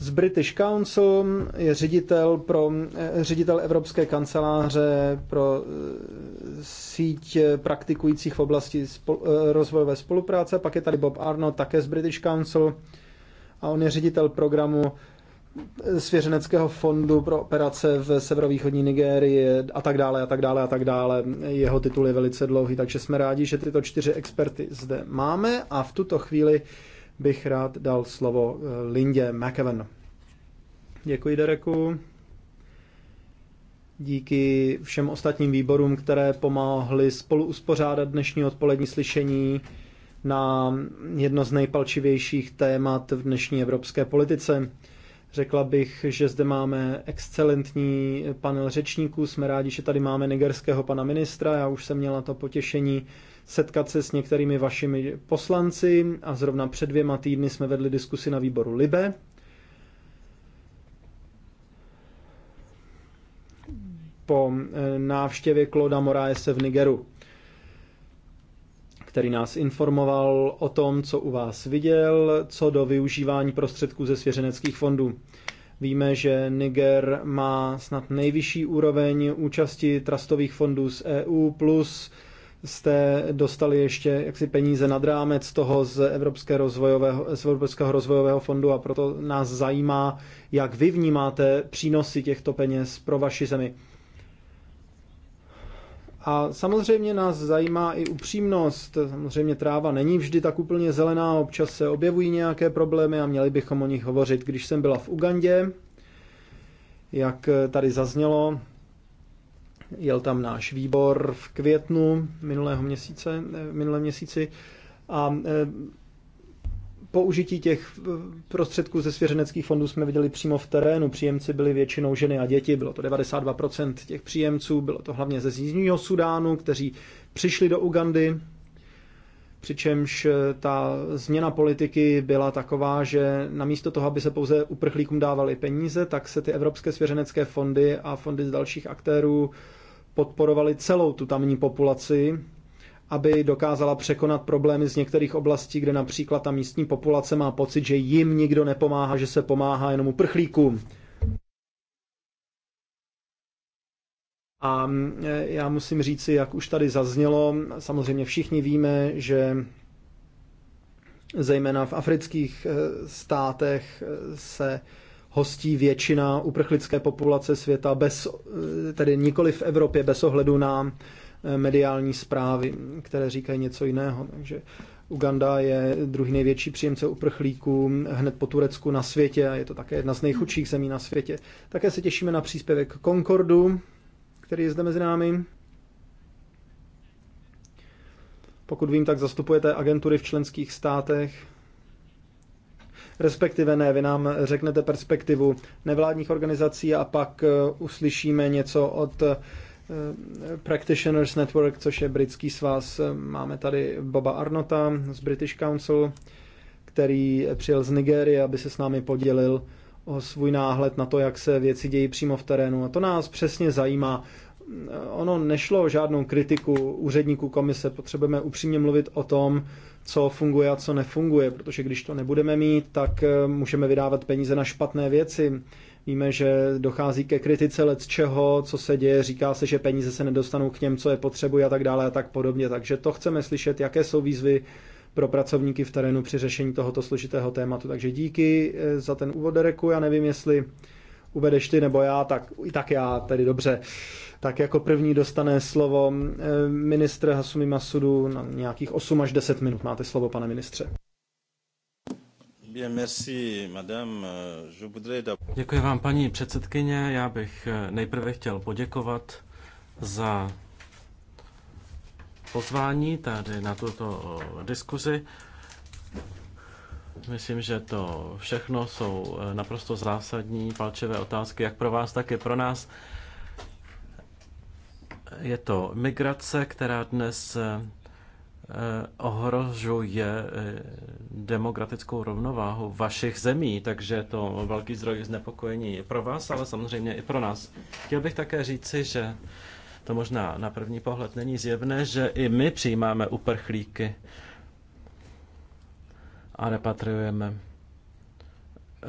S2: z British Council, je ředitel, pro, eh, ředitel Evropské kanceláře pro eh, síť eh, praktikujících v oblasti spol, rozvojové spolupráce, pak je tady Bob Arno také z British Council a on je ředitel programu svěřeneckého fondu pro operace v severovýchodní Nigérii a tak dále a tak dále a tak dále. Jeho titul je velice dlouhý, takže jsme rádi, že tyto čtyři experty zde máme a v tuto chvíli bych rád dal slovo eh, Lindě McEwen. Děkuji, Dereku. Díky všem ostatním výborům, které pomáhly spolu uspořádat dnešní odpolední slyšení na jedno z nejpalčivějších témat v dnešní evropské politice. Řekla bych, že zde máme excelentní panel řečníků. Jsme rádi, že tady máme nigerského pana ministra. Já už jsem měla to potěšení setkat se s některými vašimi poslanci a zrovna před dvěma týdny jsme vedli diskusi na výboru Libe. Po eh, návštěvě Kloda Moraese v Nigeru který nás informoval o tom, co u vás viděl, co do využívání prostředků ze svěřeneckých fondů. Víme, že Niger má snad nejvyšší úroveň účasti trastových fondů z EU plus jste dostali ještě jaksi peníze nad rámec toho z, Evropské rozvojového, z Evropského rozvojového fondu a proto nás zajímá, jak vy vnímáte přínosy těchto peněz pro vaši zemi. A samozřejmě nás zajímá i upřímnost. Samozřejmě tráva není vždy tak úplně zelená, občas se objevují nějaké problémy a měli bychom o nich hovořit. Když jsem byla v Ugandě, jak tady zaznělo, Jel tam náš výbor v květnu minulého měsíce, eh, minulé měsíci a eh, použití těch eh, prostředků ze svěřeneckých fondů jsme viděli přímo v terénu. Příjemci byli většinou ženy a děti, bylo to 92% těch příjemců, bylo to hlavně ze Jižního Sudánu, kteří přišli do Ugandy, přičemž ta změna politiky byla taková, že namísto toho, aby se pouze uprchlíkům dávaly peníze, tak se ty evropské svěřenecké fondy a fondy z dalších aktérů podporovali celou tu tamní populaci, aby dokázala překonat problémy z některých oblastí, kde například ta místní populace má pocit, že jim nikdo nepomáhá, že se pomáhá jenom uprchlíkům. A e, já musím říci, jak už tady zaznělo, samozřejmě všichni víme, že zejména v afrických e, státech e, se hostí většina uprchlické populace světa, bez, eh, tedy nikoli v Evropě, bez ohledu na eh, mediální zprávy, které říkají něco jiného. Takže Uganda je druhý největší příjemce uprchlíků hned po Turecku na světě a je to také jedna z nejchudších zemí na světě. Také se těšíme na příspěvek Concordu, který je zde mezi námi. Pokud vím, tak zastupujete agentury v členských státech respektive ne, vy nám řeknete perspektivu nevládních organizací a pak eh, uslyšíme něco od eh, Practitioners Network, což je britský svaz. Eh, máme tady Boba Arnota z British Council, který přijel z Nigérie, aby se s námi podělil o svůj náhled na to, jak se věci dějí přímo v terénu. A to nás přesně zajímá. Ono nešlo o žádnou kritiku úředníků komise, potřebujeme upřímně mluvit o tom, co funguje a co nefunguje, protože když to nebudeme mít, tak eh, můžeme vydávat peníze na špatné věci. Víme, že dochází ke kritice let čeho, co se děje, říká se, že peníze se nedostanou k něm, co je potřebuje, a tak dále a tak podobně. Takže to chceme slyšet, jaké jsou výzvy pro pracovníky v terénu při řešení tohoto složitého tématu. Takže díky eh, za ten úvod, Dereku. Já nevím, jestli uvedeš ty nebo já, tak i tak já, tedy dobře tak jako první dostane slovo eh, ministr Hasumi Masudu na nějakých 8 až 10 minut. Máte slovo, pane ministře. Děkuji vám, paní
S1: předsedkyně. Já bych eh, nejprve chtěl poděkovat za pozvání tady na tuto eh, diskuzi. Myslím, že to všechno jsou naprosto zásadní palčivé otázky, jak pro vás, tak i pro nás. Je to migrace, která dnes eh, eh, ohrožuje eh, demokratickou rovnováhu vašich zemí, takže to velký zdroj znepokojení je pro vás, ale samozřejmě i pro nás. Chtěl bych také říci, že to možná na první pohled není zjevné, že i my přijímáme uprchlíky a repatriujeme.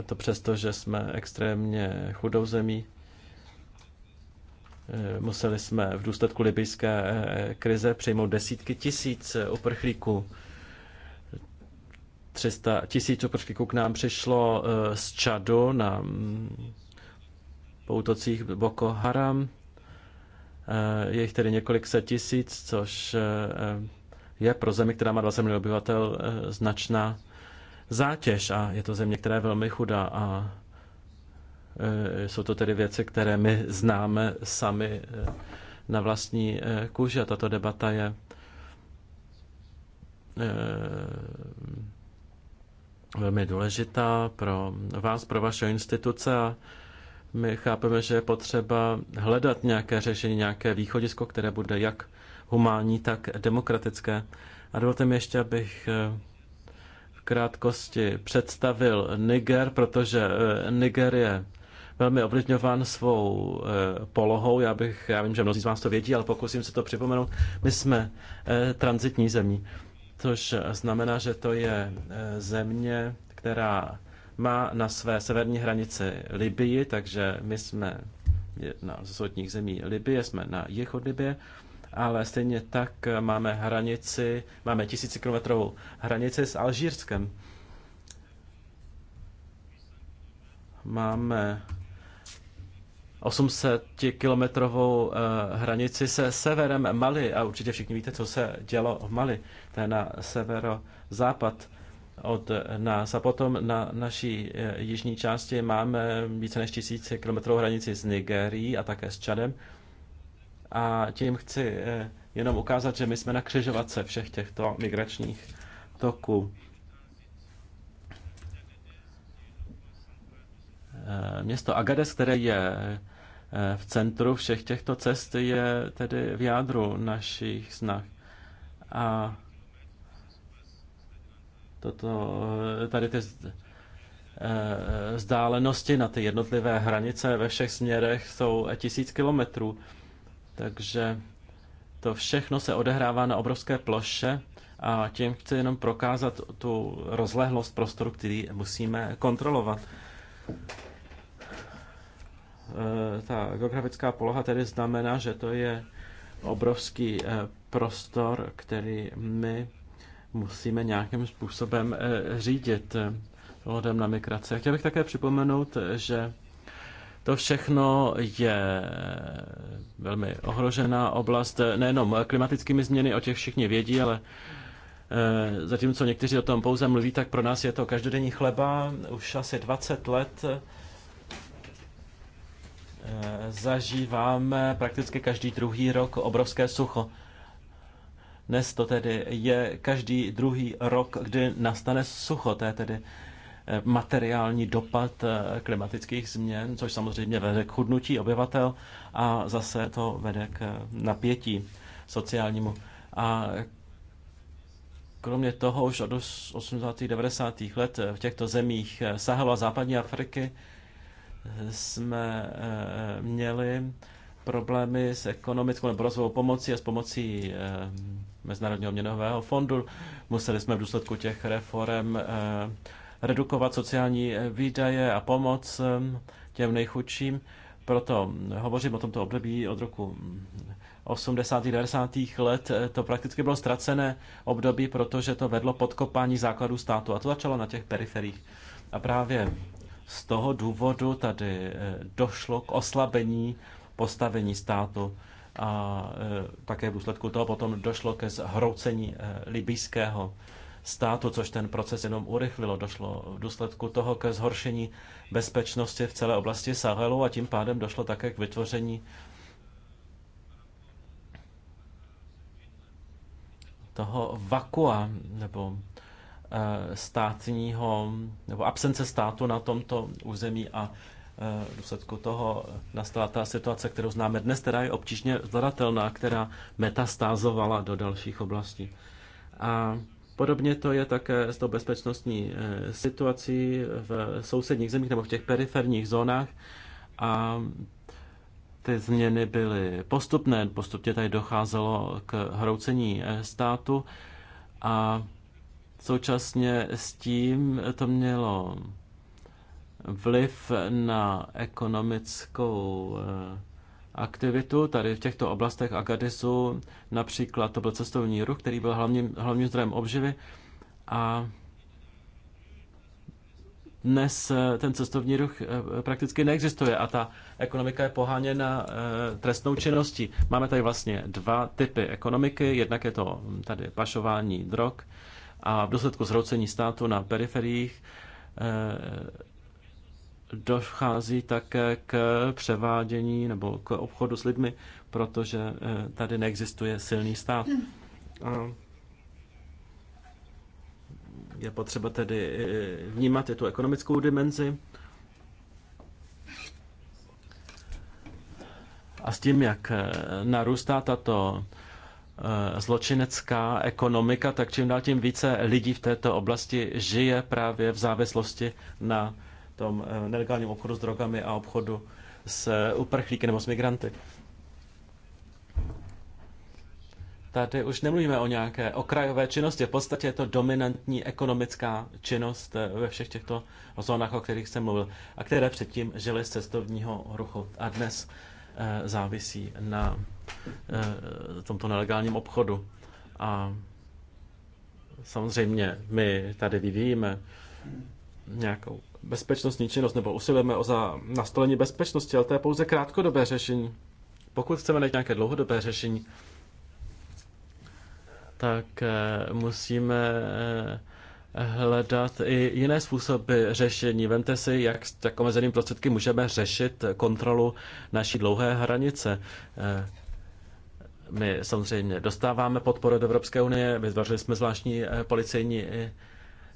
S1: To přesto, že jsme extrémně chudou zemí Eh, museli jsme v důsledku libijské eh, krize přijmout desítky tisíc uprchlíků. 300 tisíc uprchlíků k nám přišlo eh, z Čadu na mm, poutocích Boko Haram. Je jich tedy několik set tisíc, což je pro zemi, která má 20 milionů obyvatel, značná zátěž a je to země, která je velmi chudá a Eh, jsou to tedy věci, které my známe sami eh, na vlastní eh, kůži a tato debata je velmi důležitá pro vás, pro vaše instituce a my chápeme, že je potřeba hledat nějaké řešení, nějaké východisko, které bude jak humánní, tak demokratické. A dovolte mi ještě, abych v krátkosti představil Niger, protože Niger je velmi ovlivňován svou eh, polohou. Já, bych, já vím, že mnozí z vás to vědí, ale pokusím se to připomenout. My jsme eh, transitní zemí, což znamená, že to je eh, země, která má na své severní hranici Libii, takže my jsme jedna z sotních zemí Libie, jsme na jih od Libie, ale stejně tak máme hranici, máme tisícikilometrovou hranici s Alžírskem. Máme 800-kilometrovou eh, hranici se severem Mali. A určitě všichni víte, co se dělo v Mali. To je na severozápad od nás. A potom na naší eh, jižní části máme více než 1000 kilometrovou hranici s Nigerií a také s Čadem. A tím chci eh, jenom ukázat, že my jsme na křižovatce všech těchto migračních toků. Eh, město Agades, které je eh, v centru všech těchto cest, je tedy v jádru našich snah. A toto, eh, tady ty vzdálenosti na ty jednotlivé hranice ve všech směrech jsou tisíc kilometrů. Takže to všechno se odehrává na obrovské ploše a tím chci jenom prokázat tu rozlehlost prostoru, který musíme kontrolovat. Eh, ta geografická poloha tedy znamená, že to je obrovský eh, prostor, který my musíme nějakým způsobem eh, řídit ohledem na migraci. Chtěl bych také připomenout, že to všechno je velmi ohrožená oblast, nejenom klimatickými změny, o těch všichni vědí, ale zatímco někteří o tom pouze mluví, tak pro nás je to každodenní chleba už asi 20 let Eh, zažíváme prakticky každý druhý rok obrovské sucho. Dnes to tedy je každý druhý rok, kdy nastane sucho, to je tedy eh, materiální dopad eh, klimatických změn, což samozřejmě vede k chudnutí obyvatel a zase to vede k napětí sociálnímu. A kromě toho už od 80. 90. let v těchto zemích Sahel a západní Afriky jsme eh, měli problémy s ekonomickou nebo rozvojovou pomocí a s pomocí eh, Mezinárodního měnového fondu. Museli jsme v důsledku těch reform eh, redukovat sociální výdaje a pomoc těm nejchudším. Proto hovořím o tomto období od roku 80. Mm, 90. let. To prakticky bylo ztracené období, protože to vedlo podkopání základů státu a to začalo na těch periferích. A právě z toho důvodu tady eh, došlo k oslabení postavení státu a eh, také v důsledku toho potom došlo ke zhroucení eh, libijského státu, což ten proces jenom urychlilo. Došlo v důsledku toho ke zhoršení bezpečnosti v celé oblasti Sahelu a tím pádem došlo také k vytvoření toho vakua nebo Eh, státního nebo absence státu na tomto území a eh, v důsledku toho nastala ta situace, kterou známe dnes, která je obtížně zvladatelná, která metastázovala do dalších oblastí. A podobně to je také s tou bezpečnostní eh, situací v sousedních zemích nebo v těch periferních zónách. A ty změny byly postupné, postupně tady docházelo k hroucení státu a Současně s tím to mělo vliv na ekonomickou eh, aktivitu tady v těchto oblastech Agadisu. Například to byl cestovní ruch, který byl hlavním, hlavním zdrojem obživy a dnes eh, ten cestovní ruch eh, prakticky neexistuje a ta ekonomika je poháněna trestnou činností. Máme tady vlastně dva typy ekonomiky. Jednak je to tady pašování drog, a v důsledku zhroucení státu na periferiích eh, dochází také k převádění nebo k obchodu s lidmi, protože eh, tady neexistuje silný stát. A je potřeba tedy eh, vnímat i tu ekonomickou dimenzi. A s tím, jak narůstá tato Eh, zločinecká ekonomika, tak čím dál tím více lidí v této oblasti žije právě v závislosti na tom eh, nelegálním obchodu s drogami a obchodu s uprchlíky nebo s migranty. Tady už nemluvíme o nějaké okrajové činnosti, v podstatě je to dominantní ekonomická činnost eh, ve všech těchto zónách, o kterých jsem mluvil, a které předtím žily z cestovního ruchu a dnes závisí na Eh, tomto nelegálním obchodu. A samozřejmě my tady vyvíjíme nějakou bezpečnostní činnost nebo usilujeme o za nastolení bezpečnosti, ale to je pouze krátkodobé řešení. Pokud chceme najít nějaké dlouhodobé řešení, tak eh, musíme eh, hledat i jiné způsoby řešení. Vemte si, jak s tak omezeným prostředky můžeme řešit kontrolu naší dlouhé hranice. My samozřejmě dostáváme podporu od do Evropské unie, vytvořili jsme zvláštní eh, policejní eh,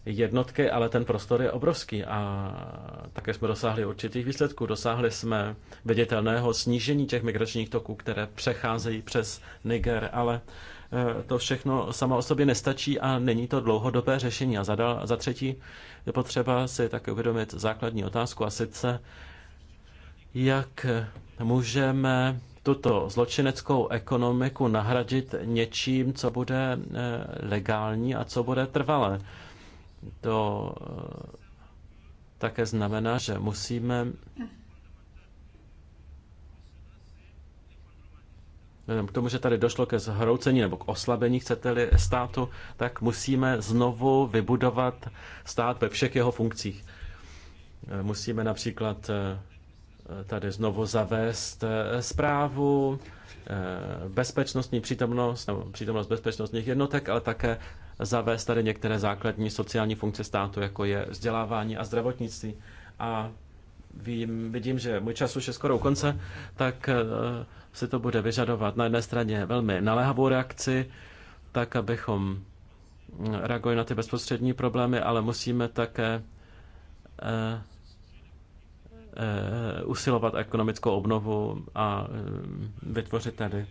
S1: jednotky, ale ten prostor je obrovský a také jsme dosáhli určitých výsledků. Dosáhli jsme viditelného snížení těch migračních toků, které přecházejí přes Niger, ale eh, to všechno sama o sobě nestačí a není to dlouhodobé řešení. A za, za třetí je potřeba si také uvědomit základní otázku a sice, jak můžeme tuto zločineckou ekonomiku nahradit něčím, co bude eh, legální a co bude trvalé. To eh, také znamená, že musíme k tomu, že tady došlo ke zhroucení nebo k oslabení, chcete-li, státu, tak musíme znovu vybudovat stát ve všech jeho funkcích. Eh, musíme například tady znovu zavést zprávu, eh, eh, bezpečnostní přítomnost, nebo přítomnost bezpečnostních jednotek, ale také zavést tady některé základní sociální funkce státu, jako je vzdělávání a zdravotnictví. A vím, vidím, že můj čas už je skoro u konce, tak eh, si to bude vyžadovat na jedné straně velmi naléhavou reakci, tak abychom mm, reagovali na ty bezprostřední problémy, ale musíme také Eh, usilovat ekonomickou obnovu a eh, vytvořit tedy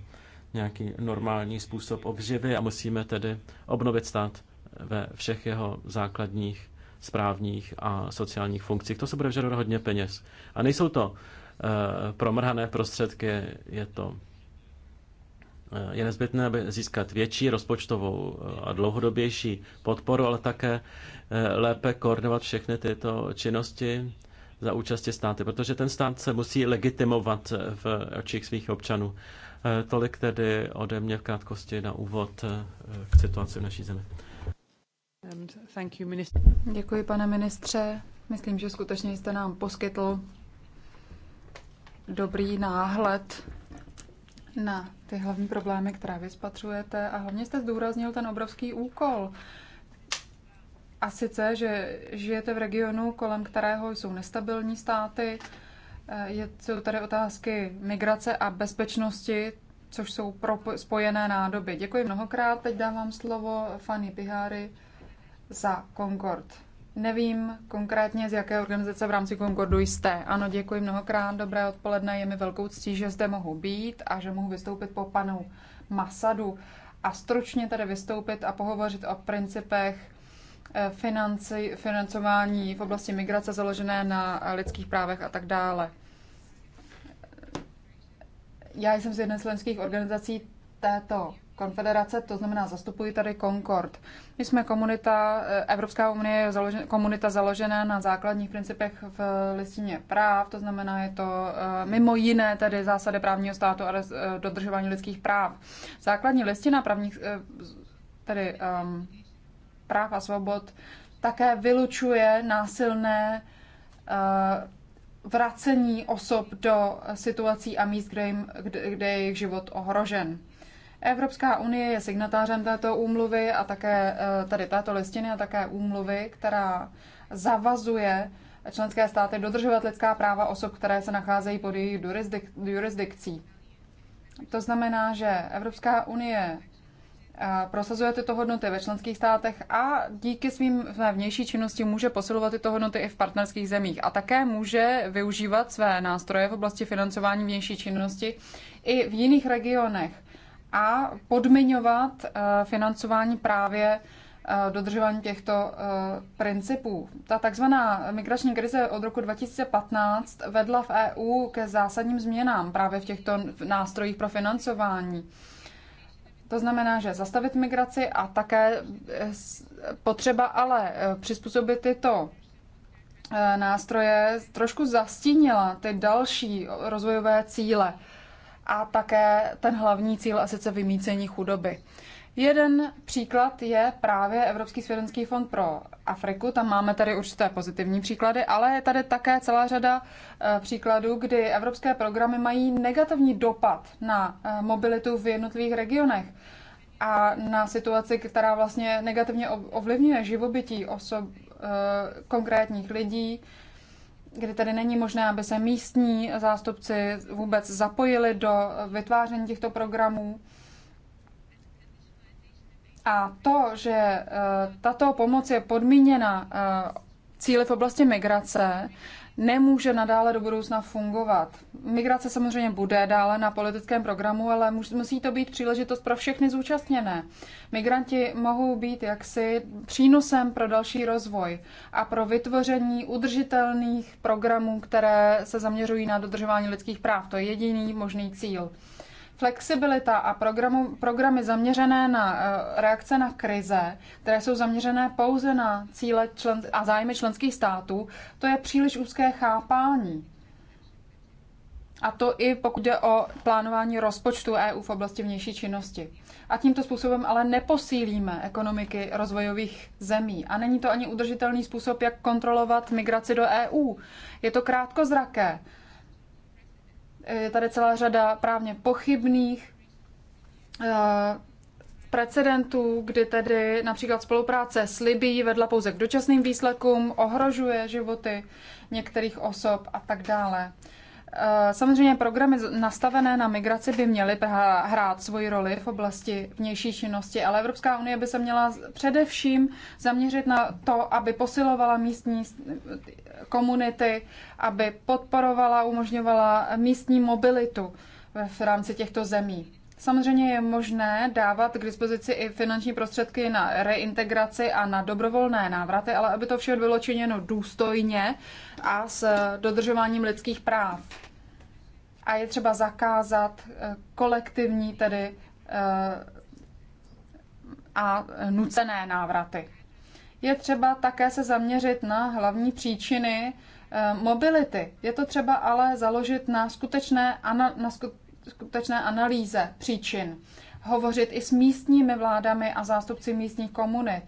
S1: nějaký normální způsob obživy a musíme tedy obnovit stát ve všech jeho základních správních a sociálních funkcích. To se bude vyžadovat hodně peněz. A nejsou to eh, promrhané prostředky, je to je nezbytné, aby získat větší rozpočtovou a dlouhodobější podporu, ale také lépe koordinovat všechny tyto činnosti za účasti státy, protože ten stát se musí legitimovat v očích svých občanů. Eh, tolik tedy ode mě v krátkosti na úvod eh, k situaci v naší zemi.
S3: Děkuji, pane ministře. Myslím, že skutečně jste nám poskytl dobrý náhled na ty hlavní problémy, které vy spatřujete a hlavně jste zdůraznil ten obrovský úkol, a sice, že žijete v regionu, kolem kterého jsou nestabilní státy, eh, je, jsou tady otázky migrace a bezpečnosti, což jsou pro, spojené nádoby. Děkuji mnohokrát. Teď dávám slovo Fanny Piháry za Concord. Nevím konkrétně, z jaké organizace v rámci Concordu jste. Ano, děkuji mnohokrát, dobré odpoledne, je mi velkou ctí, že zde mohu být a že mohu vystoupit po panu Masadu a stručně tady vystoupit a pohovořit o principech financi, financování v oblasti migrace založené na lidských právech a tak dále. Já jsem z jedné z členských organizací této konfederace, to znamená zastupuji tady Concord. My jsme komunita, eh, Evropská unie je založen, komunita založená na základních principech v listině práv, to znamená je to eh, mimo jiné tedy zásady právního státu a eh, dodržování lidských práv. Základní listina právních, tedy um, práv a svobod také vylučuje násilné eh, vracení osob do situací a míst, kde, jim, kde, kde je jejich život ohrožen. Evropská unie je signatářem této úmluvy a také eh, tady této listiny a také úmluvy, která zavazuje členské státy dodržovat lidská práva osob, které se nacházejí pod jejich jurisdik, jurisdikcí. To znamená, že Evropská unie Prosazujete tyto hodnoty ve členských státech a díky svým své vnější činnosti může posilovat tyto hodnoty i v partnerských zemích a také může využívat své nástroje v oblasti financování vnější činnosti i v jiných regionech a podmiňovat eh, financování právě eh, dodržování těchto eh, principů. Ta takzvaná migrační krize od roku 2015 vedla v EU ke zásadním změnám právě v těchto nástrojích pro financování. To znamená, že zastavit migraci a také eh, potřeba ale eh, přizpůsobit tyto eh, nástroje trošku zastínila ty další rozvojové cíle a také ten hlavní cíl a sice vymícení chudoby. Jeden příklad je právě Evropský svědenský fond pro Afriku. Tam máme tady určité pozitivní příklady, ale je tady také celá řada eh, příkladů, kdy evropské programy mají negativní dopad na eh, mobilitu v jednotlivých regionech a na situaci, která vlastně negativně ovlivňuje živobytí osob, eh, konkrétních lidí, kdy tady není možné, aby se místní zástupci vůbec zapojili do vytváření těchto programů. A to, že e, tato pomoc je podmíněna e, cíly v oblasti migrace, nemůže nadále do budoucna fungovat. Migrace samozřejmě bude dále na politickém programu, ale musí to být příležitost pro všechny zúčastněné. Migranti mohou být jaksi přínosem pro další rozvoj a pro vytvoření udržitelných programů, které se zaměřují na dodržování lidských práv. To je jediný možný cíl. Flexibilita a programu, programy zaměřené na eh, reakce na krize, které jsou zaměřené pouze na cíle člen, a zájmy členských států, to je příliš úzké chápání. A to i pokud jde o plánování rozpočtu EU v oblasti vnější činnosti. A tímto způsobem ale neposílíme ekonomiky rozvojových zemí. A není to ani udržitelný způsob, jak kontrolovat migraci do EU. Je to krátkozraké. Je tady celá řada právně pochybných eh, precedentů, kdy tedy například spolupráce s Libií vedla pouze k dočasným výsledkům, ohrožuje životy některých osob a tak dále. Eh, samozřejmě programy nastavené na migraci by měly hrát svoji roli v oblasti vnější činnosti, ale Evropská unie by se měla především zaměřit na to, aby posilovala místní komunity, aby podporovala, umožňovala místní mobilitu v rámci těchto zemí. Samozřejmě je možné dávat k dispozici i finanční prostředky na reintegraci a na dobrovolné návraty, ale aby to vše bylo činěno důstojně a s dodržováním lidských práv. A je třeba zakázat eh, kolektivní tedy eh, a nucené návraty je třeba také se zaměřit na hlavní příčiny eh, mobility. Je to třeba ale založit na skutečné, na skutečné analýze příčin. Hovořit i s místními vládami a zástupci místních komunit.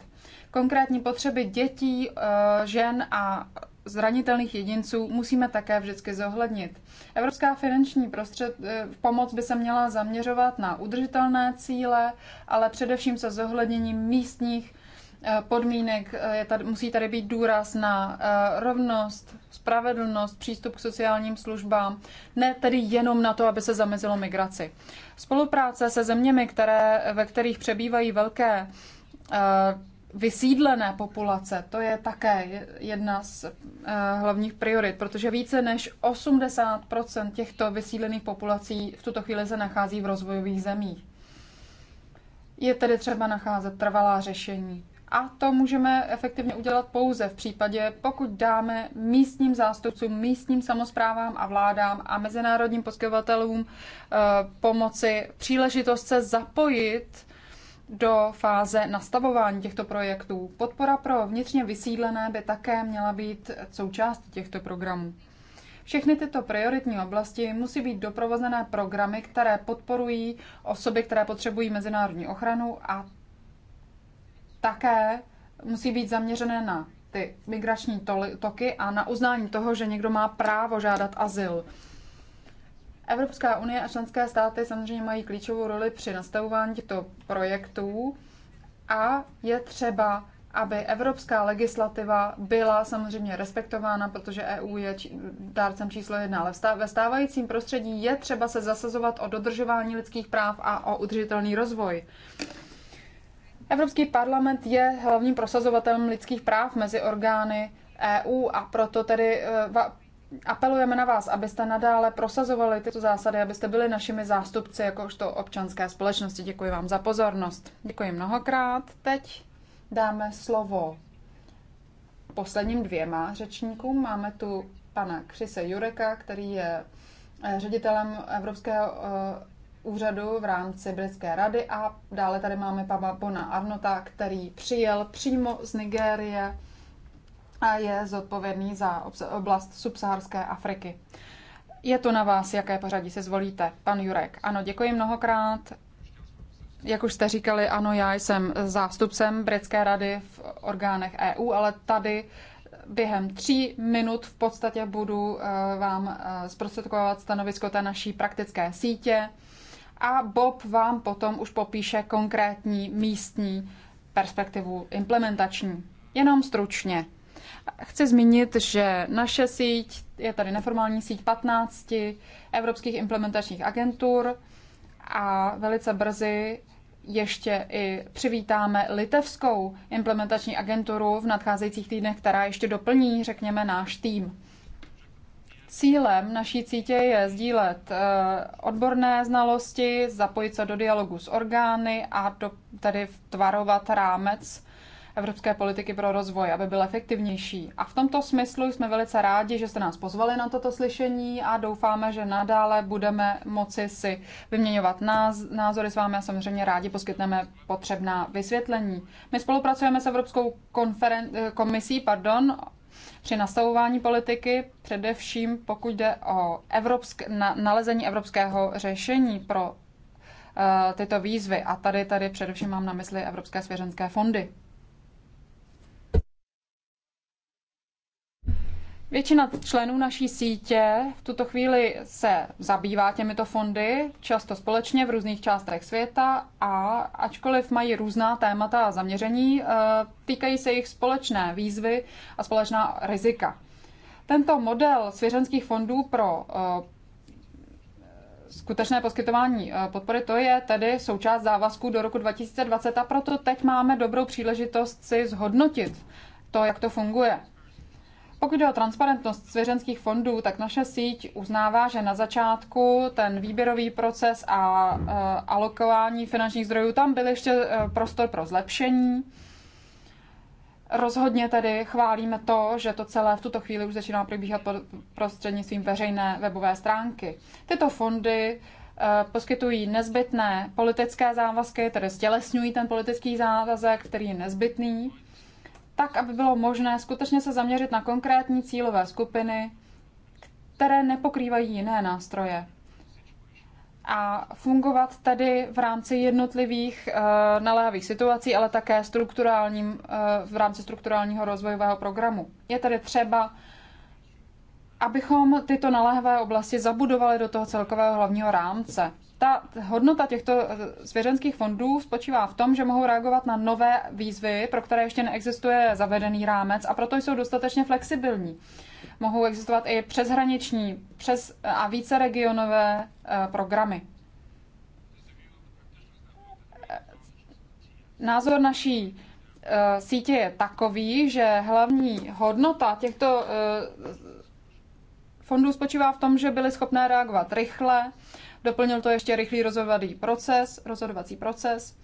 S3: Konkrétní potřeby dětí, eh, žen a zranitelných jedinců musíme také vždycky zohlednit. Evropská finanční prostřed, eh, pomoc by se měla zaměřovat na udržitelné cíle, ale především se zohledněním místních Eh, podmínek. Eh, je tady, musí tady být důraz na eh, rovnost, spravedlnost, přístup k sociálním službám, ne tedy jenom na to, aby se zamezilo migraci. Spolupráce se zeměmi, které, ve kterých přebývají velké vysídlené populace, to je také jedna z hlavních priorit, protože více než 80 těchto vysídlených populací v tuto chvíli se nachází v rozvojových zemích. Je tedy třeba nacházet trvalá řešení. A to můžeme efektivně udělat pouze v případě, pokud dáme místním zástupcům, místním samozprávám a vládám a mezinárodním poskytovatelům eh, pomoci příležitost se zapojit do fáze nastavování těchto projektů. Podpora pro vnitřně vysídlené by také měla být součástí těchto programů. Všechny tyto prioritní oblasti musí být doprovozené programy, které podporují osoby, které potřebují mezinárodní ochranu a také musí být zaměřené na ty migrační toky a na uznání toho, že někdo má právo žádat azyl. Evropská unie a členské státy samozřejmě mají klíčovou roli při nastavování těchto projektů a je třeba, aby evropská legislativa byla samozřejmě respektována, protože EU je dárcem číslo jedna, ale ve stávajícím prostředí je třeba se zasazovat o dodržování lidských práv a o udržitelný rozvoj. Evropský parlament je hlavním prosazovatelem lidských práv mezi orgány EU a proto tedy eh, apelujeme na vás, abyste nadále prosazovali tyto zásady, abyste byli našimi zástupci jakožto občanské společnosti. Děkuji vám za pozornost. Děkuji mnohokrát. Teď dáme slovo posledním dvěma řečníkům. Máme tu pana Křise Jureka, který je eh, ředitelem Evropského eh, úřadu v rámci Britské rady a dále tady máme Papa Bona Arnota, který přijel přímo z Nigérie a je zodpovědný za oblast subsaharské Afriky. Je to na vás, jaké pořadí se zvolíte, pan Jurek. Ano, děkuji mnohokrát. Jak už jste říkali, ano, já jsem zástupcem Britské rady v orgánech EU, ale tady během tří minut v podstatě budu eh, vám eh, zprostředkovat stanovisko té naší praktické sítě a Bob vám potom už popíše konkrétní místní perspektivu implementační. Jenom stručně. Chci zmínit, že naše síť je tady neformální síť 15 evropských implementačních agentur a velice brzy ještě i přivítáme litevskou implementační agenturu v nadcházejících týdnech, která ještě doplní, řekněme, náš tým. Cílem naší cítě je sdílet eh, odborné znalosti, zapojit se do dialogu s orgány a do, tedy tvarovat rámec evropské politiky pro rozvoj, aby byl efektivnější. A v tomto smyslu jsme velice rádi, že jste nás pozvali na toto slyšení a doufáme, že nadále budeme moci si vyměňovat názory s vámi a samozřejmě rádi poskytneme potřebná vysvětlení. My spolupracujeme s Evropskou konferen- eh, komisí pardon, při nastavování politiky, především pokud jde o evropsk, na, nalezení evropského řešení pro uh, tyto výzvy. A tady, tady především mám na mysli Evropské svěřenské fondy. Většina členů naší sítě v tuto chvíli se zabývá těmito fondy, často společně v různých částech světa a ačkoliv mají různá témata a zaměření, eh, týkají se jich společné výzvy a společná rizika. Tento model svěřenských fondů pro eh, skutečné poskytování eh, podpory, to je tedy součást závazků do roku 2020 a proto teď máme dobrou příležitost si zhodnotit to, jak to funguje. Pokud jde o transparentnost svěřenských fondů, tak naše síť uznává, že na začátku ten výběrový proces a e, alokování finančních zdrojů, tam byl ještě e, prostor pro zlepšení. Rozhodně tedy chválíme to, že to celé v tuto chvíli už začíná probíhat prostřednictvím veřejné webové stránky. Tyto fondy e, poskytují nezbytné politické závazky, tedy stělesňují ten politický závazek, který je nezbytný tak, aby bylo možné skutečně se zaměřit na konkrétní cílové skupiny, které nepokrývají jiné nástroje. A fungovat tedy v rámci jednotlivých uh, naléhavých situací, ale také strukturálním, uh, v rámci strukturálního rozvojového programu. Je tedy třeba, abychom tyto naléhavé oblasti zabudovali do toho celkového hlavního rámce ta hodnota těchto eh, svěřenských fondů spočívá v tom, že mohou reagovat na nové výzvy, pro které ještě neexistuje zavedený rámec a proto jsou dostatečně flexibilní. Mohou existovat i přeshraniční přes eh, a více regionové eh, programy. Názor naší sítě je takový, že hlavní hodnota těchto fondů spočívá v tom, že byly schopné reagovat rychle, doplnil to ještě rychlý rozhodovací proces, rozhodovací proces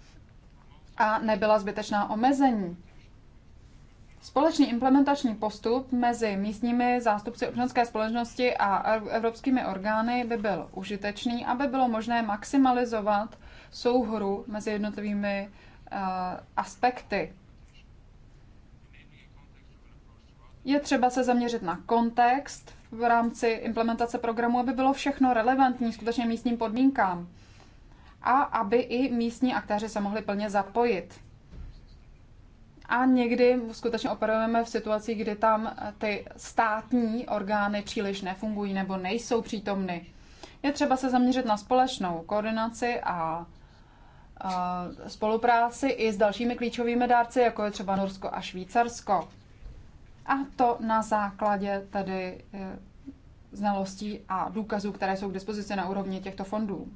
S3: a nebyla zbytečná omezení. Společný implementační postup mezi místními zástupci občanské společnosti a evropskými orgány by byl užitečný, aby bylo možné maximalizovat souhru mezi jednotlivými uh, aspekty. Je třeba se zaměřit na kontext v rámci implementace programu, aby bylo všechno relevantní skutečně místním podmínkám a aby i místní aktéři se mohli plně zapojit. A někdy skutečně operujeme v situaci, kdy tam ty státní orgány příliš nefungují nebo nejsou přítomny. Je třeba se zaměřit na společnou koordinaci a spolupráci i s dalšími klíčovými dárci, jako je třeba Norsko a Švýcarsko a to na základě tedy eh, znalostí a důkazů, které jsou k dispozici na úrovni těchto fondů.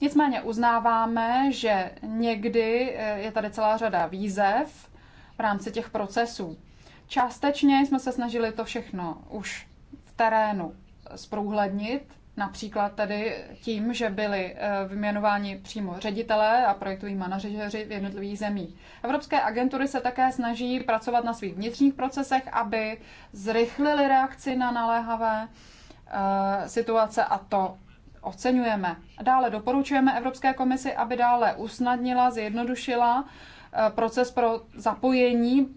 S3: Nicméně uznáváme, že někdy eh, je tady celá řada výzev v rámci těch procesů. Částečně jsme se snažili to všechno už v terénu zprůhlednit, Například tedy tím, že byli eh, vyměnováni přímo ředitelé a projektoví manažeři v jednotlivých zemích. Evropské agentury se také snaží pracovat na svých vnitřních procesech, aby zrychlili reakci na naléhavé eh, situace a to oceňujeme. Dále doporučujeme Evropské komisi, aby dále usnadnila, zjednodušila eh, proces pro zapojení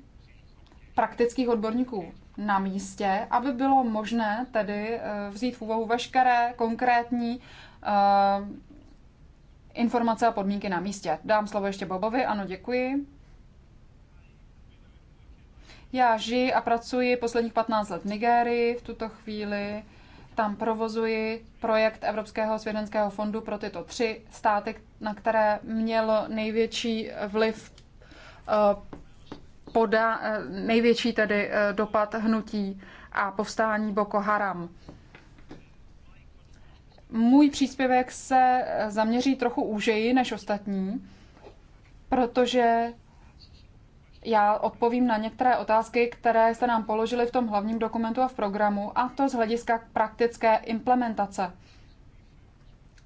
S3: praktických odborníků na místě, aby bylo možné tedy eh, vzít v úvahu veškeré konkrétní eh, informace a podmínky na místě. Dám slovo ještě Bobovi, ano, děkuji. Já žiji a pracuji posledních 15 let v Nigérii v tuto chvíli. Tam provozuji projekt Evropského svědenského fondu pro tyto tři státy, na které měl největší vliv eh, poda eh, největší tedy eh, dopad hnutí a povstání Boko Haram. Můj příspěvek se eh, zaměří trochu úžeji než ostatní, protože já odpovím na některé otázky, které jste nám položili v tom hlavním dokumentu a v programu, a to z hlediska praktické implementace.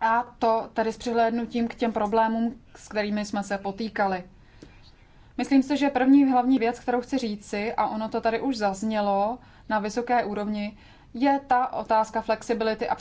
S3: A to tedy s přihlédnutím k těm problémům, s kterými jsme se potýkali. Myslím si, že první hlavní věc, kterou chci říci, a ono to tady už zaznělo na vysoké úrovni, je ta otázka flexibility a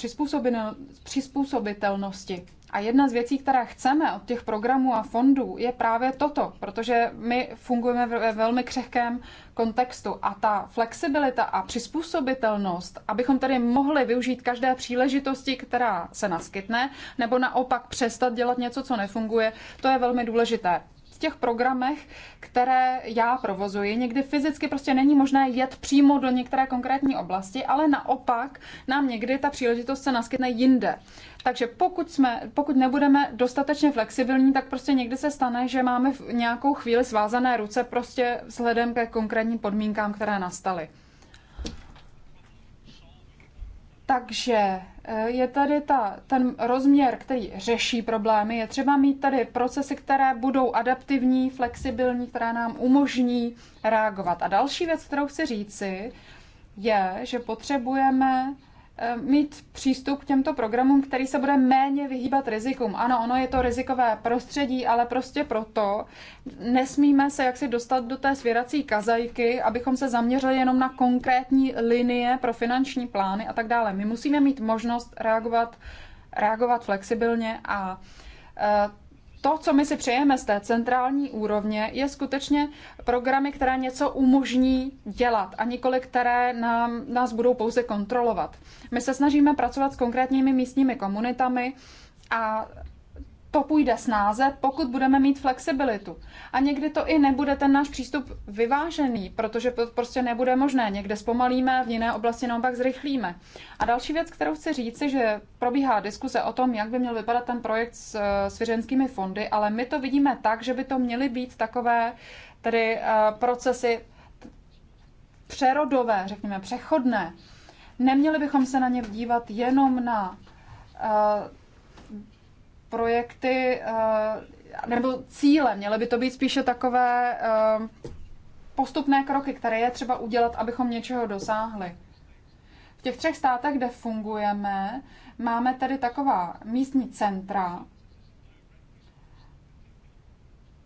S3: přizpůsobitelnosti. A jedna z věcí, které chceme od těch programů a fondů, je právě toto, protože my fungujeme ve velmi křehkém kontextu a ta flexibilita a přizpůsobitelnost, abychom tedy mohli využít každé příležitosti, která se naskytne, nebo naopak přestat dělat něco, co nefunguje, to je velmi důležité těch programech, které já provozuji, někdy fyzicky prostě není možné jet přímo do některé konkrétní oblasti, ale naopak nám někdy ta příležitost se naskytne jinde. Takže pokud, jsme, pokud nebudeme dostatečně flexibilní, tak prostě někdy se stane, že máme v nějakou chvíli svázané ruce prostě vzhledem ke konkrétním podmínkám, které nastaly. Takže eh, je tady ta, ten rozměr, který řeší problémy. Je třeba mít tady procesy, které budou adaptivní, flexibilní, které nám umožní reagovat. A další věc, kterou chci říci, je, že potřebujeme Eh, mít přístup k těmto programům, který se bude méně vyhýbat rizikům. Ano, ono je to rizikové prostředí, ale prostě proto nesmíme se jaksi dostat do té svěrací kazajky, abychom se zaměřili jenom na konkrétní linie pro finanční plány a tak dále. My musíme mít možnost reagovat, reagovat flexibilně a eh, to, co my si přejeme z té centrální úrovně, je skutečně programy, které něco umožní dělat a nikoli které nám, nás budou pouze kontrolovat. My se snažíme pracovat s konkrétními místními komunitami a to půjde snáze, pokud budeme mít flexibilitu. A někdy to i nebude ten náš přístup vyvážený, protože to prostě nebude možné. Někde zpomalíme, v jiné oblasti naopak zrychlíme. A další věc, kterou chci říct, že probíhá diskuse o tom, jak by měl vypadat ten projekt eh, s svěřenskými fondy, ale my to vidíme tak, že by to měly být takové tedy eh, procesy přerodové, řekněme, přechodné. Neměli bychom se na ně dívat jenom na eh, projekty eh, nebo cíle. Měly by to být spíše takové eh, postupné kroky, které je třeba udělat, abychom něčeho dosáhli. V těch třech státech, kde fungujeme, máme tedy taková místní centra.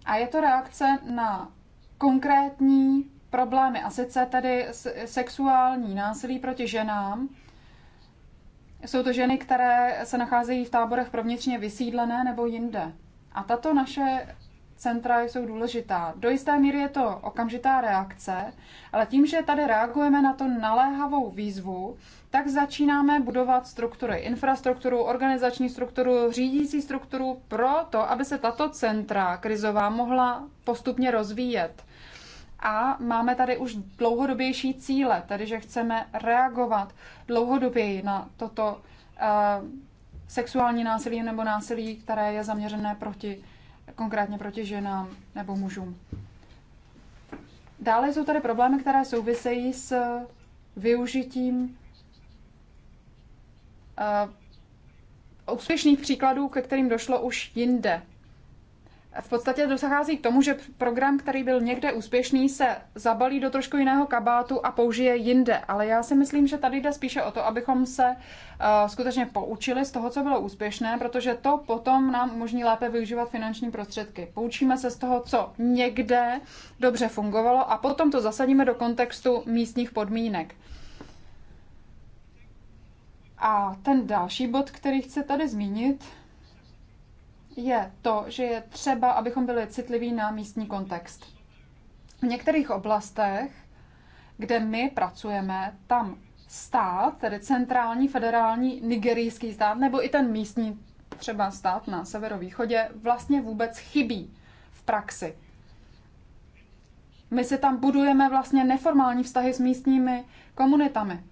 S3: A je to reakce na konkrétní problémy, a sice tedy sexuální násilí proti ženám jsou to ženy, které se nacházejí v táborech pro vnitřně vysídlené nebo jinde. A tato naše centra jsou důležitá. Do jisté míry je to okamžitá reakce, ale tím, že tady reagujeme na to naléhavou výzvu, tak začínáme budovat struktury, infrastrukturu, organizační strukturu, řídící strukturu pro to, aby se tato centra krizová mohla postupně rozvíjet a máme tady už dlouhodobější cíle, tedy že chceme reagovat dlouhodoběji na toto uh, sexuální násilí nebo násilí, které je zaměřené proti, konkrétně proti ženám nebo mužům. Dále jsou tady problémy, které souvisejí s využitím uh, úspěšných příkladů, ke kterým došlo už jinde v podstatě dochází k tomu, že program, který byl někde úspěšný, se zabalí do trošku jiného kabátu a použije jinde. Ale já si myslím, že tady jde spíše o to, abychom se uh, skutečně poučili z toho, co bylo úspěšné, protože to potom nám umožní lépe využívat finanční prostředky. Poučíme se z toho, co někde dobře fungovalo a potom to zasadíme do kontextu místních podmínek. A ten další bod, který chci tady zmínit, je to, že je třeba, abychom byli citliví na místní kontext. V některých oblastech, kde my pracujeme, tam stát, tedy centrální federální nigerijský stát, nebo i ten místní třeba stát na severovýchodě, vlastně vůbec chybí v praxi. My si tam budujeme vlastně neformální vztahy s místními komunitami.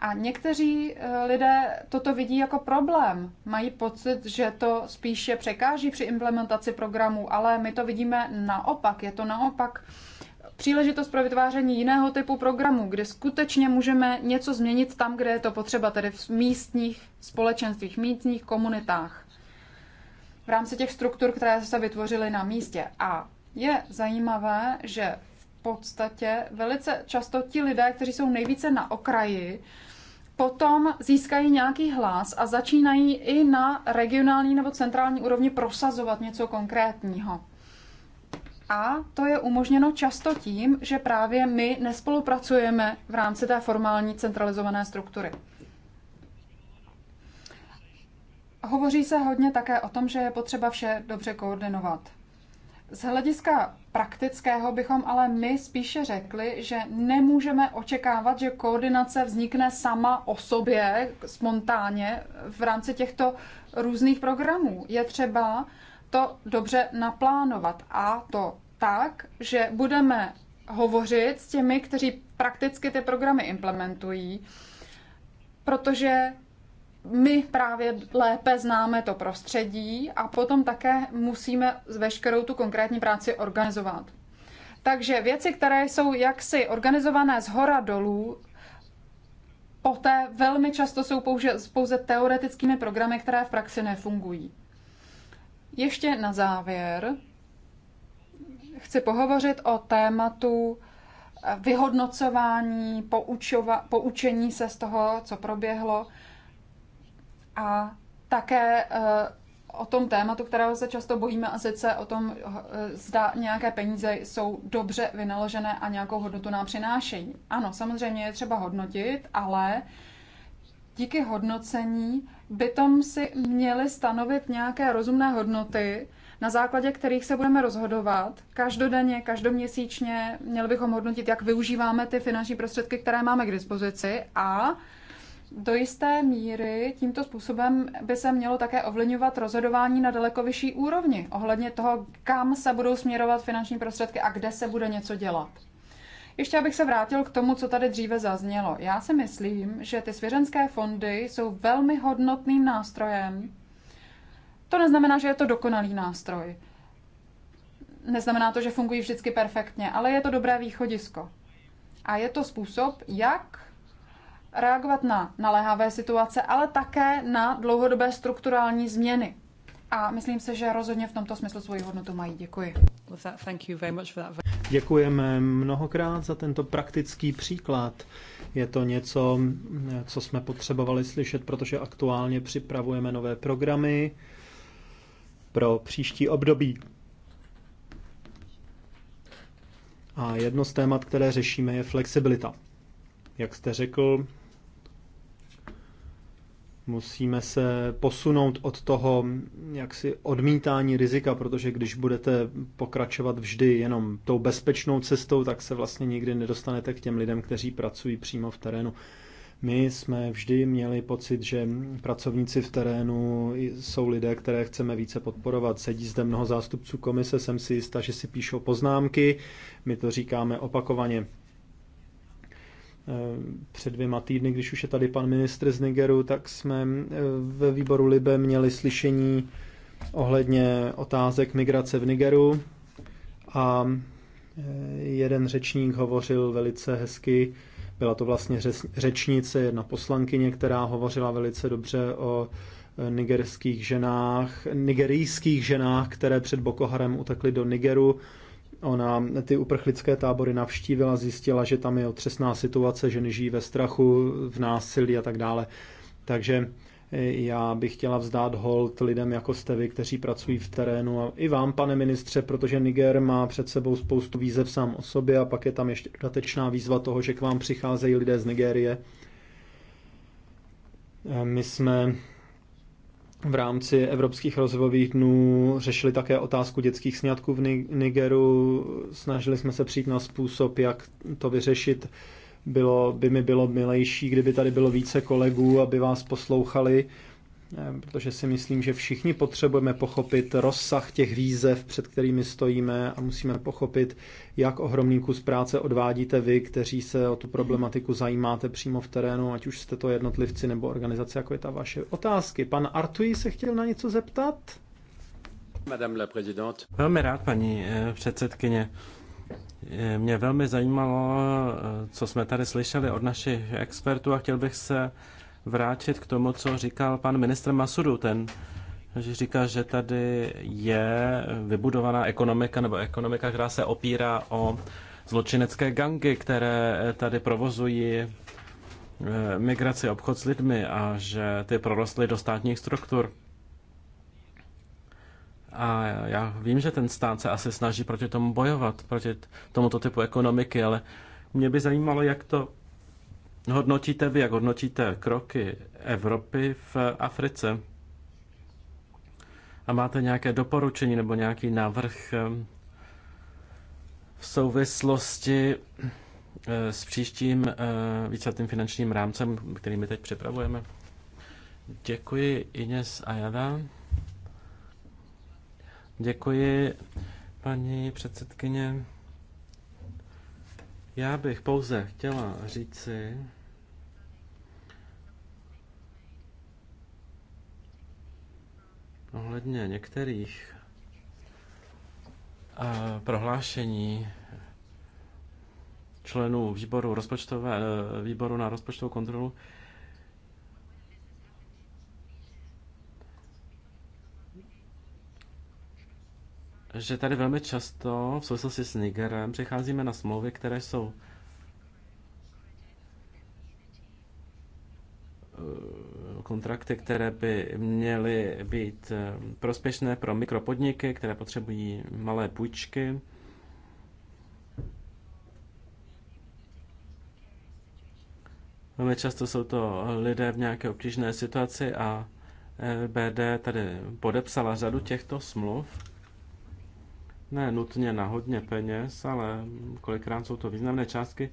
S3: A někteří eh, lidé toto vidí jako problém. Mají pocit, že to spíše překáží při implementaci programů, ale my to vidíme naopak. Je to naopak příležitost pro vytváření jiného typu programu, kde skutečně můžeme něco změnit tam, kde je to potřeba, tedy v místních společenstvích, místních komunitách, v rámci těch struktur, které se vytvořily na místě. A je zajímavé, že podstatě velice často ti lidé, kteří jsou nejvíce na okraji, potom získají nějaký hlas a začínají i na regionální nebo centrální úrovni prosazovat něco konkrétního. A to je umožněno často tím, že právě my nespolupracujeme v rámci té formální centralizované struktury. Hovoří se hodně také o tom, že je potřeba vše dobře koordinovat. Z hlediska praktického bychom ale my spíše řekli, že nemůžeme očekávat, že koordinace vznikne sama o sobě spontánně v rámci těchto různých programů. Je třeba to dobře naplánovat a to tak, že budeme hovořit s těmi, kteří prakticky ty programy implementují, protože my právě lépe známe to prostředí a potom také musíme veškerou tu konkrétní práci organizovat. Takže věci, které jsou jaksi organizované z hora dolů, poté velmi často jsou pouze, pouze teoretickými programy, které v praxi nefungují. Ještě na závěr chci pohovořit o tématu eh, vyhodnocování, poučova, poučení se z toho, co proběhlo a také eh, o tom tématu, kterého se často bojíme, a sice o tom, eh, zda nějaké peníze jsou dobře vynaložené a nějakou hodnotu nám přinášejí. Ano, samozřejmě je třeba hodnotit, ale díky hodnocení bychom si měli stanovit nějaké rozumné hodnoty, na základě kterých se budeme rozhodovat každodenně, každoměsíčně. Měli bychom hodnotit, jak využíváme ty finanční prostředky, které máme k dispozici a do jisté míry tímto způsobem by se mělo také ovlivňovat rozhodování na daleko vyšší úrovni ohledně toho, kam se budou směrovat finanční prostředky a kde se bude něco dělat. Ještě abych se vrátil k tomu, co tady dříve zaznělo. Já si myslím, že ty svěřenské fondy jsou velmi hodnotným nástrojem. To neznamená, že je to dokonalý nástroj. Neznamená to, že fungují vždycky perfektně, ale je to dobré východisko. A je to způsob, jak reagovat na naléhavé situace, ale také na dlouhodobé strukturální změny. A myslím se, že rozhodně v tomto smyslu svoji hodnotu mají. Děkuji.
S2: Děkujeme mnohokrát za tento praktický příklad. Je to něco, co jsme potřebovali slyšet, protože aktuálně připravujeme nové programy pro příští období. A jedno z témat, které řešíme, je flexibilita. Jak jste řekl, Musíme se posunout od toho jaksi odmítání rizika, protože když budete pokračovat vždy jenom tou bezpečnou cestou, tak se vlastně nikdy nedostanete k těm lidem, kteří pracují přímo v terénu. My jsme vždy měli pocit, že pracovníci v terénu jsou lidé, které chceme více podporovat. Sedí zde mnoho zástupců komise, jsem si jistá, že si píšou poznámky, my to říkáme opakovaně. Eh, před dvěma týdny, když už je tady pan ministr z Nigeru, tak jsme eh, ve výboru Libe měli slyšení ohledně otázek migrace v Nigeru a eh, jeden řečník hovořil velice hezky, byla to vlastně řečnice, jedna poslankyně, která hovořila velice dobře o nigerských ženách, nigerijských ženách, které před Boko Haram utekly do Nigeru Ona ty uprchlické tábory navštívila, zjistila, že tam je otřesná situace, že žijí ve strachu, v násilí a tak dále. Takže e, já bych chtěla vzdát hold lidem jako jste vy, kteří pracují v terénu a i vám, pane ministře, protože Niger má před sebou spoustu výzev sám o sobě a pak je tam ještě dodatečná výzva toho, že k vám přicházejí lidé z Nigérie. E, my jsme v rámci Evropských rozvojových dnů řešili také otázku dětských sňatků v Nigeru. Snažili jsme se přijít na způsob, jak to vyřešit. Bylo, by mi bylo milejší, kdyby tady bylo více kolegů, aby vás poslouchali protože si myslím, že všichni potřebujeme pochopit rozsah těch výzev, před kterými stojíme a musíme pochopit, jak ohromný kus práce odvádíte vy, kteří se o tu problematiku zajímáte přímo v terénu, ať už jste to jednotlivci nebo organizace, jako je ta vaše. Otázky. Pan Artuji se chtěl na něco zeptat?
S1: Madame la présidente.
S2: Velmi rád, paní eh, předsedkyně.
S1: Eh, mě velmi zajímalo, eh, co jsme tady slyšeli od našich expertů a chtěl bych se vrátit k tomu, co říkal pan ministr Masudu. Ten že říká, že tady je vybudovaná ekonomika nebo ekonomika, která se opírá o zločinecké gangy, které tady provozují eh, migraci, obchod s lidmi a že ty prorostly do státních struktur. A já vím, že ten stát se asi snaží proti tomu bojovat, proti tomuto typu ekonomiky, ale mě by zajímalo, jak to hodnotíte vy, jak hodnotíte kroky Evropy v Africe? A máte nějaké doporučení nebo nějaký návrh eh, v souvislosti eh, s příštím eh, víceletým finančním rámcem, který my teď připravujeme? Děkuji Ines Ayada. Děkuji, paní předsedkyně. Já bych pouze chtěla říci, ohledně některých eh, prohlášení členů výboru, rozpočtové, eh, výboru na rozpočtovou kontrolu. že tady velmi často v souvislosti s Nigerem přecházíme na smlouvy, které jsou eh, kontrakty, které by měly být eh, prospěšné pro mikropodniky, které potřebují malé půjčky. Velmi často jsou to lidé v nějaké obtížné situaci a BD tady podepsala řadu těchto smluv. Ne nutně na hodně peněz, ale kolikrát jsou to významné částky.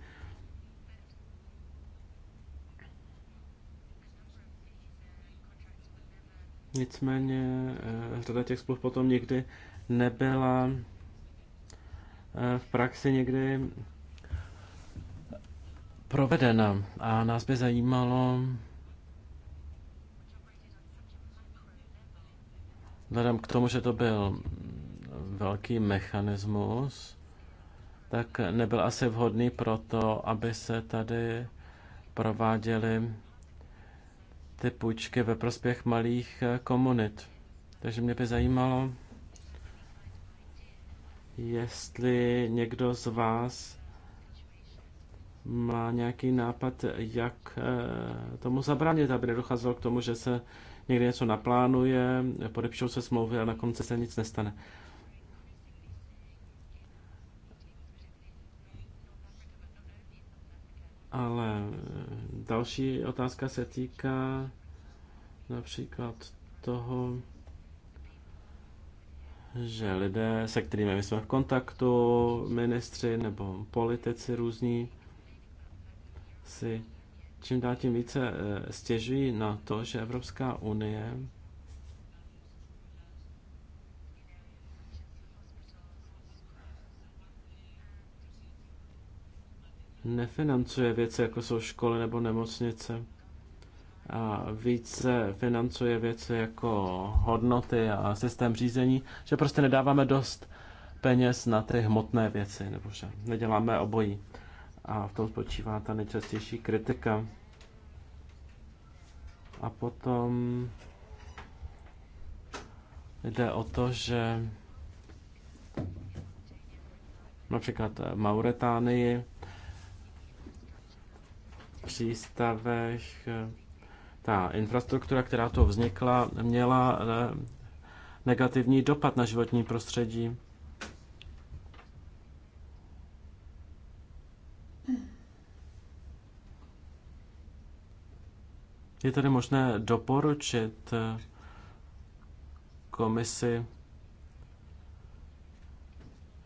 S1: Nicméně eh, řada těch smluv potom nikdy nebyla eh, v praxi někdy provedena. A nás by zajímalo, vzhledem k tomu, že to byl velký mechanismus, tak nebyl asi vhodný pro to, aby se tady prováděly ty půjčky ve prospěch malých eh, komunit. Takže mě by zajímalo, jestli někdo z vás má nějaký nápad, jak eh, tomu zabránit, aby nedocházelo k tomu, že se někde něco naplánuje, podepíšou se smlouvy a na konci se nic nestane. Ale eh, Další otázka se týká například toho, že lidé, se kterými jsme v kontaktu, ministři nebo politici různí, si čím dál tím více eh, stěžují na to, že Evropská unie nefinancuje věci, jako jsou školy nebo nemocnice. A více financuje věci jako hodnoty a systém řízení, že prostě nedáváme dost peněz na ty hmotné věci, nebo že neděláme obojí. A v tom spočívá ta nejčastější kritika. A potom jde o to, že například Mauretánii přístavech. Eh, ta infrastruktura, která to vznikla, měla eh, negativní dopad na životní prostředí. Je tedy možné doporučit eh, komisi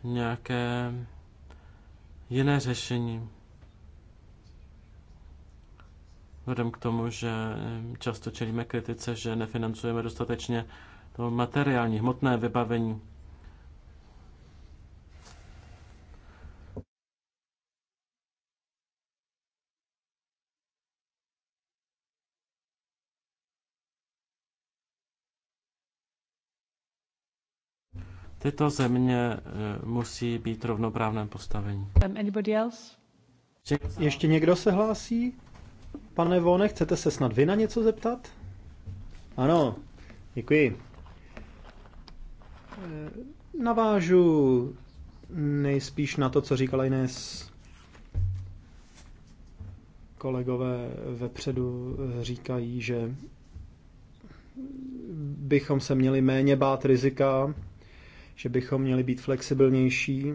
S1: nějaké jiné řešení. Vzhledem k tomu, že často čelíme kritice, že nefinancujeme dostatečně to materiální, hmotné vybavení. Tyto země e, musí být rovnoprávném
S2: postavení. Um, Ještě někdo se hlásí? Pane Vone, chcete se snad vy na něco zeptat? Ano, děkuji. Eh, navážu nejspíš na to, co říkala Inés. Kolegové vepředu říkají, že bychom se měli méně bát rizika, že bychom měli být flexibilnější.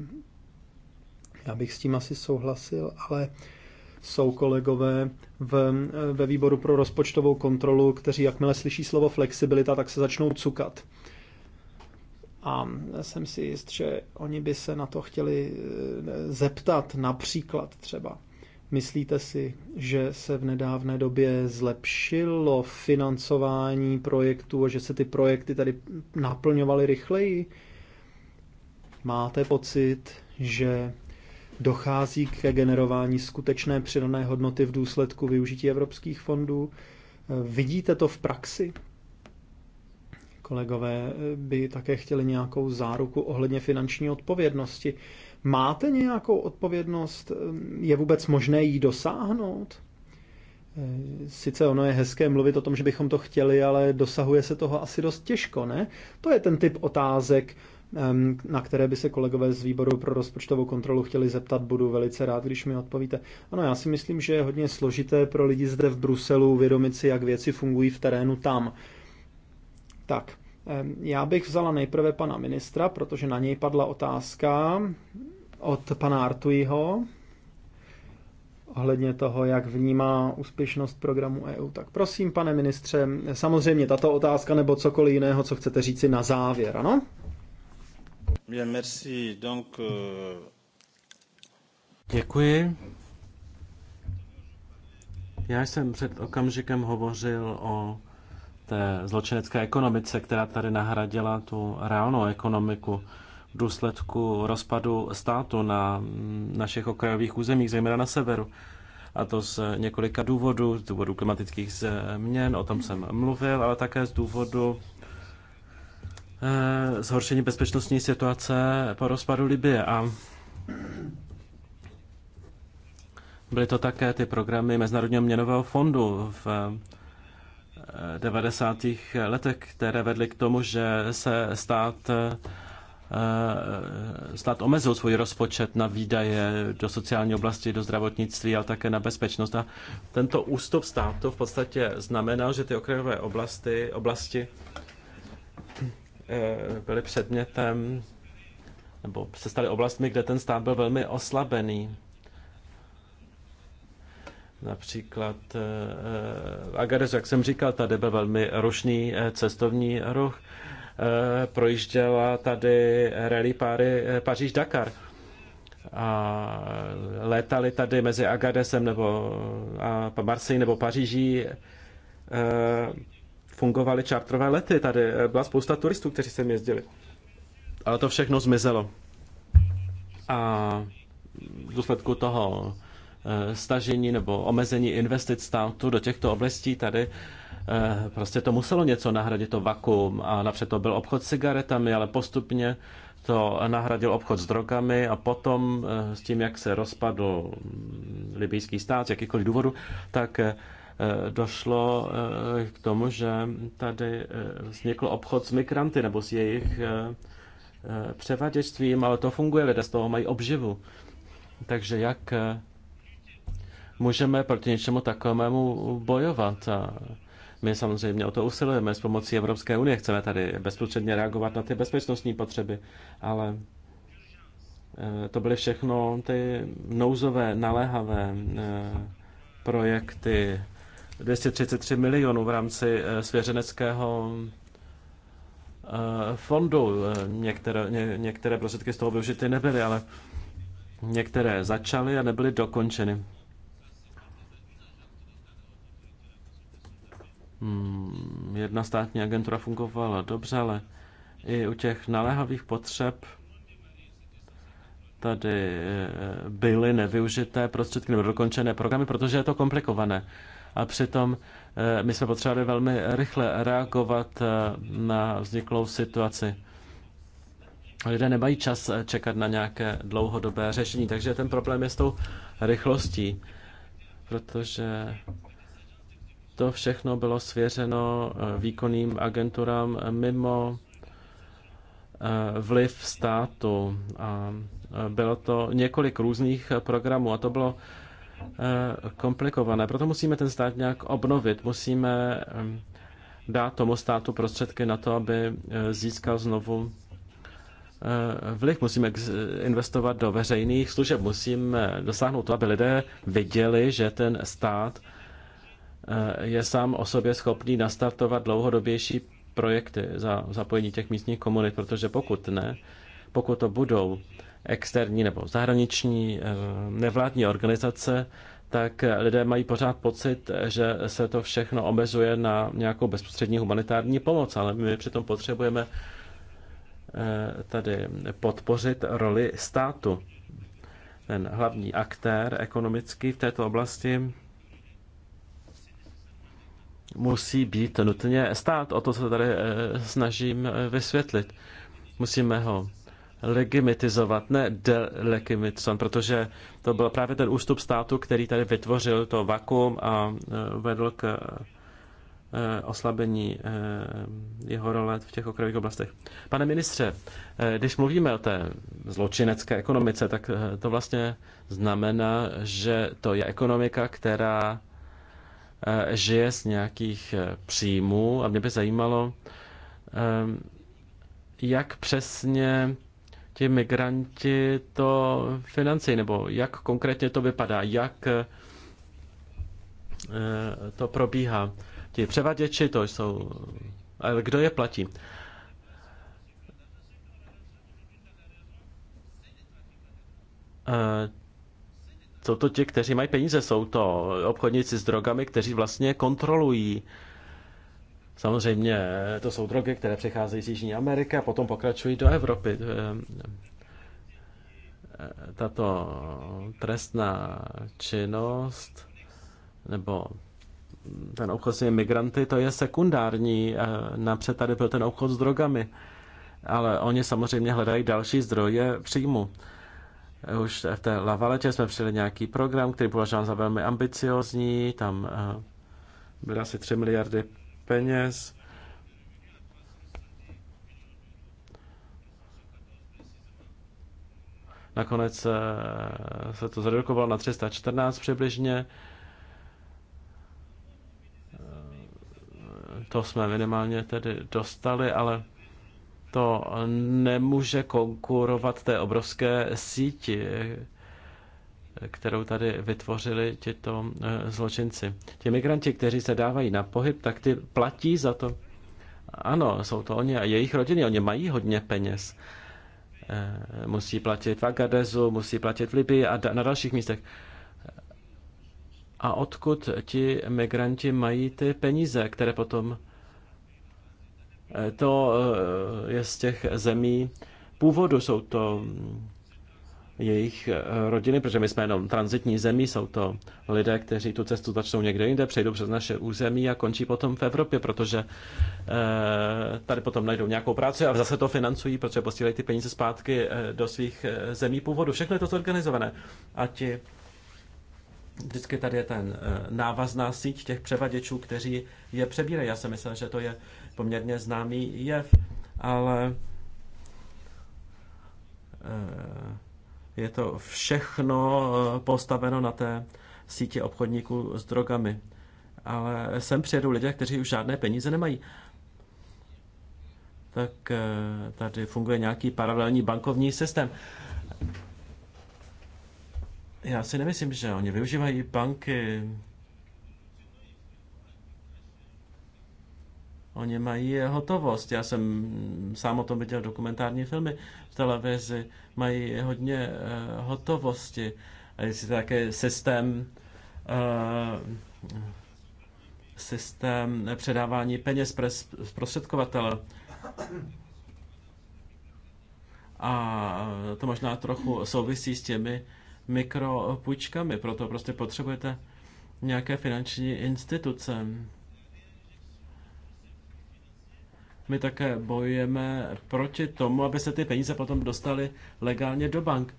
S2: Já bych s tím asi souhlasil, ale jsou kolegové v, ve výboru pro rozpočtovou kontrolu, kteří jakmile slyší slovo flexibilita, tak se začnou cukat. A jsem si jist, že oni by se na to chtěli eh, zeptat například třeba. Myslíte si, že se v nedávné době zlepšilo financování projektů a že se ty projekty tady naplňovaly rychleji? Máte pocit, že dochází k generování skutečné přidané hodnoty v důsledku využití evropských fondů. Vidíte to v praxi? Kolegové by také chtěli nějakou záruku ohledně finanční odpovědnosti. Máte nějakou odpovědnost? Je vůbec možné ji dosáhnout? Sice ono je hezké mluvit o tom, že bychom to chtěli, ale dosahuje se toho asi dost těžko, ne? To je ten typ otázek, na které by se kolegové z výboru pro rozpočtovou kontrolu chtěli zeptat, budu velice rád, když mi odpovíte. Ano, já si myslím, že je hodně složité pro lidi zde v Bruselu uvědomit si, jak věci fungují v terénu tam. Tak, já bych vzala nejprve pana ministra, protože na něj padla otázka od pana Artuiho ohledně toho, jak vnímá úspěšnost programu EU. Tak prosím, pane ministře, samozřejmě tato otázka nebo cokoliv jiného, co chcete říci na závěr, ano?
S1: Euh,
S2: Děkuji.
S1: Já jsem před okamžikem hovořil o té zločinecké ekonomice, která tady nahradila tu reálnou ekonomiku v důsledku rozpadu státu na našich okrajových územích, zejména na severu. A to z několika důvodů, z důvodu klimatických změn, o tom jsem mluvil, ale také z důvodu Eh, zhoršení bezpečnostní situace po rozpadu Libie a byly to také ty programy Mezinárodního měnového fondu v 90. Eh, letech, které vedly k tomu, že se stát eh, stát omezil svůj rozpočet na výdaje do sociální oblasti, do zdravotnictví, ale také na bezpečnost. A tento ústup státu v podstatě znamenal, že ty okrajové oblasti, oblasti Eh, byly předmětem nebo se staly oblastmi, kde ten stát byl velmi oslabený. Například eh, eh, Agadez, jak jsem říkal, tady byl velmi rušný cestovní ruch. Projížděla tady rally páry Paříž-Dakar. A létali tady mezi Agadesem nebo a Marseille nebo Paříží fungovaly čartrové lety. Tady eh, byla spousta turistů, kteří sem jezdili. Ale to všechno zmizelo. A v důsledku toho eh, stažení nebo omezení investic státu do těchto oblastí tady eh, prostě to muselo něco nahradit, to vakuum. A napřed to byl obchod s cigaretami, ale postupně to nahradil obchod s drogami a potom s tím, jak se rozpadl mm, libijský stát z důvodu, tak Eh, došlo eh, k tomu, že tady eh, vznikl obchod s migranty nebo s jejich převaděčstvím, ale to funguje, lidé z toho mají obživu. Takže jak můžeme proti něčemu takovému bojovat? A my samozřejmě o to usilujeme s pomocí Evropské unie. Chceme tady bezprostředně reagovat na ty bezpečnostní potřeby, ale to byly všechno ty nouzové, naléhavé projekty 233 milionů v rámci eh, svěřeneckého eh, fondu. Eh, některé, ně, některé prostředky z toho využity nebyly, ale některé začaly a nebyly dokončeny. Hmm, jedna státní agentura fungovala dobře, ale i u těch naléhavých potřeb tady byly nevyužité prostředky nebo dokončené programy, protože je to komplikované a přitom eh, my jsme potřebovali velmi rychle reagovat eh, na vzniklou situaci. Lidé nemají čas eh, čekat na nějaké dlouhodobé řešení, takže ten problém je s tou rychlostí, protože to všechno bylo svěřeno výkonným agenturám mimo vliv státu. A bylo to několik různých programů a to bylo Eh, komplikované. Proto musíme ten stát nějak obnovit. Musíme eh, dát tomu státu prostředky na to, aby eh, získal znovu vliv. Musíme investovat do veřejných služeb. Musíme dosáhnout to, aby lidé viděli, že ten stát je sám o sobě schopný nastartovat dlouhodobější projekty za zapojení těch místních komunit, protože pokud ne, pokud to budou externí nebo zahraniční eh, nevládní organizace, tak lidé mají pořád pocit, že se to všechno omezuje na nějakou bezprostřední humanitární pomoc, ale my přitom potřebujeme eh, tady podpořit roli státu. Ten hlavní aktér ekonomický v této oblasti musí být nutně stát. O to se tady eh, snažím vysvětlit. Musíme ho legitimizovat, ne delegitimizovat, protože to byl právě ten ústup státu, který tady vytvořil to vakuum a e, vedl k e, oslabení e, jeho role v těch okrajových oblastech. Pane ministře, když mluvíme o té zločinecké ekonomice, tak to vlastně znamená, že to je ekonomika, která žije z nějakých příjmů a mě by zajímalo, jak přesně ti migranti to financují, nebo jak konkrétně to vypadá, jak eh, to probíhá. Ti převaděči to jsou, ale kdo je platí? Eh, jsou to ti, kteří mají peníze, jsou to obchodníci s drogami, kteří vlastně kontrolují Samozřejmě eh, to jsou drogy, které přicházejí z Jižní Ameriky a potom pokračují do Evropy. Eh, eh, tato trestná činnost nebo ten obchod s migranty, to je sekundární. Napřed tady byl ten obchod s drogami, ale oni samozřejmě hledají další zdroje příjmu. Už v té Lavaletě jsme přijeli nějaký program, který považován za velmi ambiciozní, tam byly asi 3 miliardy peněz. Nakonec eh, se, to zredukovalo na 314 přibližně. Eh, to jsme minimálně tedy dostali, ale to nemůže konkurovat té obrovské síti, kterou tady vytvořili tito eh, zločinci. Ti migranti, kteří se dávají na pohyb, tak ty platí za to. Ano, jsou to oni a jejich rodiny, oni mají hodně peněz. Eh, musí platit v Agadezu, musí platit v Libii a na dalších místech. A odkud ti migranti mají ty peníze, které potom eh, to je z těch zemí původu, jsou to hm, jejich eh, rodiny, protože my jsme jenom transitní zemí, jsou to lidé, kteří tu cestu začnou někde jinde, přejdou přes naše území a končí potom v Evropě, protože eh, tady potom najdou nějakou práci a zase to financují, protože posílají ty peníze zpátky eh, do svých zemí původu. Všechno je to zorganizované. A ti vždycky tady je ten návazná síť těch převaděčů, kteří je přebírají. Já si myslím, že to je poměrně známý jev, ale je to všechno eh, postaveno na té síti obchodníků s drogami. Ale sem přijedou lidé, kteří už žádné peníze nemají. Tak eh, tady funguje nějaký paralelní bankovní systém. Já si nemyslím, že oni využívají banky Oni mají hotovost. Já jsem sám o tom viděl dokumentární filmy v televizi. Mají hodně uh, hotovosti. A jestli to také systém uh, systém předávání peněz zprostředkovatele. A to možná trochu souvisí s těmi mikropůjčkami, proto prostě potřebujete nějaké finanční instituce. my také bojujeme proti tomu, aby se ty peníze potom dostaly legálně do bank.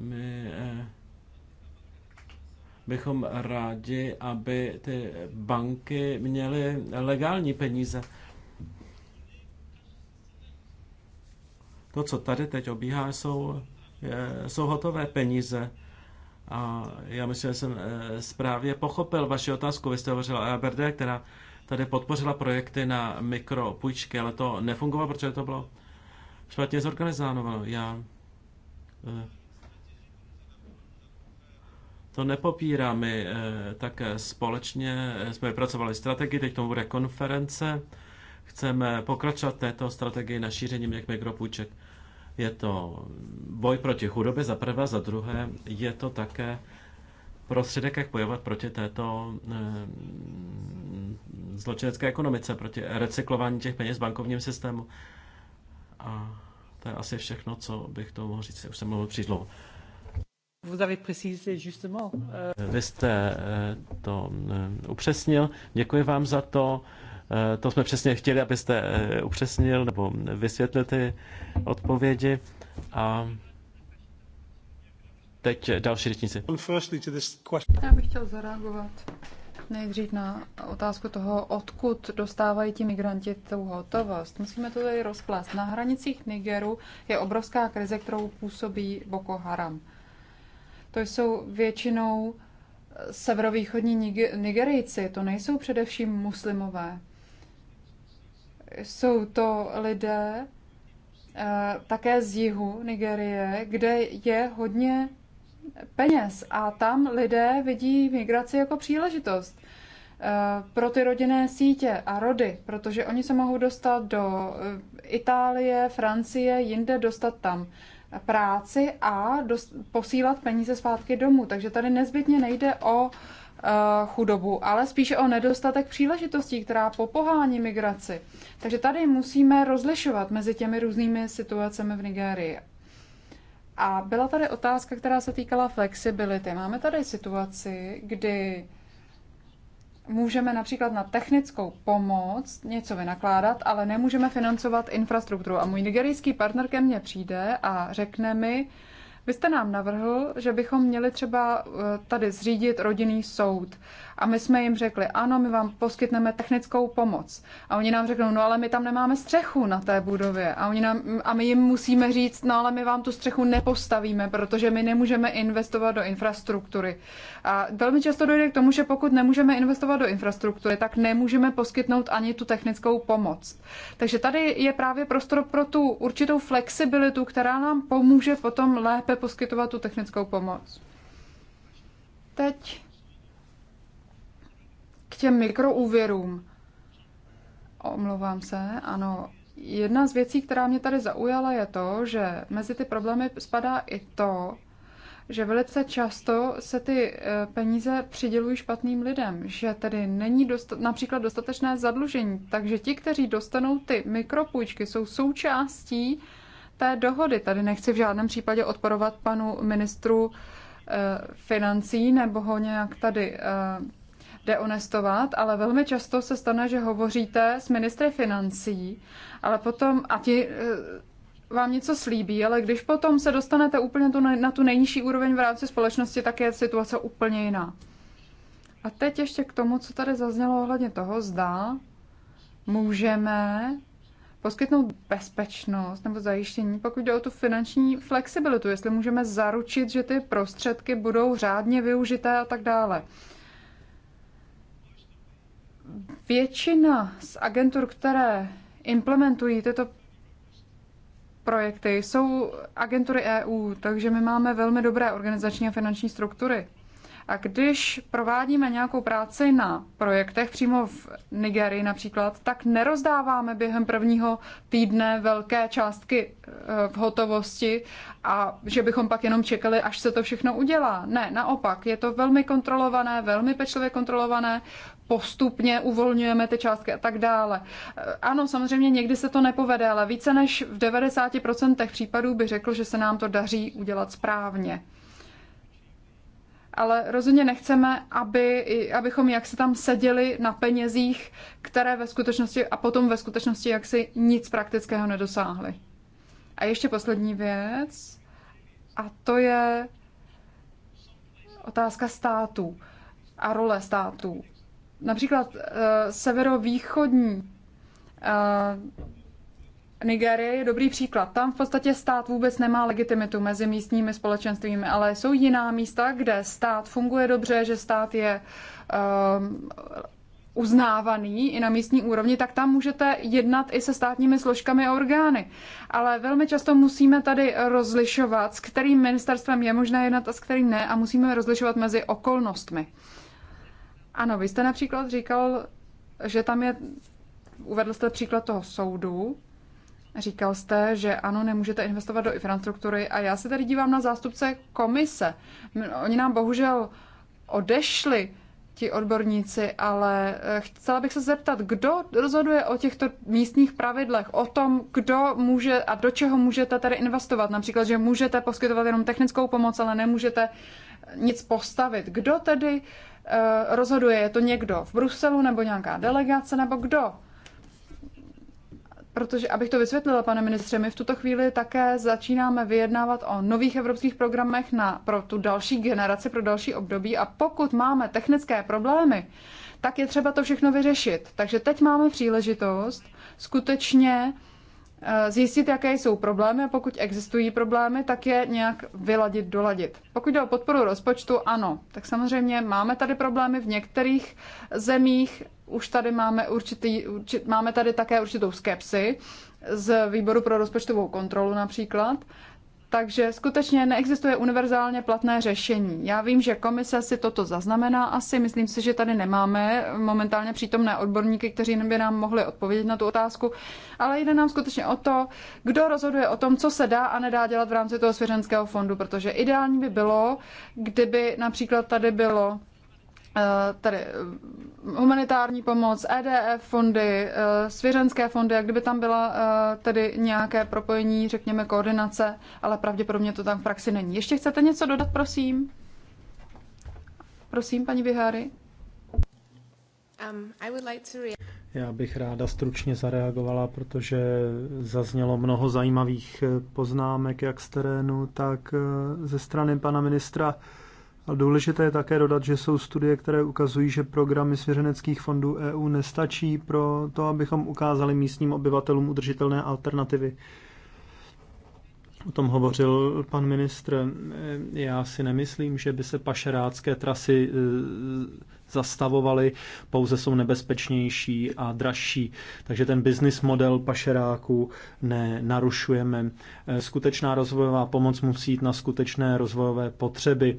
S1: My eh, bychom rádi, aby ty banky měly legální peníze. To, co tady teď obíhá, jsou, jsou hotové peníze. A já myslím, že jsem eh, správně pochopil vaši otázku. Vy jste hovořila o ABRD, e která tady podpořila projekty na mikropůjčky, ale to nefungovalo, protože to bylo špatně zorganizováno. Já eh, to nepopírá. My eh, tak společně eh, jsme vypracovali strategii, teď tomu bude konference. Chceme pokračovat této strategii na šíření jak mikropůjček. Je to boj proti chudobě za prvé, za druhé je to také prostředek, jak bojovat proti této eh, zločinecké ekonomice, proti recyklování těch peněz v bankovním systému. A to je asi všechno, co bych to mohl říct. Už jsem mluvil příliš dlouho.
S2: Euh, Vy
S1: jste eh, to eh, upřesnil. Děkuji vám za to. To jsme přesně chtěli, abyste upřesnil nebo vysvětlili ty odpovědi. A Teď eh, další řečníci.
S3: Já bych chtěl zareagovat nejdřív na otázku toho, odkud dostávají ti migranti tu hotovost. Musíme to tady rozklást. Na hranicích Nigeru je obrovská krize, kterou působí Boko Haram. To jsou většinou eh, severovýchodní Nigerijci, to nejsou především muslimové. Jsou to lidé eh, také z jihu Nigerie, kde je hodně peněz a tam lidé vidí migraci jako příležitost eh, pro ty rodinné sítě a rody, protože oni se mohou dostat do eh, Itálie, Francie, jinde dostat tam práci a dost, posílat peníze zpátky domů. Takže tady nezbytně nejde o eh, chudobu, ale spíše o nedostatek příležitostí, která popohání migraci. Takže tady musíme rozlišovat mezi těmi různými situacemi v Nigérii. A byla tady otázka, která se týkala flexibility. Máme tady situaci, kdy můžeme například na technickou pomoc něco vynakládat, ale nemůžeme financovat infrastrukturu. A můj nigerijský partner ke mně přijde a řekne mi, vy jste nám navrhl, že bychom měli třeba eh, tady zřídit rodinný soud. A my jsme jim řekli, ano, my vám poskytneme technickou pomoc. A oni nám řeknou, no ale my tam nemáme střechu na té budově. A, oni nám, a my jim musíme říct, no ale my vám tu střechu nepostavíme, protože my nemůžeme investovat do infrastruktury. A velmi často dojde k tomu, že pokud nemůžeme investovat do infrastruktury, tak nemůžeme poskytnout ani tu technickou pomoc. Takže tady je právě prostor pro tu určitou flexibilitu, která nám pomůže potom lépe lépe poskytovat tu technickou pomoc. Teď k těm mikroúvěrům. Omlouvám se, ano. Jedna z věcí, která mě tady zaujala, je to, že mezi ty problémy spadá i to, že velice často se ty eh, peníze přidělují špatným lidem, že tedy není dost, například dostatečné zadlužení. Takže ti, kteří dostanou ty mikropůjčky, jsou součástí té dohody. Tady nechci v žádném případě odporovat panu ministru eh, financí nebo ho nějak tady eh, deonestovat, ale velmi často se stane, že hovoříte s ministry financí, ale potom a ti eh, vám něco slíbí, ale když potom se dostanete úplně tu, na tu nejnižší úroveň v rámci společnosti, tak je situace úplně jiná. A teď ještě k tomu, co tady zaznělo ohledně toho, zda můžeme poskytnout bezpečnost nebo zajištění, pokud jde o tu finanční flexibilitu, jestli můžeme zaručit, že ty prostředky budou řádně využité a tak dále. Většina z agentur, které implementují tyto projekty, jsou agentury EU, takže my máme velmi dobré organizační a finanční struktury. A když provádíme nějakou práci na projektech přímo v Nigerii například, tak nerozdáváme během prvního týdne velké částky eh, v hotovosti a že bychom pak jenom čekali, až se to všechno udělá. Ne, naopak, je to velmi kontrolované, velmi pečlivě kontrolované, postupně uvolňujeme ty částky a tak dále. Eh, ano, samozřejmě někdy se to nepovede, ale více než v 90% případů by řekl, že se nám to daří udělat správně ale rozhodně nechceme, aby, abychom jak se tam seděli na penězích, které ve skutečnosti a potom ve skutečnosti jak si nic praktického nedosáhli. A ještě poslední věc, a to je otázka států a role států. Například uh, severovýchodní uh, Nigérie je dobrý příklad. Tam v podstatě stát vůbec nemá legitimitu mezi místními společenstvími, ale jsou jiná místa, kde stát funguje dobře, že stát je um, uznávaný i na místní úrovni, tak tam můžete jednat i se státními složkami a orgány. Ale velmi často musíme tady rozlišovat, s kterým ministerstvem je možné jednat a s kterým ne, a musíme rozlišovat mezi okolnostmi. Ano, vy jste například říkal, že tam je, uvedl jste příklad toho soudu, Říkal jste, že ano, nemůžete investovat do infrastruktury a já se tady dívám na zástupce komise. Oni nám bohužel odešli, ti odborníci, ale eh, chcela bych se zeptat, kdo rozhoduje o těchto místních pravidlech, o tom, kdo může a do čeho můžete tady investovat. Například, že můžete poskytovat jenom technickou pomoc, ale nemůžete nic postavit. Kdo tedy eh, rozhoduje? Je to někdo v Bruselu nebo nějaká delegace nebo kdo? Protože, abych to vysvětlila, pane ministře, my v tuto chvíli také začínáme vyjednávat o nových evropských programech na, pro tu další generaci, pro další období a pokud máme technické problémy, tak je třeba to všechno vyřešit. Takže teď máme příležitost skutečně Eh, zjistit, jaké jsou problémy a pokud existují problémy, tak je nějak vyladit, doladit. Pokud jde o podporu rozpočtu, ano, tak samozřejmě máme tady problémy v některých zemích, už tady máme, určitý, určit, máme tady také určitou skepsi z výboru pro rozpočtovou kontrolu například. Takže skutečně neexistuje univerzálně platné řešení. Já vím, že komise si toto zaznamená asi. Myslím si, že tady nemáme momentálně přítomné odborníky, kteří by nám mohli odpovědět na tu otázku, ale jde nám skutečně o to, kdo rozhoduje o tom, co se dá a nedá dělat v rámci toho svěřenského fondu, protože ideální by bylo, kdyby například tady bylo Eh, tady eh, humanitární pomoc, EDF fondy, eh, svěřenské fondy, jak kdyby tam byla tedy nějaké propojení, řekněme, koordinace, ale pravděpodobně to tam v praxi není. Ještě chcete něco dodat, prosím? Prosím, paní Vihary. Um,
S2: Já bych ráda stručně zareagovala, protože zaznělo mnoho zajímavých poznámek, jak z terénu, tak ze strany pana ministra. Ale důležité je také dodat, že jsou studie, které ukazují, že programy svěřeneckých fondů EU nestačí pro to, abychom ukázali místním obyvatelům udržitelné alternativy. O tom hovořil pan ministr. Já si nemyslím, že by se pašerácké trasy e, zastavovaly, pouze jsou nebezpečnější a dražší. Takže ten business model pašeráků nenarušujeme. E, skutečná rozvojová pomoc musí jít na skutečné rozvojové potřeby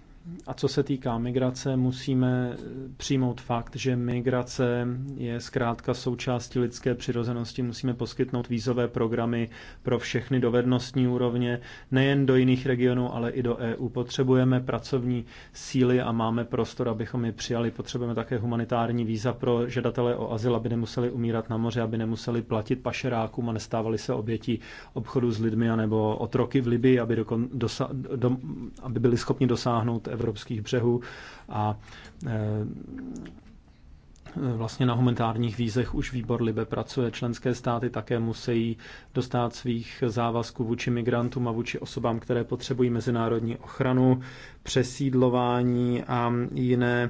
S2: A co se týká migrace, musíme eh, přijmout fakt, že migrace je zkrátka součástí lidské přirozenosti. Musíme poskytnout vízové programy pro všechny dovednostní úrovně, nejen do jiných regionů, ale i do EU. Potřebujeme pracovní síly a máme prostor, abychom je přijali. Potřebujeme také humanitární víza pro žadatele o azyl, aby nemuseli umírat na moře, aby nemuseli platit pašerákům a nestávali se obětí obchodu s lidmi anebo otroky v Libii, aby, dokon, dosa, do, aby byli schopni dosáhnout evropských břehů a e, vlastně na humanitárních vízech už výbor Libe pracuje. Členské státy také musí dostat svých závazků vůči migrantům a vůči osobám, které potřebují mezinárodní ochranu, přesídlování a jiné,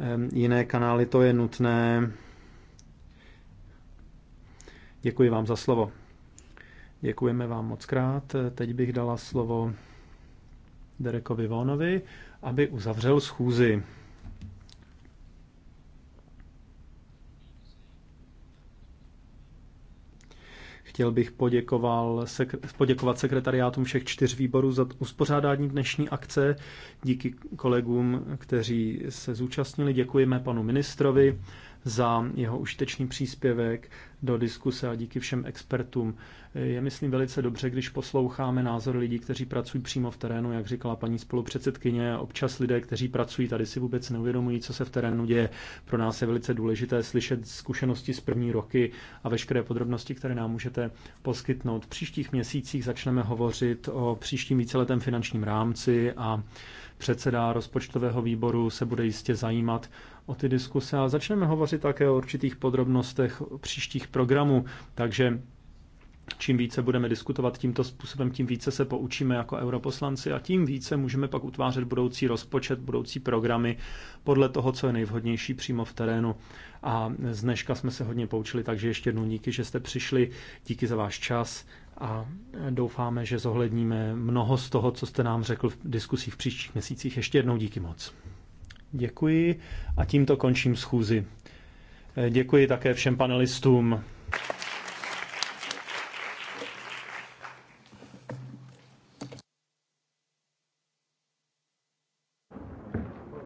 S2: e, jiné kanály. To je nutné. Děkuji vám za slovo. Děkujeme vám moc krát. Teď bych dala slovo Derekovi Vonovi aby uzavřel schůzi. Chtěl bych poděkoval, poděkovat sekretariátům všech čtyř výborů za uspořádání dnešní akce. Díky kolegům, kteří se zúčastnili. Děkujeme panu ministrovi za jeho užitečný příspěvek do diskuse a díky všem expertům. Je, myslím, velice dobře, když posloucháme názor lidí, kteří pracují přímo v terénu, jak říkala paní spolupředsedkyně. Občas lidé, kteří pracují tady, si vůbec neuvědomují, co se v terénu děje. Pro nás je velice důležité slyšet zkušenosti z první roky a veškeré podrobnosti, které nám můžete poskytnout. V příštích měsících začneme hovořit o příštím víceletém finančním rámci a předseda rozpočtového výboru se bude jistě zajímat o ty diskuse a začneme hovořit také o určitých podrobnostech příštích programů. Takže čím více budeme diskutovat tímto způsobem, tím více se poučíme jako europoslanci a tím více můžeme pak utvářet budoucí rozpočet, budoucí programy podle toho, co je nejvhodnější přímo v terénu. A z dneška jsme se hodně poučili, takže ještě jednou díky, že jste přišli, díky za váš čas a doufáme, že zohledníme mnoho z toho, co jste nám řekl v diskusích v příštích měsících. Ještě jednou díky moc. Děkuji a tímto končím schůzi. Děkuji také všem panelistům.